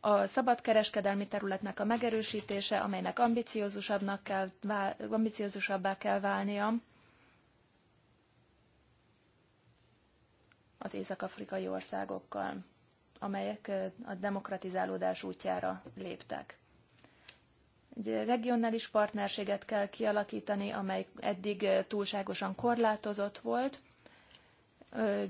a szabadkereskedelmi területnek a megerősítése, amelynek ambiciózusabbnak kell, ambiciózusabbá kell válnia az észak-afrikai országokkal, amelyek a demokratizálódás útjára léptek. Egy regionális partnerséget kell kialakítani, amely eddig túlságosan korlátozott volt.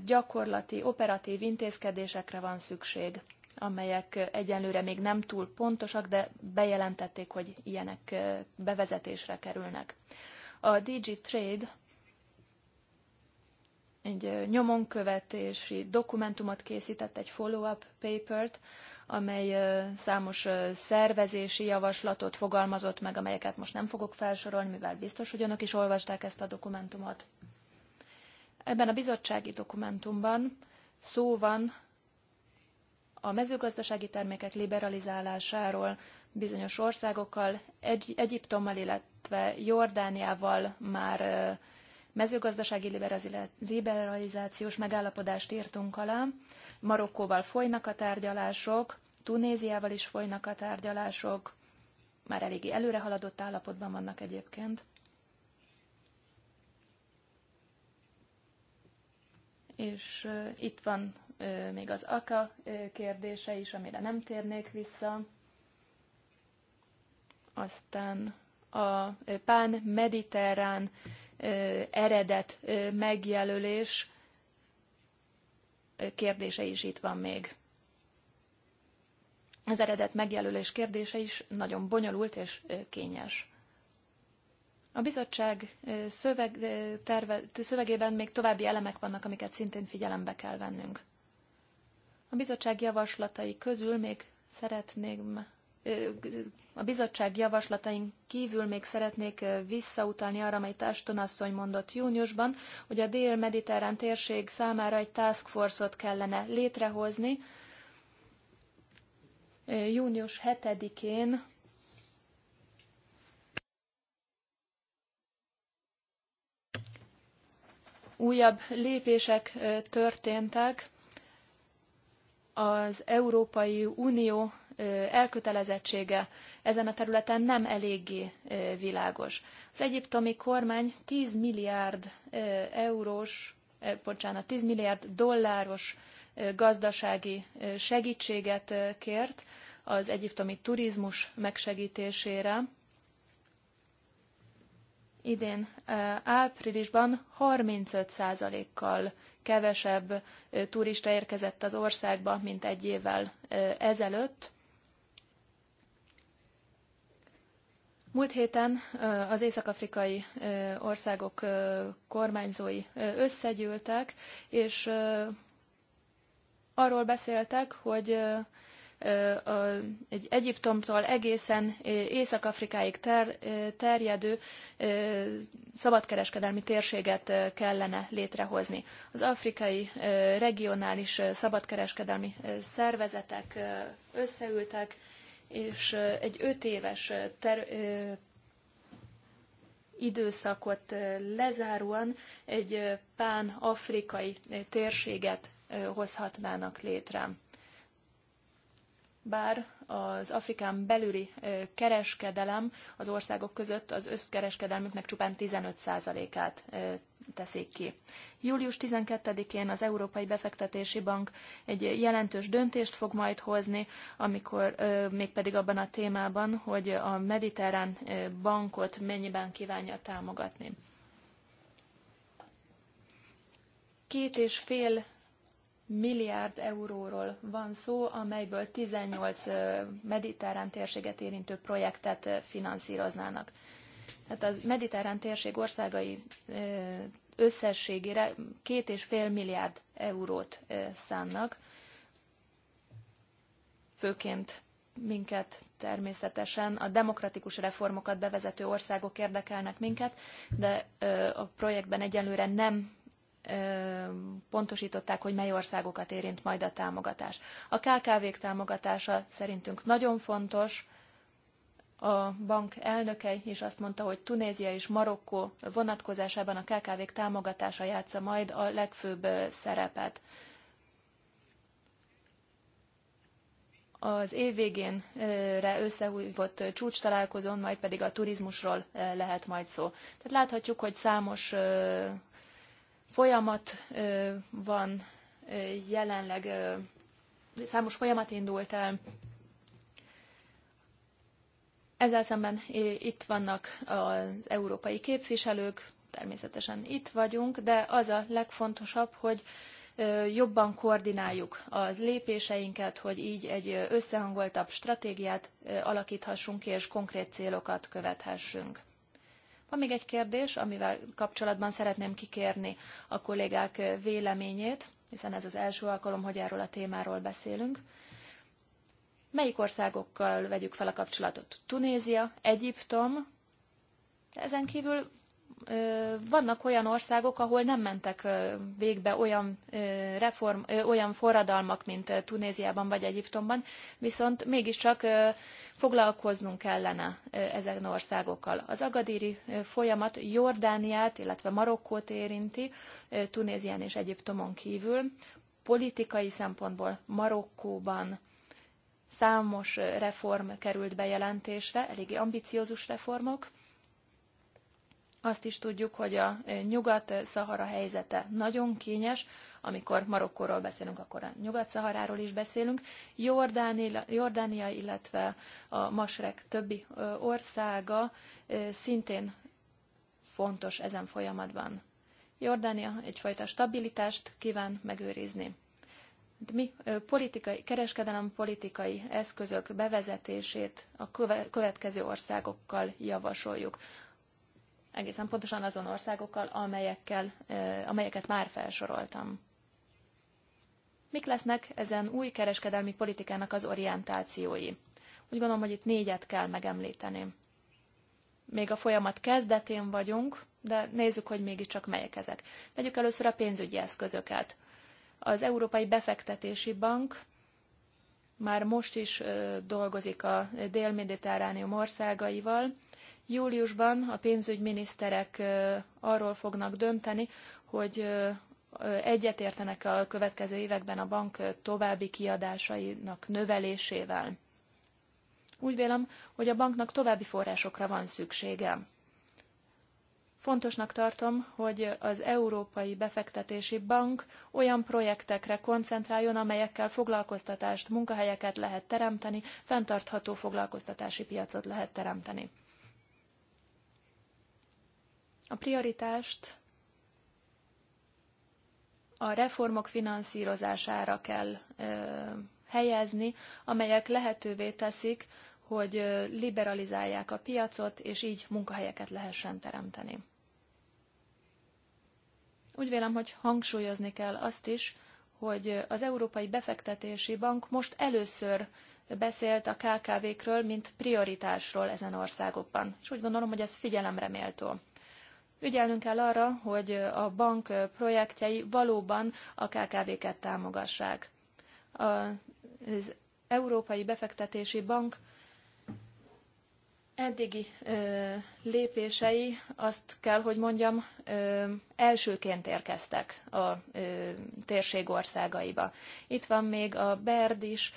Gyakorlati, operatív intézkedésekre van szükség, amelyek egyenlőre még nem túl pontosak, de bejelentették, hogy ilyenek bevezetésre kerülnek. A DG Trade egy nyomonkövetési dokumentumot készített, egy follow-up papert, amely számos szervezési javaslatot fogalmazott meg, amelyeket most nem fogok felsorolni, mivel biztos, hogy önök is olvasták ezt a dokumentumot. Ebben a bizottsági dokumentumban szó van a mezőgazdasági termékek liberalizálásáról bizonyos országokkal, Egy Egyiptommal, illetve Jordániával már mezőgazdasági liberalizációs megállapodást írtunk alá, Marokkóval folynak a tárgyalások, Tunéziával is folynak a tárgyalások, már eléggé előrehaladott állapotban vannak egyébként. És itt van még az AKA kérdése is, amire nem térnék vissza. Aztán a pán-mediterrán eredet megjelölés kérdése is itt van még. Az eredet megjelölés kérdése is nagyon bonyolult és kényes. A bizottság szöveg, terve, szövegében még további elemek vannak, amiket szintén figyelembe kell vennünk. A bizottság javaslatai közül még szeretném a bizottság javaslatain kívül még szeretnék visszautalni arra, amit Ashton asszony mondott júniusban, hogy a dél-mediterrán térség számára egy task force-ot kellene létrehozni. Június 7-én újabb lépések történtek az Európai Unió elkötelezettsége ezen a területen nem eléggé világos. Az egyiptomi kormány 10 milliárd eurós, bocsánat, 10 milliárd dolláros gazdasági segítséget kért az egyiptomi turizmus megsegítésére. Idén áprilisban 35%-kal kevesebb turista érkezett az országba, mint egy évvel ezelőtt. Múlt héten az észak-afrikai országok kormányzói összegyűltek, és arról beszéltek, hogy egy Egyiptomtól egészen Észak-Afrikáig ter, terjedő szabadkereskedelmi térséget kellene létrehozni. Az afrikai regionális szabadkereskedelmi szervezetek összeültek, és egy öt éves ter- időszakot lezáróan egy pán-afrikai térséget hozhatnának létre bár az Afrikán belüli kereskedelem az országok között az összkereskedelmüknek csupán 15%-át teszik ki. Július 12-én az Európai Befektetési Bank egy jelentős döntést fog majd hozni, amikor mégpedig abban a témában, hogy a mediterrán bankot mennyiben kívánja támogatni. Két és fél milliárd euróról van szó, amelyből 18 mediterrán térséget érintő projektet finanszíroznának. Tehát a mediterrán térség országai összességére két és fél milliárd eurót szánnak, főként minket természetesen, a demokratikus reformokat bevezető országok érdekelnek minket, de a projektben egyelőre nem pontosították, hogy mely országokat érint majd a támogatás. A KKV-k támogatása szerintünk nagyon fontos. A bank elnöke is azt mondta, hogy Tunézia és Marokkó vonatkozásában a KKV-k támogatása játsza majd a legfőbb szerepet. az év végénre összehívott csúcs találkozón, majd pedig a turizmusról lehet majd szó. Tehát láthatjuk, hogy számos folyamat van jelenleg, számos folyamat indult el. Ezzel szemben itt vannak az európai képviselők, természetesen itt vagyunk, de az a legfontosabb, hogy jobban koordináljuk az lépéseinket, hogy így egy összehangoltabb stratégiát alakíthassunk és konkrét célokat követhessünk. Van még egy kérdés, amivel kapcsolatban szeretném kikérni a kollégák véleményét, hiszen ez az első alkalom, hogy erről a témáról beszélünk. Melyik országokkal vegyük fel a kapcsolatot? Tunézia, Egyiptom, ezen kívül vannak olyan országok, ahol nem mentek végbe olyan, reform, olyan forradalmak, mint Tunéziában vagy Egyiptomban, viszont mégiscsak foglalkoznunk kellene ezen országokkal. Az agadíri folyamat Jordániát, illetve Marokkót érinti, Tunézián és Egyiptomon kívül. Politikai szempontból Marokkóban számos reform került bejelentésre, eléggé ambiciózus reformok, azt is tudjuk, hogy a e, Nyugat-Szahara helyzete nagyon kényes, amikor Marokkóról beszélünk, akkor a Nyugat-Szaharáról is beszélünk. Jordánia, illetve a Masrek többi országa szintén fontos ezen folyamatban. Jordánia egyfajta stabilitást kíván megőrizni. Mi politikai, kereskedelem politikai eszközök bevezetését a következő országokkal javasoljuk egészen pontosan azon országokkal, amelyekkel, amelyeket már felsoroltam. Mik lesznek ezen új kereskedelmi politikának az orientációi? Úgy gondolom, hogy itt négyet kell megemlíteni. Még a folyamat kezdetén vagyunk, de nézzük, hogy mégiscsak melyek ezek. Vegyük először a pénzügyi eszközöket. Az Európai Befektetési Bank már most is dolgozik a dél-mediterránium országaival, Júliusban a pénzügyminiszterek arról fognak dönteni, hogy egyetértenek a következő években a bank további kiadásainak növelésével. Úgy vélem, hogy a banknak további forrásokra van szüksége. Fontosnak tartom, hogy az Európai Befektetési Bank olyan projektekre koncentráljon, amelyekkel foglalkoztatást, munkahelyeket lehet teremteni, fenntartható foglalkoztatási piacot lehet teremteni. A prioritást a reformok finanszírozására kell helyezni, amelyek lehetővé teszik, hogy liberalizálják a piacot, és így munkahelyeket lehessen teremteni. Úgy vélem, hogy hangsúlyozni kell azt is, hogy az Európai Befektetési Bank most először beszélt a KKV-kről, mint prioritásról ezen országokban. És úgy gondolom, hogy ez figyelemre méltó. Ügyelnünk kell arra, hogy a bank projektjei valóban a KKV-ket támogassák. Az Európai Befektetési Bank eddigi ö, lépései, azt kell, hogy mondjam, ö, elsőként érkeztek a ö, térség országaiba. Itt van még a BERD is,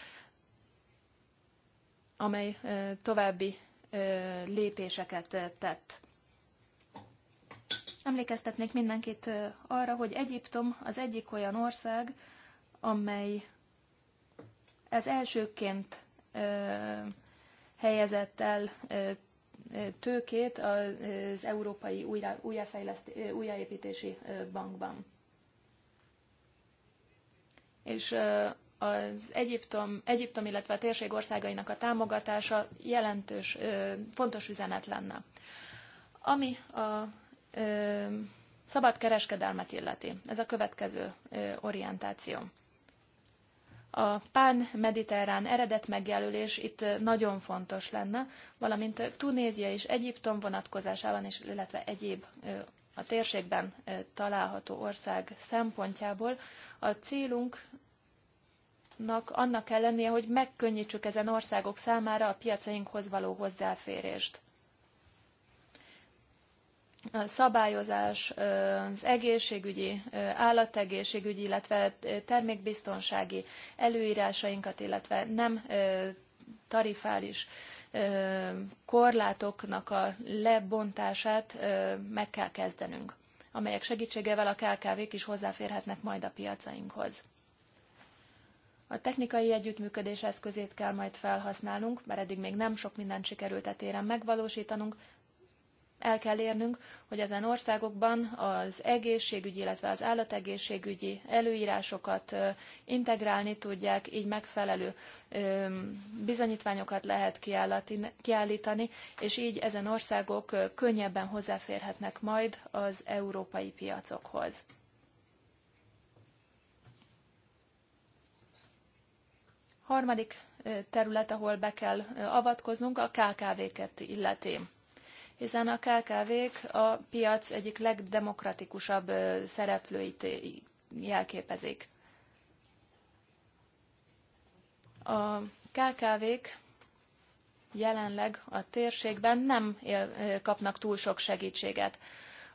amely ö, további ö, lépéseket tett. Emlékeztetnék mindenkit arra, hogy Egyiptom az egyik olyan ország, amely ez elsőként helyezett el tőkét az Európai újra, Újjáépítési Bankban. És az Egyiptom, Egyiptom, illetve a térség országainak a támogatása jelentős, fontos üzenet lenne. Ami a ö, szabad kereskedelmet illeti. Ez a következő ö, orientáció. A pán-mediterrán eredet megjelölés itt nagyon fontos lenne, valamint Tunézia és Egyiptom vonatkozásában is, illetve egyéb a térségben található ország szempontjából a célunk annak ellenére, hogy megkönnyítsük ezen országok számára a piacainkhoz való hozzáférést szabályozás, az egészségügyi, állategészségügyi, illetve termékbiztonsági előírásainkat, illetve nem tarifális korlátoknak a lebontását meg kell kezdenünk, amelyek segítségevel a KKV-k is hozzáférhetnek majd a piacainkhoz. A technikai együttműködés eszközét kell majd felhasználnunk, mert eddig még nem sok mindent sikerült téren megvalósítanunk, el kell érnünk, hogy ezen országokban az egészségügyi, illetve az állategészségügyi előírásokat integrálni tudják, így megfelelő bizonyítványokat lehet kiállítani, és így ezen országok könnyebben hozzáférhetnek majd az európai piacokhoz. Harmadik terület, ahol be kell avatkoznunk, a KKV-ket illeti hiszen a KKV-k a piac egyik legdemokratikusabb szereplőit jelképezik. A KKV-k jelenleg a térségben nem kapnak túl sok segítséget.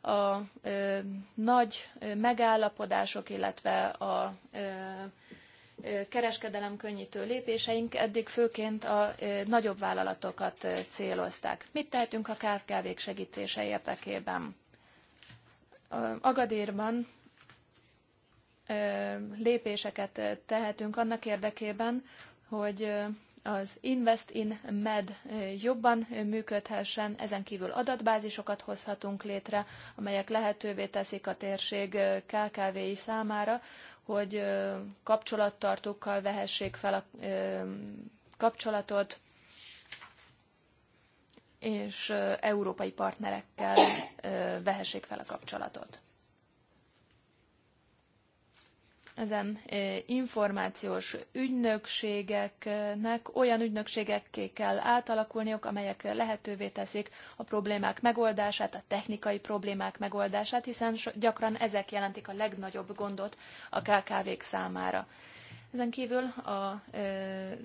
A ö, nagy megállapodások, illetve a ö, kereskedelem könnyítő lépéseink eddig főként a nagyobb vállalatokat célozták. Mit tehetünk a KKV-k segítése érdekében? Agadírban lépéseket tehetünk annak érdekében, hogy az Invest in Med jobban működhessen, ezen kívül adatbázisokat hozhatunk létre, amelyek lehetővé teszik a térség KKV-i számára, hogy kapcsolattartókkal vehessék fel a kapcsolatot, és európai partnerekkel vehessék fel a kapcsolatot. ezen információs ügynökségeknek olyan ügynökségekké kell átalakulniuk, amelyek lehetővé teszik a problémák megoldását, a technikai problémák megoldását, hiszen gyakran ezek jelentik a legnagyobb gondot a KKV-k számára. Ezen kívül a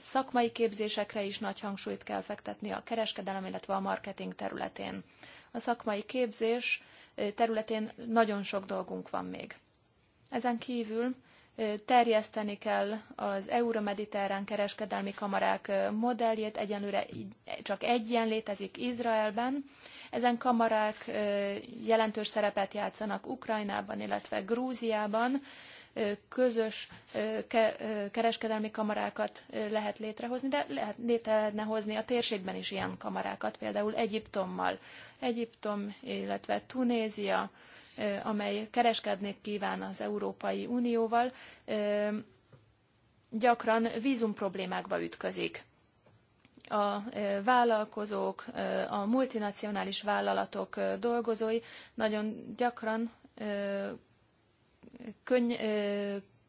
szakmai képzésekre is nagy hangsúlyt kell fektetni a kereskedelem, illetve a marketing területén. A szakmai képzés területén nagyon sok dolgunk van még. Ezen kívül terjeszteni kell az euromediterrán kereskedelmi kamarák modelljét, egyenlőre csak egy ilyen létezik Izraelben. Ezen kamarák jelentős szerepet játszanak Ukrajnában, illetve Grúziában. Közös kereskedelmi kamarákat lehet létrehozni, de lehet, létre lehetne hozni a térségben is ilyen kamarákat, például Egyiptommal. Egyiptom, illetve Tunézia, amely kereskedni kíván az Európai Unióval, gyakran vízum problémákba ütközik. A vállalkozók, a multinacionális vállalatok dolgozói nagyon gyakran könny,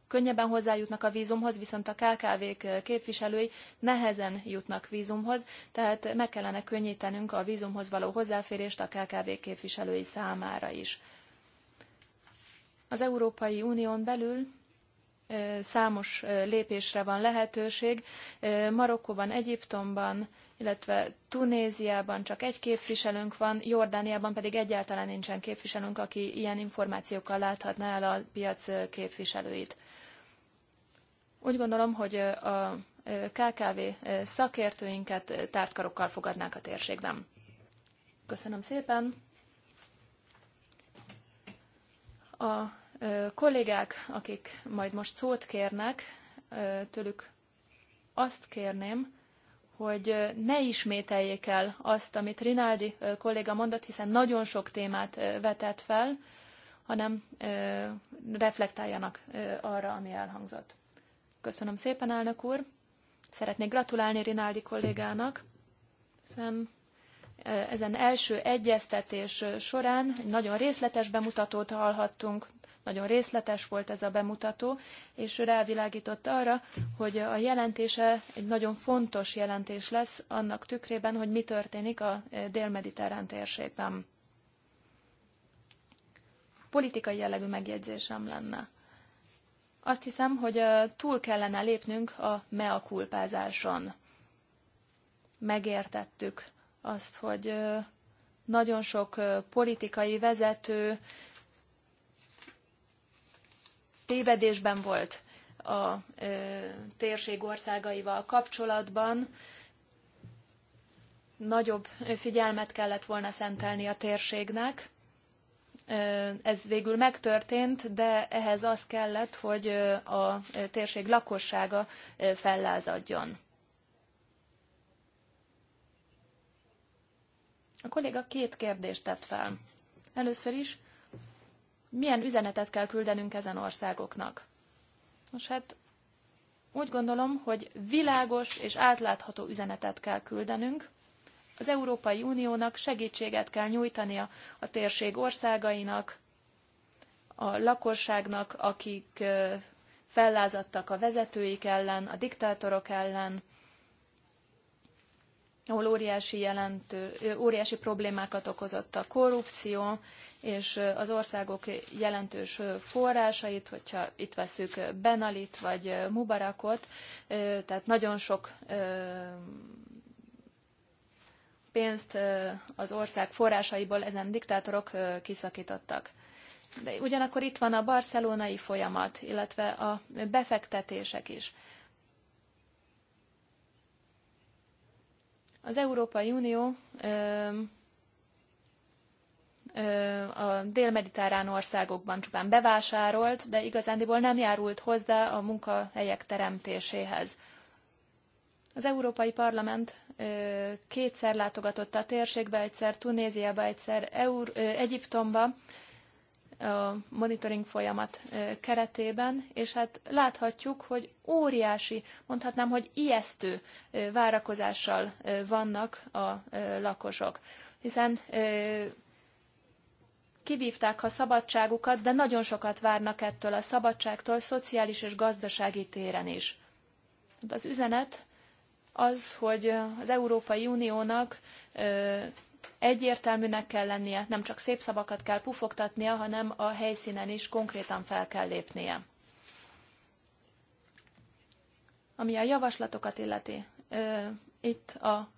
könnyebben hozzájutnak a vízumhoz, viszont a KKV-k képviselői nehezen jutnak vízumhoz, tehát meg kellene könnyítenünk a vízumhoz való hozzáférést a KKV képviselői számára is. Az Európai Unión belül számos lépésre van lehetőség. Marokkóban, Egyiptomban, illetve Tunéziában csak egy képviselőnk van, Jordániában pedig egyáltalán nincsen képviselőnk, aki ilyen információkkal láthatná el a piac képviselőit. Úgy gondolom, hogy a KKV szakértőinket tártkarokkal fogadnák a térségben. Köszönöm szépen! A kollégák, akik majd most szót kérnek, tőlük azt kérném, hogy ne ismételjék el azt, amit Rinaldi kolléga mondott, hiszen nagyon sok témát vetett fel, hanem reflektáljanak arra, ami elhangzott. Köszönöm szépen, elnök úr! Szeretnék gratulálni Rinaldi kollégának, hiszen ezen első egyeztetés során egy nagyon részletes bemutatót hallhattunk, nagyon részletes volt ez a bemutató, és rávilágított arra, hogy a jelentése egy nagyon fontos jelentés lesz annak tükrében, hogy mi történik a e, dél-mediterrán térségben. Politikai jellegű megjegyzésem lenne. Azt hiszem, hogy e, túl kellene lépnünk a meakulpázáson. Megértettük azt, hogy e, nagyon sok politikai vezető tévedésben volt a térség országaival kapcsolatban. Nagyobb figyelmet kellett volna szentelni a térségnek. Ez végül megtörtént, de ehhez az kellett, hogy a térség lakossága fellázadjon. A kolléga két kérdést tett fel. Először is, milyen üzenetet kell küldenünk ezen országoknak. Most hát úgy gondolom, hogy világos és átlátható üzenetet kell küldenünk. Az Európai Uniónak segítséget kell nyújtania a térség országainak, a lakosságnak, akik fellázadtak a vezetőik ellen, a diktátorok ellen, ahol óriási, jelentő, óriási problémákat okozott a korrupció, és az országok jelentős forrásait, hogyha itt veszük Benalit vagy Mubarakot, tehát nagyon sok pénzt az ország forrásaiból ezen diktátorok kiszakítottak. De ugyanakkor itt van a barcelonai folyamat, illetve a befektetések is. Az Európai Unió a dél-mediterrán országokban csupán bevásárolt, de igazándiból nem járult hozzá a munkahelyek teremtéséhez. Az Európai Parlament kétszer látogatott a térségbe, egyszer Tunéziába, egyszer Eur- Egyiptomba, monitoring folyamat keretében, és hát láthatjuk, hogy óriási, mondhatnám, hogy ijesztő várakozással vannak a lakosok, hiszen kivívták a szabadságukat, de nagyon sokat várnak ettől a szabadságtól, szociális és gazdasági téren is. Hát az üzenet az, hogy az Európai Uniónak egyértelműnek kell lennie, nem csak szép szavakat kell pufogtatnia, hanem a helyszínen is konkrétan fel kell lépnie. Ami a javaslatokat illeti, itt a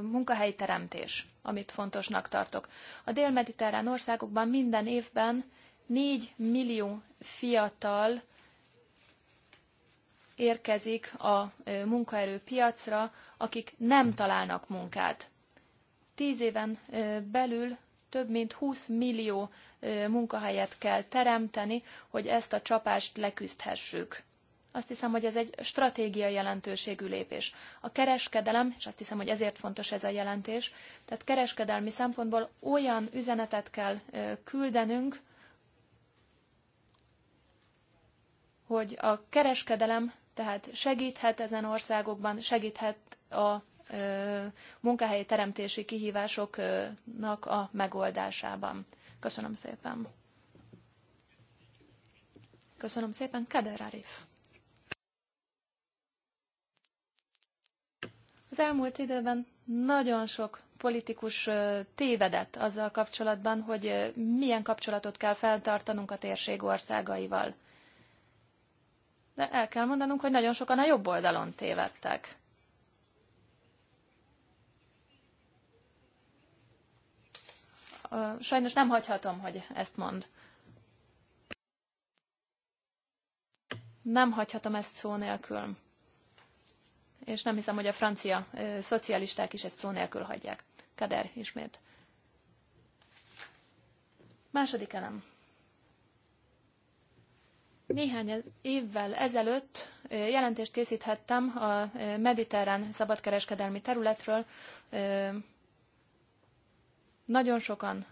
munkahelyi teremtés, amit fontosnak tartok. A dél-mediterrán országokban minden évben 4 millió fiatal érkezik a munkaerőpiacra, akik nem találnak munkát. Tíz éven belül több mint 20 millió munkahelyet kell teremteni, hogy ezt a csapást leküzdhessük. Azt hiszem, hogy ez egy stratégiai jelentőségű lépés. A kereskedelem, és azt hiszem, hogy ezért fontos ez a jelentés, tehát kereskedelmi szempontból olyan üzenetet kell küldenünk, hogy a kereskedelem tehát segíthet ezen országokban, segíthet a munkahelyi teremtési kihívásoknak a megoldásában. Köszönöm szépen. Köszönöm szépen, Kader Arif. Az elmúlt időben nagyon sok politikus tévedett azzal kapcsolatban, hogy milyen kapcsolatot kell feltartanunk a térség országaival. De el kell mondanunk, hogy nagyon sokan a jobb oldalon tévedtek. sajnos nem hagyhatom, hogy ezt mond. Nem hagyhatom ezt szó nélkül. És nem hiszem, hogy a francia ö, szocialisták is ezt szó nélkül hagyják. Kader, ismét. Második elem. Néhány évvel ezelőtt jelentést készíthettem a mediterrán szabadkereskedelmi területről, nagyon sokan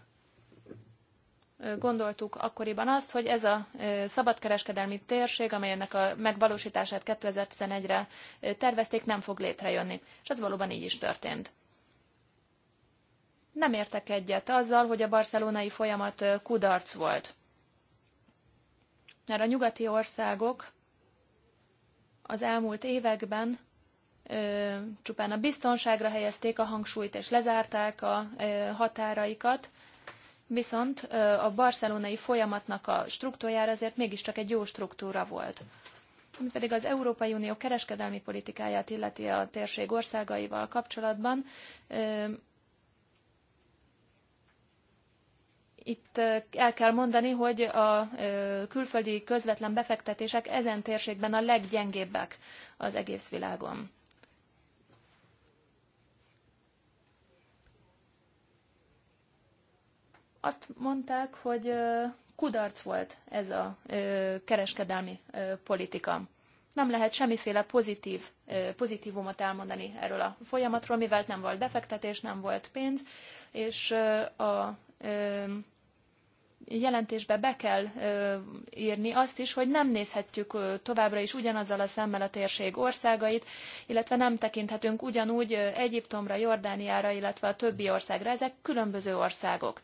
gondoltuk akkoriban azt, hogy ez a szabadkereskedelmi térség, amelynek a megvalósítását 2011-re tervezték, nem fog létrejönni. És ez valóban így is történt. Nem értek egyet azzal, hogy a barcelonai folyamat kudarc volt. Mert a nyugati országok az elmúlt években csupán a biztonságra helyezték a hangsúlyt és lezárták a határaikat, viszont a barcelonai folyamatnak a struktúrája azért mégiscsak egy jó struktúra volt. Ami pedig az Európai Unió kereskedelmi politikáját illeti a térség országaival kapcsolatban, itt el kell mondani, hogy a külföldi közvetlen befektetések ezen térségben a leggyengébbek az egész világon. Azt mondták, hogy kudarc volt ez a kereskedelmi politika. Nem lehet semmiféle pozitív, pozitívumot elmondani erről a folyamatról, mivel nem volt befektetés, nem volt pénz, és a jelentésbe be kell írni azt is, hogy nem nézhetjük továbbra is ugyanazzal a szemmel a térség országait, illetve nem tekinthetünk ugyanúgy Egyiptomra, Jordániára, illetve a többi országra. Ezek különböző országok.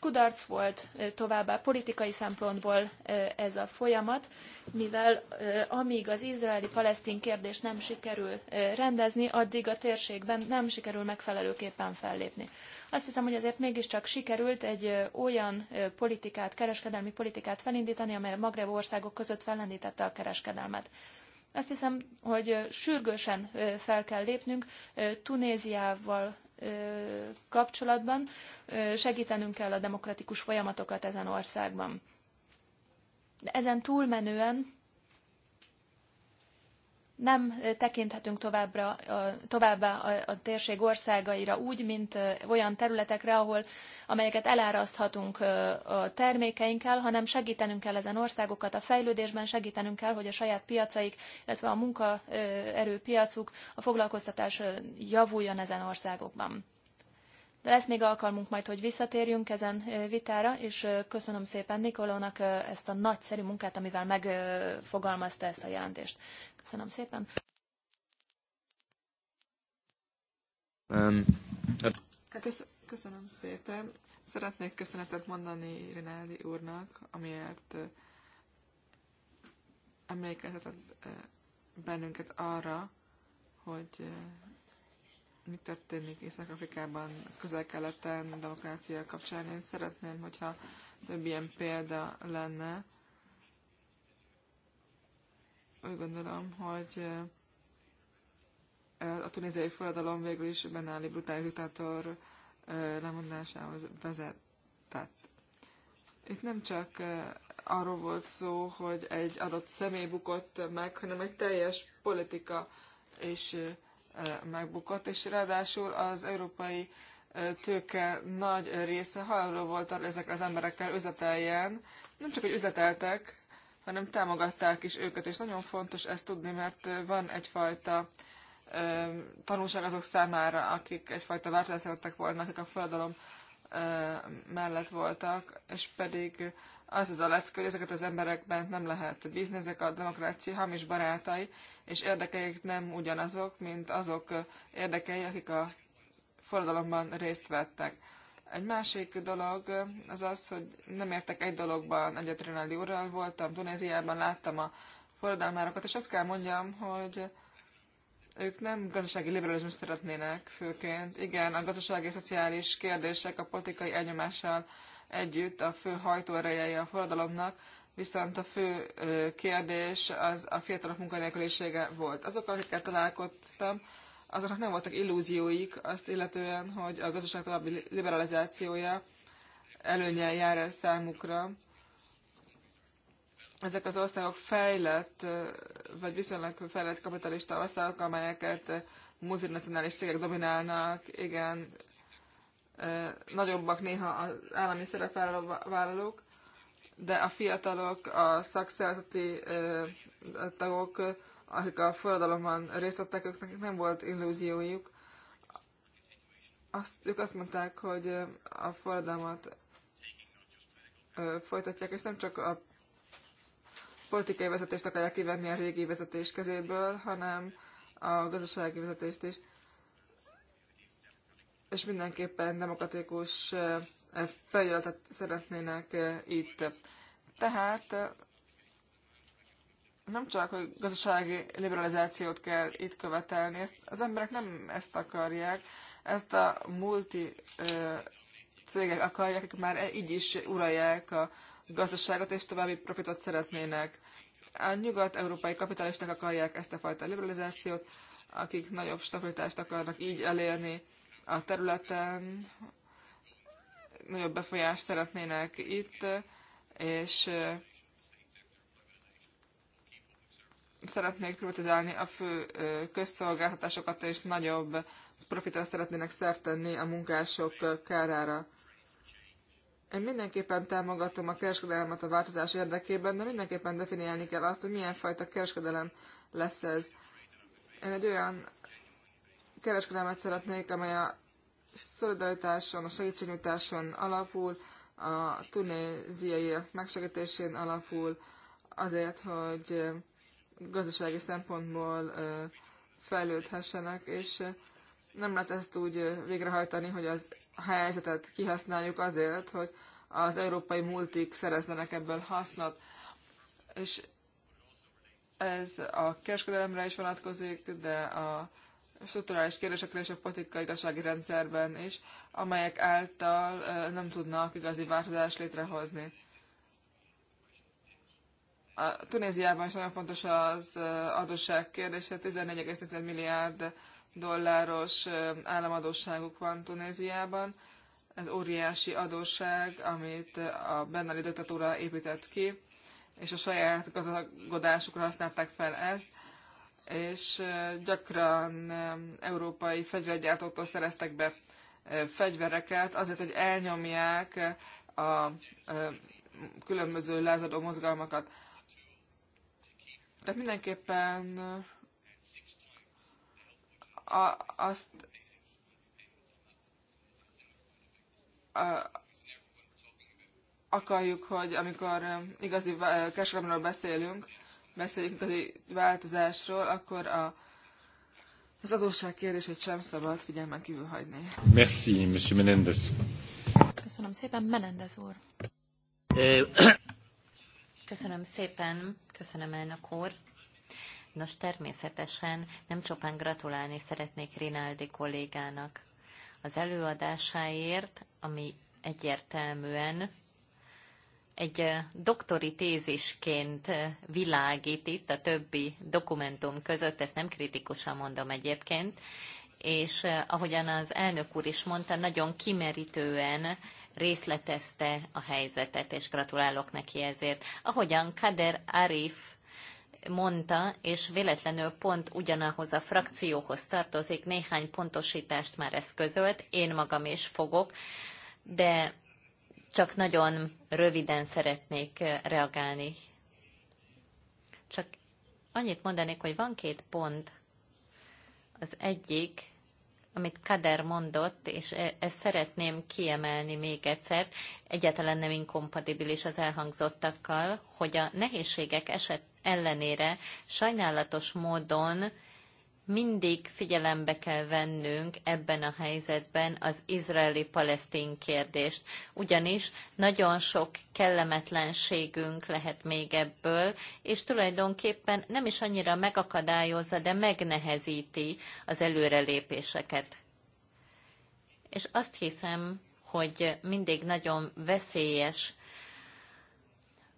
Kudarc volt továbbá politikai szempontból ez a folyamat, mivel amíg az izraeli-palesztin kérdést nem sikerül rendezni, addig a térségben nem sikerül megfelelőképpen fellépni. Azt hiszem, hogy azért mégiscsak sikerült egy olyan politikát, kereskedelmi politikát felindítani, amely a Magreb országok között fellendítette a kereskedelmet. Azt hiszem, hogy sürgősen fel kell lépnünk. Tunéziával kapcsolatban. Segítenünk kell a demokratikus folyamatokat ezen országban. De ezen túlmenően nem tekinthetünk továbbra, továbbá a, a térség országaira úgy, mint olyan területekre, ahol, amelyeket eláraszthatunk a termékeinkkel, hanem segítenünk kell ezen országokat a fejlődésben, segítenünk kell, hogy a saját piacaik, illetve a munkaerőpiacuk, a foglalkoztatás javuljon ezen országokban. De lesz még alkalmunk majd, hogy visszatérjünk ezen vitára, és köszönöm szépen Nikolónak ezt a nagyszerű munkát, amivel megfogalmazta ezt a jelentést. Köszönöm szépen. Um, hát- köszönöm szépen. Szeretnék köszönetet mondani Rinaldi úrnak, amiért emlékeztetett bennünket arra, hogy mi történik Észak-Afrikában, közel-keleten, demokrácia kapcsán. Én szeretném, hogyha több ilyen példa lenne. Úgy gondolom, hogy a tunéziai forradalom végül is Benáli brutális diktátor lemondásához vezetett. Itt nem csak arról volt szó, hogy egy adott személy bukott meg, hanem egy teljes politika és megbukott, és ráadásul az európai tőke nagy része hajlandó volt arra, ezekkel az emberekkel üzleteljen. Nem csak, hogy üzleteltek, hanem támogatták is őket, és nagyon fontos ezt tudni, mert van egyfajta tanulság azok számára, akik egyfajta változást szerettek volna, akik a földalom mellett voltak, és pedig az az a lecke, hogy ezeket az emberekben nem lehet bízni, ezek a demokrácia hamis barátai, és érdekeik nem ugyanazok, mint azok érdekei, akik a forradalomban részt vettek. Egy másik dolog az az, hogy nem értek egy dologban egyet Rinaldi úrral, voltam Tunéziában, láttam a forradalmárokat, és azt kell mondjam, hogy ők nem gazdasági liberalizmus szeretnének főként. Igen, a gazdasági és szociális kérdések a politikai elnyomással együtt a fő hajtóerejei a forradalomnak, viszont a fő kérdés az a fiatalok munkanélkülisége volt. Azokkal, akikkel találkoztam, azoknak nem voltak illúzióik azt illetően, hogy a gazdaság további liberalizációja előnye jár el számukra. Ezek az országok fejlett, vagy viszonylag fejlett kapitalista országok, amelyeket multinacionális cégek dominálnak, igen, nagyobbak néha az állami szerepvállalók, de a fiatalok, a szakszervezeti tagok, akik a forradalomban részt vettek, őknek nem volt illúziójuk. Azt, ők azt mondták, hogy a forradalmat folytatják, és nem csak a politikai vezetést akarják kivenni a régi vezetés kezéből, hanem a gazdasági vezetést is és mindenképpen demokratikus felületet szeretnének itt. Tehát nem csak hogy gazdasági liberalizációt kell itt követelni, ezt, az emberek nem ezt akarják, ezt a multi cégek akarják, akik már így is uralják a gazdaságot, és további profitot szeretnének. A nyugat-európai kapitalisták akarják ezt a fajta liberalizációt, akik nagyobb stabilitást akarnak így elérni a területen, nagyobb befolyást szeretnének itt, és eh, szeretnék privatizálni a fő eh, közszolgáltatásokat, és nagyobb profitra szeretnének szert tenni a munkások eh, kárára. Én mindenképpen támogatom a kereskedelmet a változás érdekében, de mindenképpen definiálni kell azt, hogy milyen fajta kereskedelem lesz ez. Én egy olyan kereskedelmet szeretnék, amely a szolidaritáson, a segítségnyújtáson alapul, a tunéziai megsegítésén alapul, azért, hogy gazdasági szempontból fejlődhessenek, és nem lehet ezt úgy végrehajtani, hogy az helyzetet kihasználjuk azért, hogy az európai multik szerezzenek ebből hasznot. És ez a kereskedelemre is vonatkozik, de a strukturális kérdésekre és a politikai igazsági rendszerben is, amelyek által nem tudnak igazi változást létrehozni. A Tunéziában is nagyon fontos az adósság kérdése, 14,4 milliárd dolláros államadósságuk van Tunéziában. Ez óriási adósság, amit a Bennali diktatúra épített ki, és a saját gazdagodásukra használták fel ezt és gyakran európai fegyvergyártóktól szereztek be fegyvereket azért, hogy elnyomják a különböző lázadó mozgalmakat. Tehát mindenképpen a, azt a, akarjuk, hogy amikor igazi kereskedelemről beszélünk, beszéljünk az változásról, akkor a, az adósság kérdését sem szabad figyelmen kívül hagyni. Merci, Monsieur Menendez. Köszönöm szépen, Menendez úr. Köszönöm szépen, köszönöm elnök úr. Nos, természetesen nem csupán gratulálni szeretnék Rinaldi kollégának az előadásáért, ami egyértelműen egy doktori tézisként világít itt a többi dokumentum között, ezt nem kritikusan mondom egyébként, és ahogyan az elnök úr is mondta, nagyon kimerítően részletezte a helyzetet, és gratulálok neki ezért. Ahogyan Kader Arif mondta, és véletlenül pont ugyanahoz a frakcióhoz tartozik, néhány pontosítást már eszközölt, én magam is fogok, de csak nagyon röviden szeretnék eh, reagálni. Csak annyit mondanék, hogy van két pont. Az egyik, amit Kader mondott, és e, ezt szeretném kiemelni még egyszer, egyáltalán nem inkompatibilis az elhangzottakkal, hogy a nehézségek eset ellenére sajnálatos módon mindig figyelembe kell vennünk ebben a helyzetben az izraeli-palesztin kérdést, ugyanis nagyon sok kellemetlenségünk lehet még ebből, és tulajdonképpen nem is annyira megakadályozza, de megnehezíti az előrelépéseket. És azt hiszem, hogy mindig nagyon veszélyes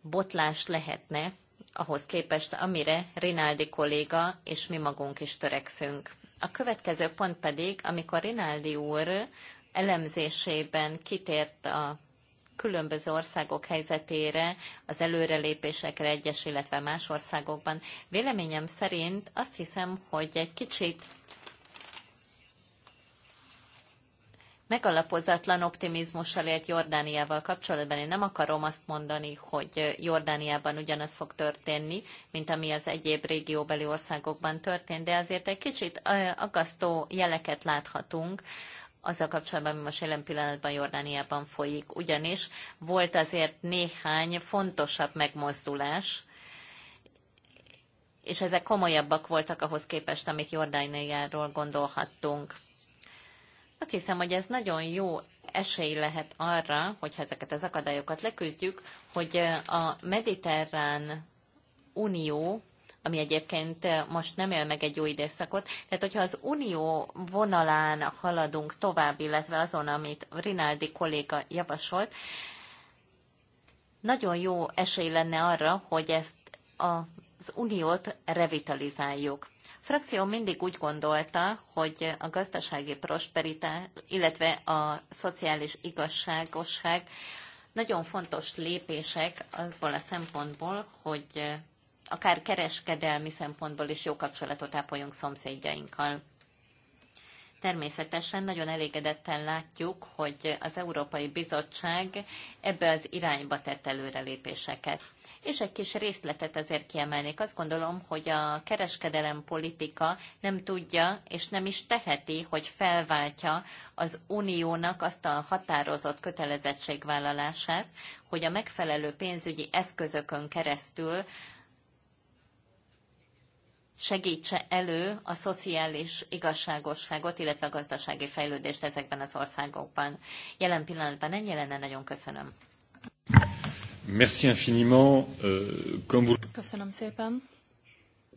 botlás lehetne, ahhoz képest, amire Rinaldi kolléga és mi magunk is törekszünk. A következő pont pedig, amikor Rinaldi úr elemzésében kitért a különböző országok helyzetére, az előrelépésekre egyes, illetve más országokban. Véleményem szerint azt hiszem, hogy egy kicsit megalapozatlan optimizmussal élt Jordániával kapcsolatban. Én nem akarom azt mondani, hogy Jordániában ugyanaz fog történni, mint ami az egyéb régióbeli országokban történt, de azért egy kicsit aggasztó jeleket láthatunk, azzal kapcsolatban, ami most jelen pillanatban Jordániában folyik. Ugyanis volt azért néhány fontosabb megmozdulás, és ezek komolyabbak voltak ahhoz képest, amit Jordániáról gondolhattunk. Azt hiszem, hogy ez nagyon jó esély lehet arra, hogyha ezeket az akadályokat leküzdjük, hogy a mediterrán unió, ami egyébként most nem él meg egy jó időszakot, tehát hogyha az unió vonalán haladunk tovább, illetve azon, amit Rinaldi kolléga javasolt, nagyon jó esély lenne arra, hogy ezt az uniót revitalizáljuk frakció mindig úgy gondolta, hogy a gazdasági prosperitás, illetve a szociális igazságosság nagyon fontos lépések abból a szempontból, hogy akár kereskedelmi szempontból is jó kapcsolatot ápoljunk szomszédjainkkal. Természetesen nagyon elégedetten látjuk, hogy az Európai Bizottság ebbe az irányba tett előrelépéseket és egy kis részletet azért kiemelnék. Azt gondolom, hogy a kereskedelem politika nem tudja és nem is teheti, hogy felváltja az uniónak azt a határozott kötelezettségvállalását, hogy a megfelelő pénzügyi eszközökön keresztül segítse elő a szociális igazságosságot, illetve a gazdasági fejlődést ezekben az országokban. Jelen pillanatban ennyi lenne, nagyon köszönöm. Merci infiniment. Euh, comme vous... Köszönöm szépen.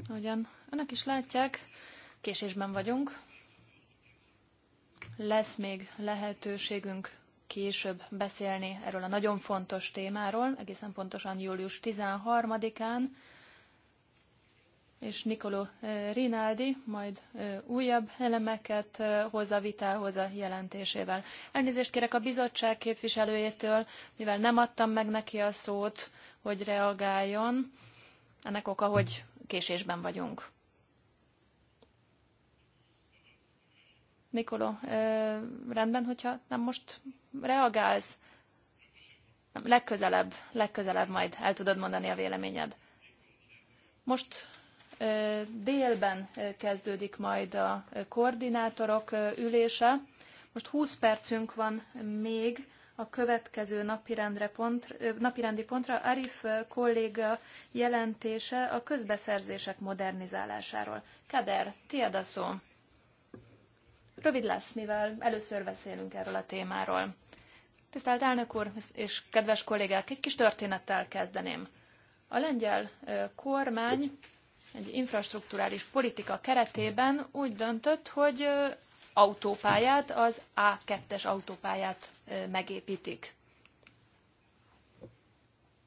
Ahogyan önök is látják, késésben vagyunk. Lesz még lehetőségünk később beszélni erről a nagyon fontos témáról, egészen pontosan július 13-án és Nicolo eh, Rinaldi majd eh, újabb elemeket eh, hoz a vitához a jelentésével. Elnézést kérek a bizottság képviselőjétől, mivel nem adtam meg neki a szót, hogy reagáljon. Ennek oka, hogy késésben vagyunk. Nikoló, rendben, hogyha nem most reagálsz? Legközelebb, legközelebb majd el tudod mondani a véleményed. Most Délben kezdődik majd a koordinátorok ülése. Most 20 percünk van még a következő napirendre pont, napirendi pontra. Arif kolléga jelentése a közbeszerzések modernizálásáról. Kader, tiéd a szó. Rövid lesz, mivel először beszélünk erről a témáról. Tisztelt elnök úr és kedves kollégák, egy kis történettel kezdeném. A lengyel kormány egy infrastruktúrális politika keretében úgy döntött, hogy autópályát, az A2-es autópályát megépítik.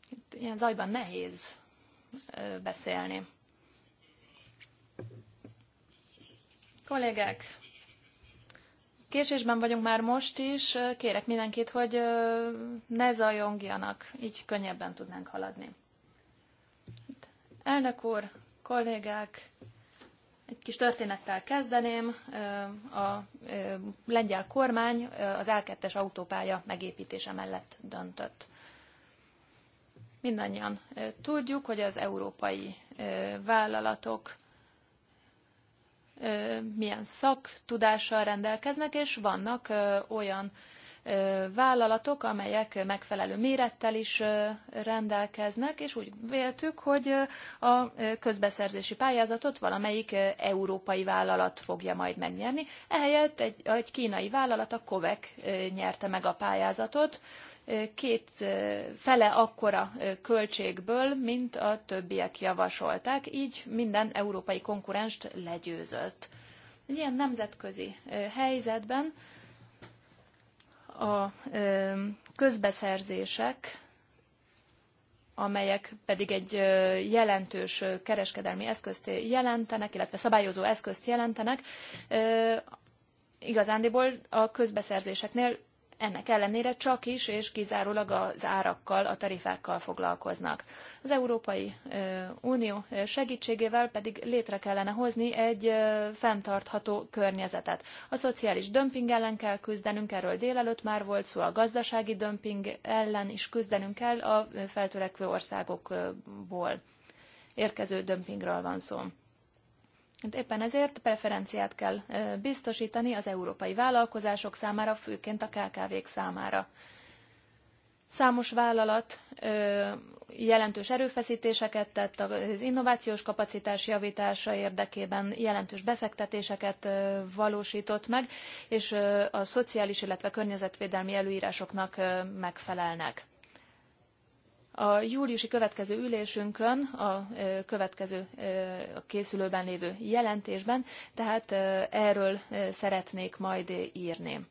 Itt ilyen zajban nehéz beszélni. Kollégák, késésben vagyunk már most is. Kérek mindenkit, hogy ne zajongjanak, így könnyebben tudnánk haladni. Elnök úr, kollégák, egy kis történettel kezdeném. A lengyel kormány az L2-es autópálya megépítése mellett döntött. Mindannyian tudjuk, hogy az európai vállalatok milyen szaktudással rendelkeznek, és vannak olyan vállalatok, amelyek megfelelő mérettel is rendelkeznek, és úgy véltük, hogy a közbeszerzési pályázatot valamelyik európai vállalat fogja majd megnyerni. Ehelyett egy, egy kínai vállalat, a Kovek nyerte meg a pályázatot, két fele akkora költségből, mint a többiek javasolták, így minden európai konkurenst legyőzött. ilyen nemzetközi helyzetben a közbeszerzések, amelyek pedig egy jelentős kereskedelmi eszközt jelentenek, illetve szabályozó eszközt jelentenek, igazándiból a közbeszerzéseknél ennek ellenére csak is és kizárólag az árakkal, a tarifákkal foglalkoznak. Az Európai Unió segítségével pedig létre kellene hozni egy fenntartható környezetet. A szociális dömping ellen kell küzdenünk, erről délelőtt már volt szó, a gazdasági dömping ellen is küzdenünk kell a feltörekvő országokból érkező dömpingről van szó. Hát éppen ezért preferenciát kell biztosítani az európai vállalkozások számára, főként a KKV-k számára. Számos vállalat jelentős erőfeszítéseket tett az innovációs kapacitás javítása érdekében, jelentős befektetéseket valósított meg, és a szociális, illetve környezetvédelmi előírásoknak megfelelnek. A júliusi következő ülésünkön, a következő a készülőben lévő jelentésben, tehát erről szeretnék majd írni.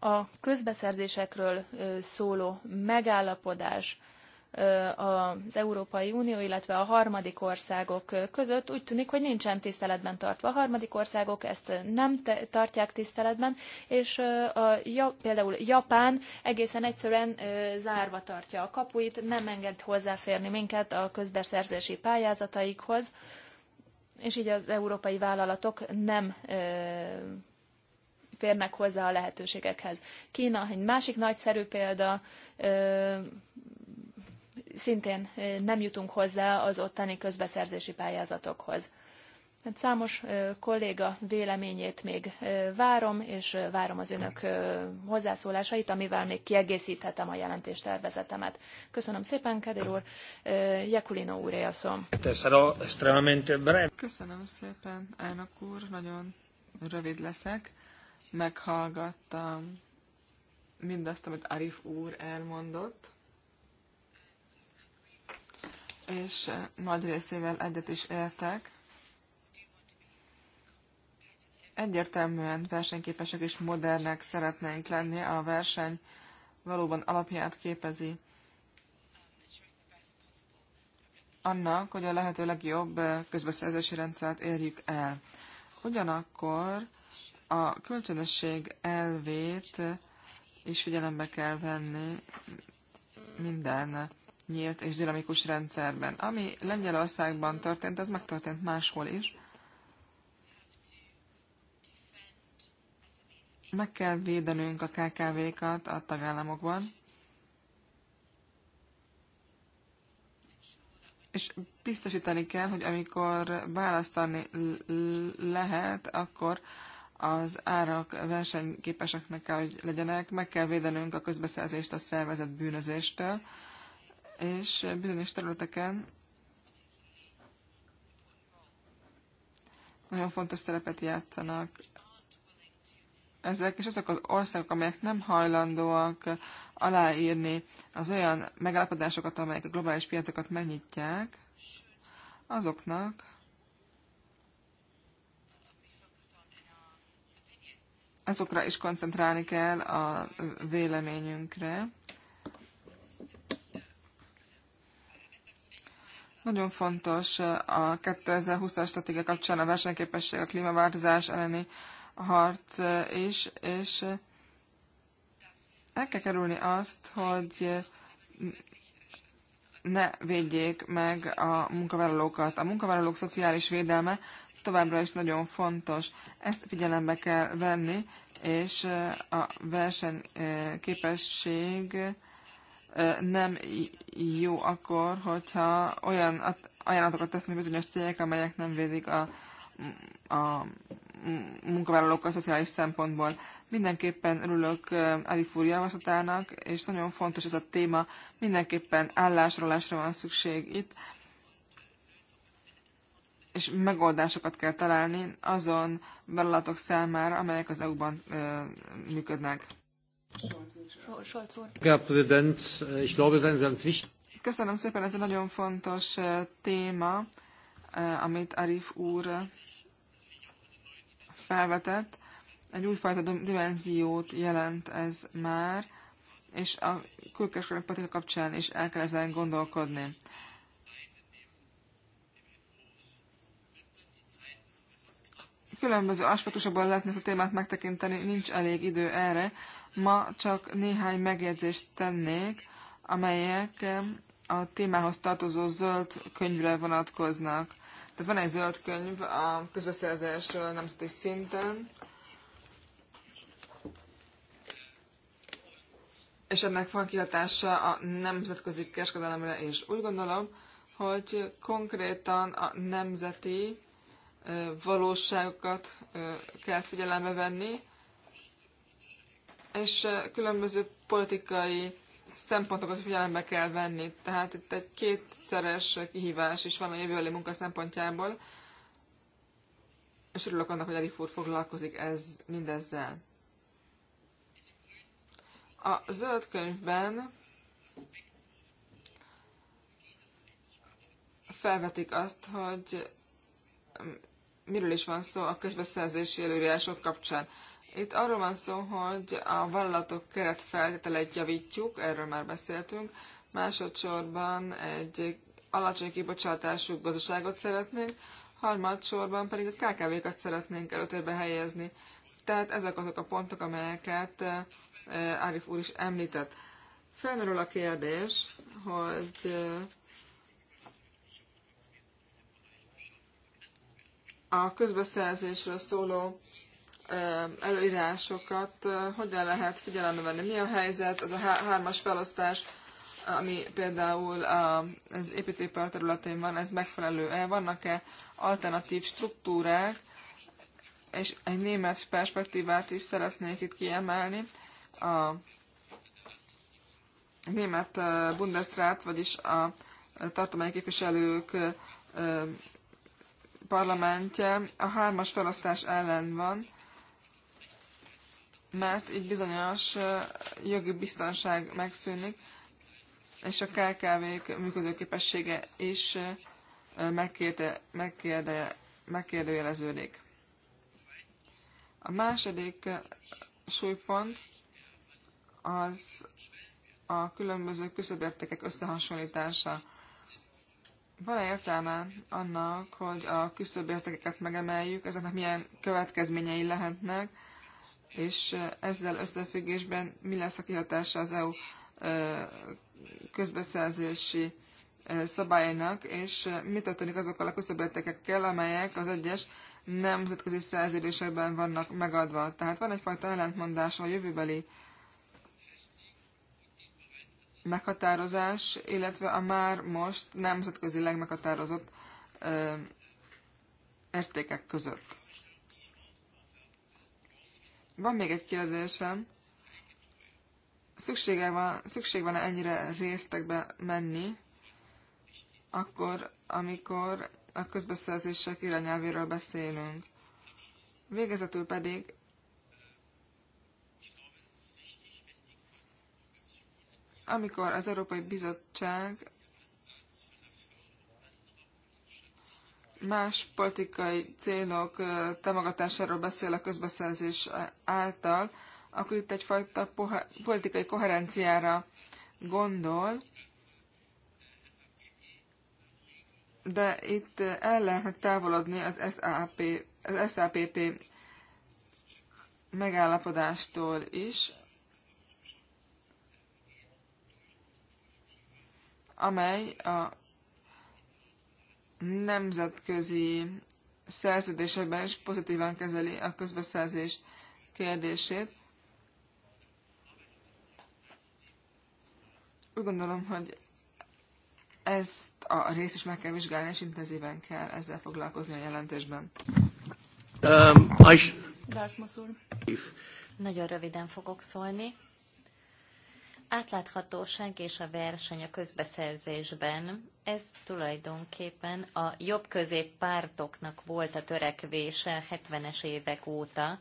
A közbeszerzésekről szóló megállapodás az Európai Unió, illetve a harmadik országok között úgy tűnik, hogy nincsen tiszteletben tartva. A harmadik országok ezt nem tartják tiszteletben, és a, például Japán egészen egyszerűen zárva tartja a kapuit, nem enged hozzáférni minket a közbeszerzési pályázataikhoz, és így az európai vállalatok nem férnek hozzá a lehetőségekhez. Kína egy másik nagyszerű példa, szintén nem jutunk hozzá az ottani közbeszerzési pályázatokhoz. Hát számos kolléga véleményét még várom, és várom az önök hozzászólásait, amivel még kiegészíthetem a jelentéstervezetemet. Köszönöm szépen, Kedér úr. Jakulino úr szom. Köszönöm szépen, elnök úr. Nagyon rövid leszek. Meghallgattam mindazt, amit Arif úr elmondott és nagy részével egyet is értek. Egyértelműen versenyképesek és modernek szeretnénk lenni, a verseny valóban alapját képezi annak, hogy a lehető legjobb közbeszerzési rendszert érjük el. Ugyanakkor a kölcsönösség elvét is figyelembe kell venni minden nyílt és dinamikus rendszerben. Ami Lengyelországban történt, az megtörtént máshol is. Meg kell védenünk a KKV-kat a tagállamokban, és biztosítani kell, hogy amikor választani lehet, akkor az árak versenyképeseknek kell, hogy legyenek, meg kell védenünk a közbeszerzést a szervezet bűnözéstől, és bizonyos területeken nagyon fontos szerepet játszanak ezek, és azok az országok, amelyek nem hajlandóak aláírni az olyan megállapodásokat, amelyek a globális piacokat megnyitják, azoknak azokra is koncentrálni kell a véleményünkre. Nagyon fontos eh, a 2020-as stratégia kapcsán a versenyképesség, a klímaváltozás elleni harc eh, is, és eh, el kell kerülni azt, hogy ne védjék meg a munkavállalókat. A munkavállalók szociális védelme továbbra is nagyon fontos. Ezt figyelembe kell venni, és a versenyképesség képesség nem jó akkor, hogyha olyan ajánlatokat tesznek bizonyos cégek, amelyek nem védik a, a a szociális szempontból. Mindenképpen örülök Arif úr javaslatának, és nagyon fontos ez a téma. Mindenképpen állásrólásra van szükség itt, és megoldásokat kell találni azon vállalatok számára, amelyek az EU-ban működnek. Köszönöm szépen, ez egy nagyon fontos eh, téma, eh, amit Arif úr eh, felvetett. Egy újfajta dimenziót jelent ez már, és a külkereskedelmi politika kapcsán is el kell ezen gondolkodni. Különböző aspektusokban lehetne ezt a témát megtekinteni, nincs elég idő erre, Ma csak néhány megjegyzést tennék, amelyek a témához tartozó zöld könyvre vonatkoznak. Tehát van egy zöld könyv a közbeszerzésről nemzeti szinten, és ennek van kihatása a nemzetközi kereskedelemre is. Úgy gondolom, hogy konkrétan a nemzeti valóságokat kell figyelembe venni, és különböző politikai szempontokat figyelembe kell venni. Tehát itt egy kétszeres kihívás is van a jövőbeli munka szempontjából, és örülök annak, hogy Elif úr foglalkozik ez, mindezzel. A zöld könyvben felvetik azt, hogy miről is van szó a közbeszerzési előírások kapcsán. Itt arról van szó, hogy a vállalatok keretfeltételeit javítjuk, erről már beszéltünk. Másodszorban egy alacsony kibocsátású gazdaságot szeretnénk, harmadsorban pedig a KKV-kat szeretnénk előtérbe helyezni. Tehát ezek azok a pontok, amelyeket Árif eh, úr is említett. Felmerül a kérdés, hogy eh, a közbeszerzésről szóló előírásokat hogyan lehet figyelembe venni. Mi a helyzet, az a hármas felosztás, ami például az építőipar területén van, ez megfelelő-e? Vannak-e alternatív struktúrák, és egy német perspektívát is szeretnék itt kiemelni. A német Bundesrat, vagyis a tartományi képviselők parlamentje a hármas felosztás ellen van, mert így bizonyos jogi biztonság megszűnik, és a KKV-k működőképessége is megkérde, megkérde, megkérdőjeleződik. A második súlypont az a különböző küszöbértékek összehasonlítása. Van-e értelme annak, hogy a küszöbértékeket megemeljük, ezeknek milyen következményei lehetnek, és ezzel összefüggésben mi lesz a kihatása az EU közbeszerzési szabályainak, és mi történik azokkal a küszöbértékekkel, amelyek az egyes nemzetközi szerződésekben vannak megadva. Tehát van egyfajta ellentmondás a jövőbeli meghatározás, illetve a már most nemzetközileg meghatározott ö, értékek között. Van még egy kérdésem. Szüksége van, szükség van-e ennyire résztekbe menni, akkor, amikor a közbeszerzések irányelvéről beszélünk? Végezetül pedig amikor az Európai Bizottság más politikai célok támogatásáról beszél a közbeszerzés által, akkor itt egyfajta politikai koherenciára gondol, de itt el lehet távolodni az SAP, az SAPP megállapodástól is, amely a nemzetközi szerződésekben is pozitívan kezeli a közbeszerzés kérdését. Úgy gondolom, hogy ezt a részt is meg kell vizsgálni, és intenzíven kell ezzel foglalkozni a jelentésben. Um, I Nagyon röviden fogok szólni átláthatóság és a verseny a közbeszerzésben, ez tulajdonképpen a jobb közép pártoknak volt a törekvése 70-es évek óta,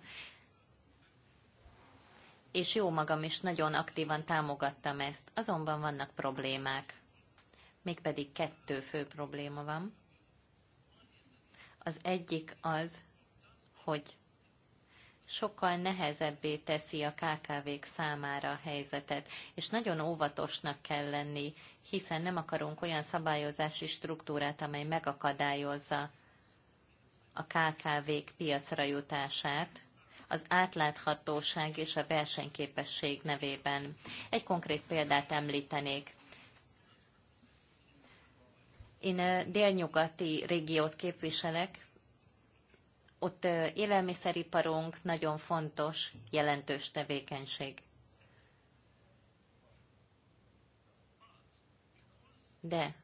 és jó magam is nagyon aktívan támogattam ezt. Azonban vannak problémák. Mégpedig kettő fő probléma van. Az egyik az, hogy sokkal nehezebbé teszi a KKV-k számára a helyzetet, és nagyon óvatosnak kell lenni, hiszen nem akarunk olyan szabályozási struktúrát, amely megakadályozza a KKV-k piacra jutását az átláthatóság és a versenyképesség nevében. Egy konkrét példát említenék. Én délnyugati régiót képviselek, ott élelmiszeriparunk nagyon fontos, jelentős tevékenység. De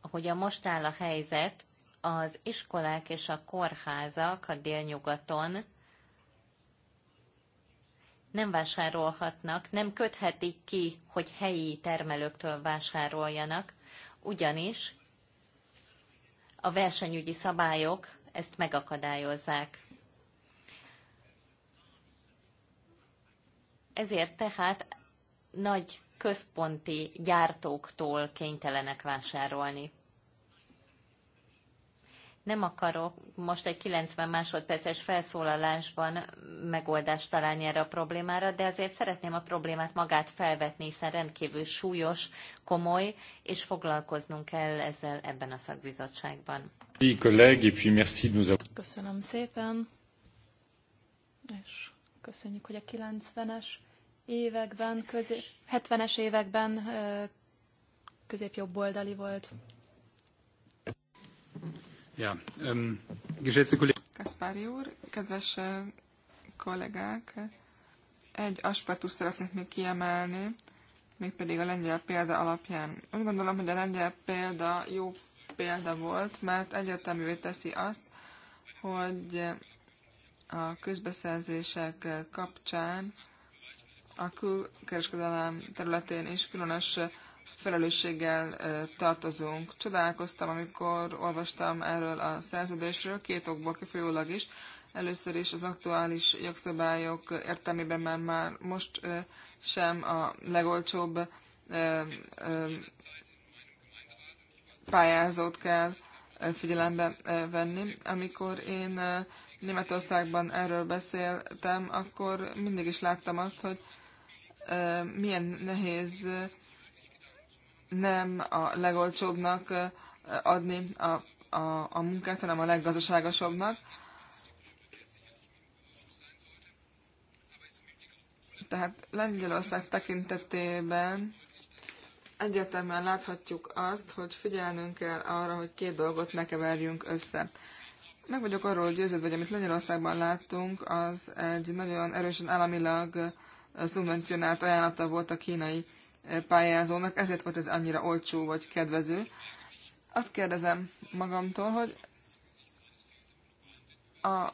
a most áll a helyzet, az iskolák és a kórházak a délnyugaton nem vásárolhatnak, nem köthetik ki, hogy helyi termelőktől vásároljanak, ugyanis a versenyügyi szabályok ezt megakadályozzák. Ezért tehát nagy központi gyártóktól kénytelenek vásárolni nem akarok most egy 90 másodperces felszólalásban megoldást találni erre a problémára, de azért szeretném a problémát magát felvetni, hiszen rendkívül súlyos, komoly, és foglalkoznunk kell ezzel ebben a szakbizottságban. Köszönöm szépen, és köszönjük, hogy a 90-es években, közé, 70-es években oldali volt. Ja, Kaspári úr, kedves eh, kollégák, egy aspektust szeretnék még kiemelni, mégpedig a lengyel példa alapján. Úgy gondolom, hogy a lengyel példa jó példa volt, mert egyértelművé teszi azt, hogy a közbeszerzések kapcsán a külkereskedelem területén is különös felelősséggel tartozunk. Csodálkoztam, amikor olvastam erről a szerződésről, két okból kifolyólag is. Először is az aktuális jogszabályok értelmében már, már most sem a legolcsóbb pályázót kell figyelembe venni. Amikor én Németországban erről beszéltem, akkor mindig is láttam azt, hogy milyen nehéz nem a legolcsóbbnak adni a, a, a munkát, hanem a leggazdaságosabbnak. Tehát Lengyelország tekintetében egyértelműen láthatjuk azt, hogy figyelnünk kell arra, hogy két dolgot ne keverjünk össze. Meg vagyok arról győződve, hogy amit Lengyelországban láttunk, az egy nagyon erősen államilag szubvencionált ajánlata volt a kínai pályázónak, ezért volt ez annyira olcsó vagy kedvező. Azt kérdezem magamtól, hogy, a,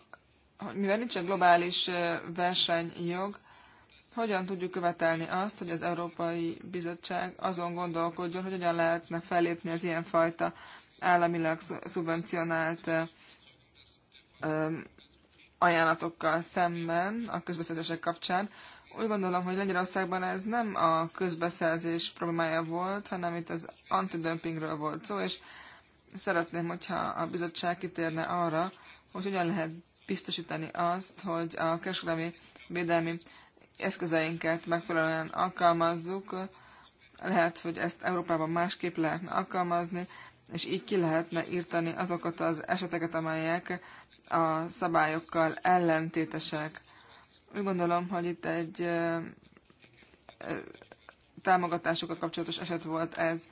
mivel nincsen globális versenyjog, hogyan tudjuk követelni azt, hogy az Európai Bizottság azon gondolkodjon, hogy hogyan lehetne fellépni az ilyenfajta államilag szubvencionált ajánlatokkal szemben a közbeszerzések kapcsán, úgy gondolom, hogy Lengyelországban ez nem a közbeszerzés problémája volt, hanem itt az antidömpingről volt szó, és szeretném, hogyha a bizottság kitérne arra, hogy hogyan lehet biztosítani azt, hogy a kereskedelmi védelmi eszközeinket megfelelően alkalmazzuk. Lehet, hogy ezt Európában másképp lehetne alkalmazni, és így ki lehetne írtani azokat az eseteket, amelyek a szabályokkal ellentétesek. Úgy gondolom, hogy itt egy támogatásokkal kapcsolatos eset volt ez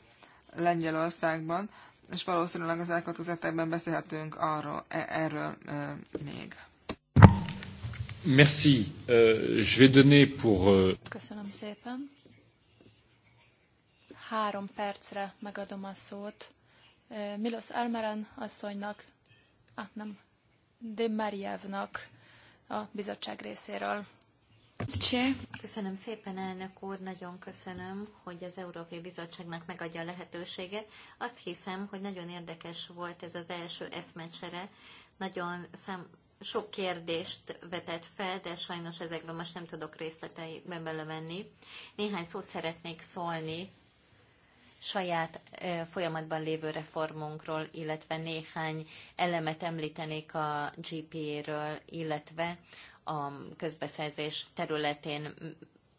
Lengyelországban, és valószínűleg az elkövetkező beszélhetünk arról, e, erről még. Merci. Euh, je vais donner pour... Euh, Köszönöm szépen. Három percre megadom a szót Milos Elmeren asszonynak, ah nem, de Marievnak a bizottság részéről. Köszönöm szépen, elnök úr, nagyon köszönöm, hogy az Európai Bizottságnak megadja a lehetőséget. Azt hiszem, hogy nagyon érdekes volt ez az első eszmecsere. Nagyon szám, sok kérdést vetett fel, de sajnos ezekben most nem tudok részleteiben belemenni. Néhány szót szeretnék szólni saját folyamatban lévő reformunkról, illetve néhány elemet említenék a GPA-ről, illetve a közbeszerzés területén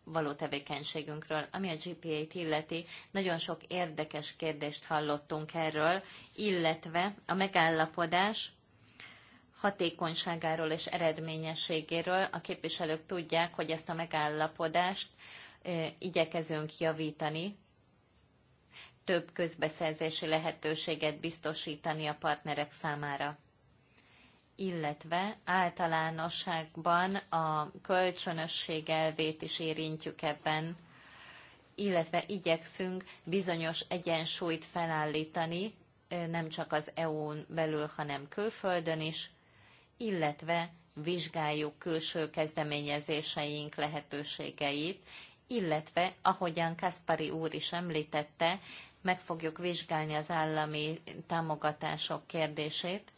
való tevékenységünkről. Ami a GPA-t illeti, nagyon sok érdekes kérdést hallottunk erről, illetve a megállapodás hatékonyságáról és eredményességéről. A képviselők tudják, hogy ezt a megállapodást igyekezünk javítani, több közbeszerzési lehetőséget biztosítani a partnerek számára illetve általánosságban a kölcsönösség elvét is érintjük ebben, illetve igyekszünk bizonyos egyensúlyt felállítani, nem csak az EU-n belül, hanem külföldön is, illetve vizsgáljuk külső kezdeményezéseink lehetőségeit, illetve, ahogyan Kaspari úr is említette, meg fogjuk vizsgálni az állami támogatások kérdését,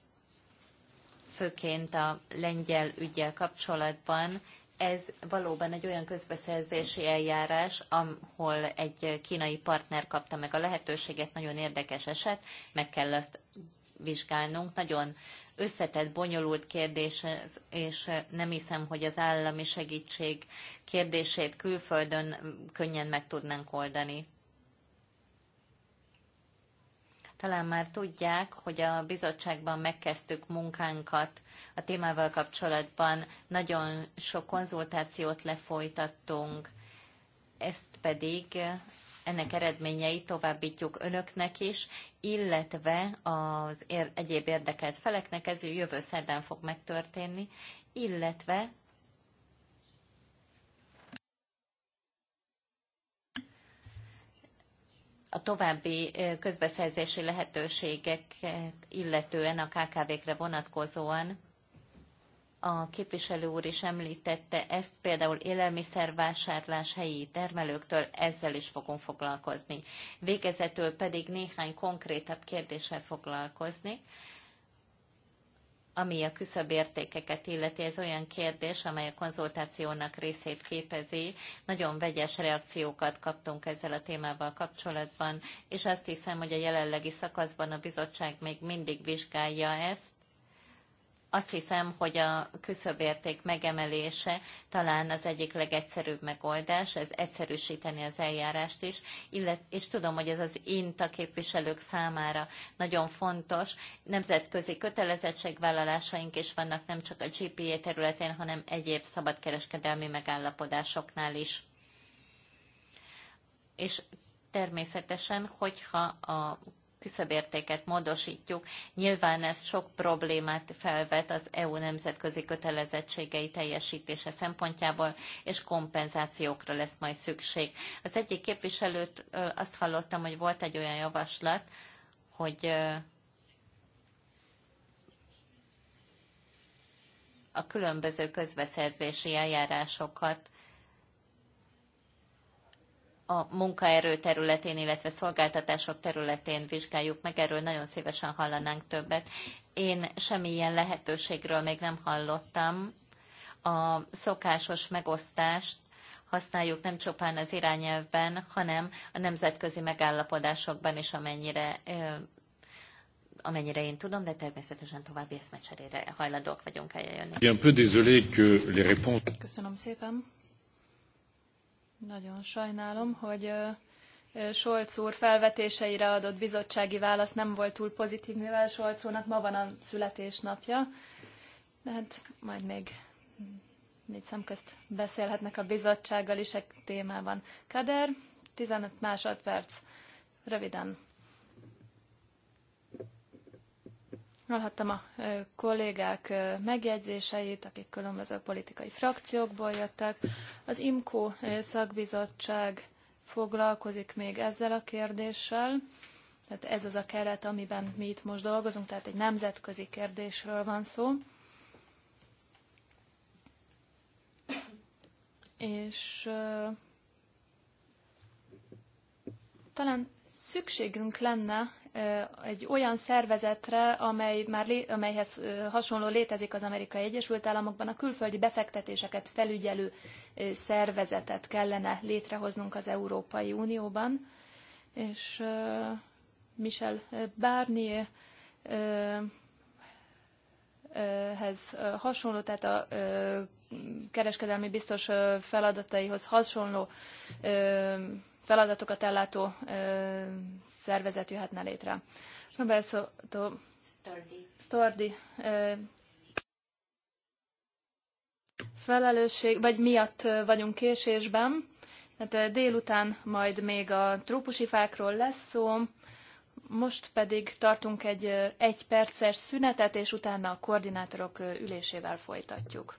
főként a lengyel ügyel kapcsolatban. Ez valóban egy olyan közbeszerzési eljárás, ahol egy kínai partner kapta meg a lehetőséget, nagyon érdekes eset, meg kell azt vizsgálnunk. Nagyon összetett, bonyolult kérdés, és nem hiszem, hogy az állami segítség kérdését külföldön könnyen meg tudnánk oldani. Talán már tudják, hogy a bizottságban megkezdtük munkánkat a témával kapcsolatban. Nagyon sok konzultációt lefolytattunk, ezt pedig ennek eredményeit továbbítjuk önöknek is, illetve az egyéb érdekelt feleknek, ez jövő szerdán fog megtörténni, illetve a további közbeszerzési lehetőségeket illetően a KKV-kre vonatkozóan a képviselő úr is említette ezt, például élelmiszervásárlás helyi termelőktől, ezzel is fogunk foglalkozni. Végezetül pedig néhány konkrétabb kérdéssel foglalkozni. Ami a küszöbértékeket illeti, ez olyan kérdés, amely a konzultációnak részét képezi. Nagyon vegyes reakciókat kaptunk ezzel a témával kapcsolatban, és azt hiszem, hogy a jelenlegi szakaszban a bizottság még mindig vizsgálja ezt, azt hiszem, hogy a küszöbérték megemelése talán az egyik legegyszerűbb megoldás, ez egyszerűsíteni az eljárást is, illet, és tudom, hogy ez az INTA képviselők számára nagyon fontos. Nemzetközi kötelezettségvállalásaink is vannak nem csak a GPA területén, hanem egyéb szabadkereskedelmi megállapodásoknál is. És természetesen, hogyha a küszöbértéket módosítjuk. Nyilván ez sok problémát felvet az EU nemzetközi kötelezettségei teljesítése szempontjából, és kompenzációkra lesz majd szükség. Az egyik képviselőt azt hallottam, hogy volt egy olyan javaslat, hogy a különböző közbeszerzési eljárásokat a munkaerő területén, illetve szolgáltatások területén vizsgáljuk meg, erről nagyon szívesen hallanánk többet. Én semmilyen lehetőségről még nem hallottam. A szokásos megosztást használjuk nem csupán az irányelvben, hanem a nemzetközi megállapodásokban is, amennyire amennyire én tudom, de természetesen további eszmecserére hajlandók vagyunk eljönni. Köszönöm szépen. Nagyon sajnálom, hogy Solc úr felvetéseire adott bizottsági válasz nem volt túl pozitív, mivel Solc úrnak ma van a születésnapja. De hát majd még négy szemközt beszélhetnek a bizottsággal is egy témában. Kader, 15 másodperc. Röviden. Hallhattam a kollégák megjegyzéseit, akik különböző politikai frakciókból jöttek. Az IMCO szakbizottság foglalkozik még ezzel a kérdéssel. Tehát ez az a keret, amiben mi itt most dolgozunk, tehát egy nemzetközi kérdésről van szó. És uh, talán szükségünk lenne egy olyan szervezetre, amely már lé, amelyhez hasonló létezik az Amerikai Egyesült Államokban, a külföldi befektetéseket felügyelő szervezetet kellene létrehoznunk az Európai Unióban. És Michel Barnier hez hasonló, tehát a kereskedelmi biztos feladataihoz hasonló feladatokat ellátó szervezet jöhetne létre. Roberto Stordi, Stordi felelősség, vagy miatt vagyunk késésben. Hát délután majd még a trópusi fákról lesz szó, most pedig tartunk egy egy perces szünetet, és utána a koordinátorok ülésével folytatjuk.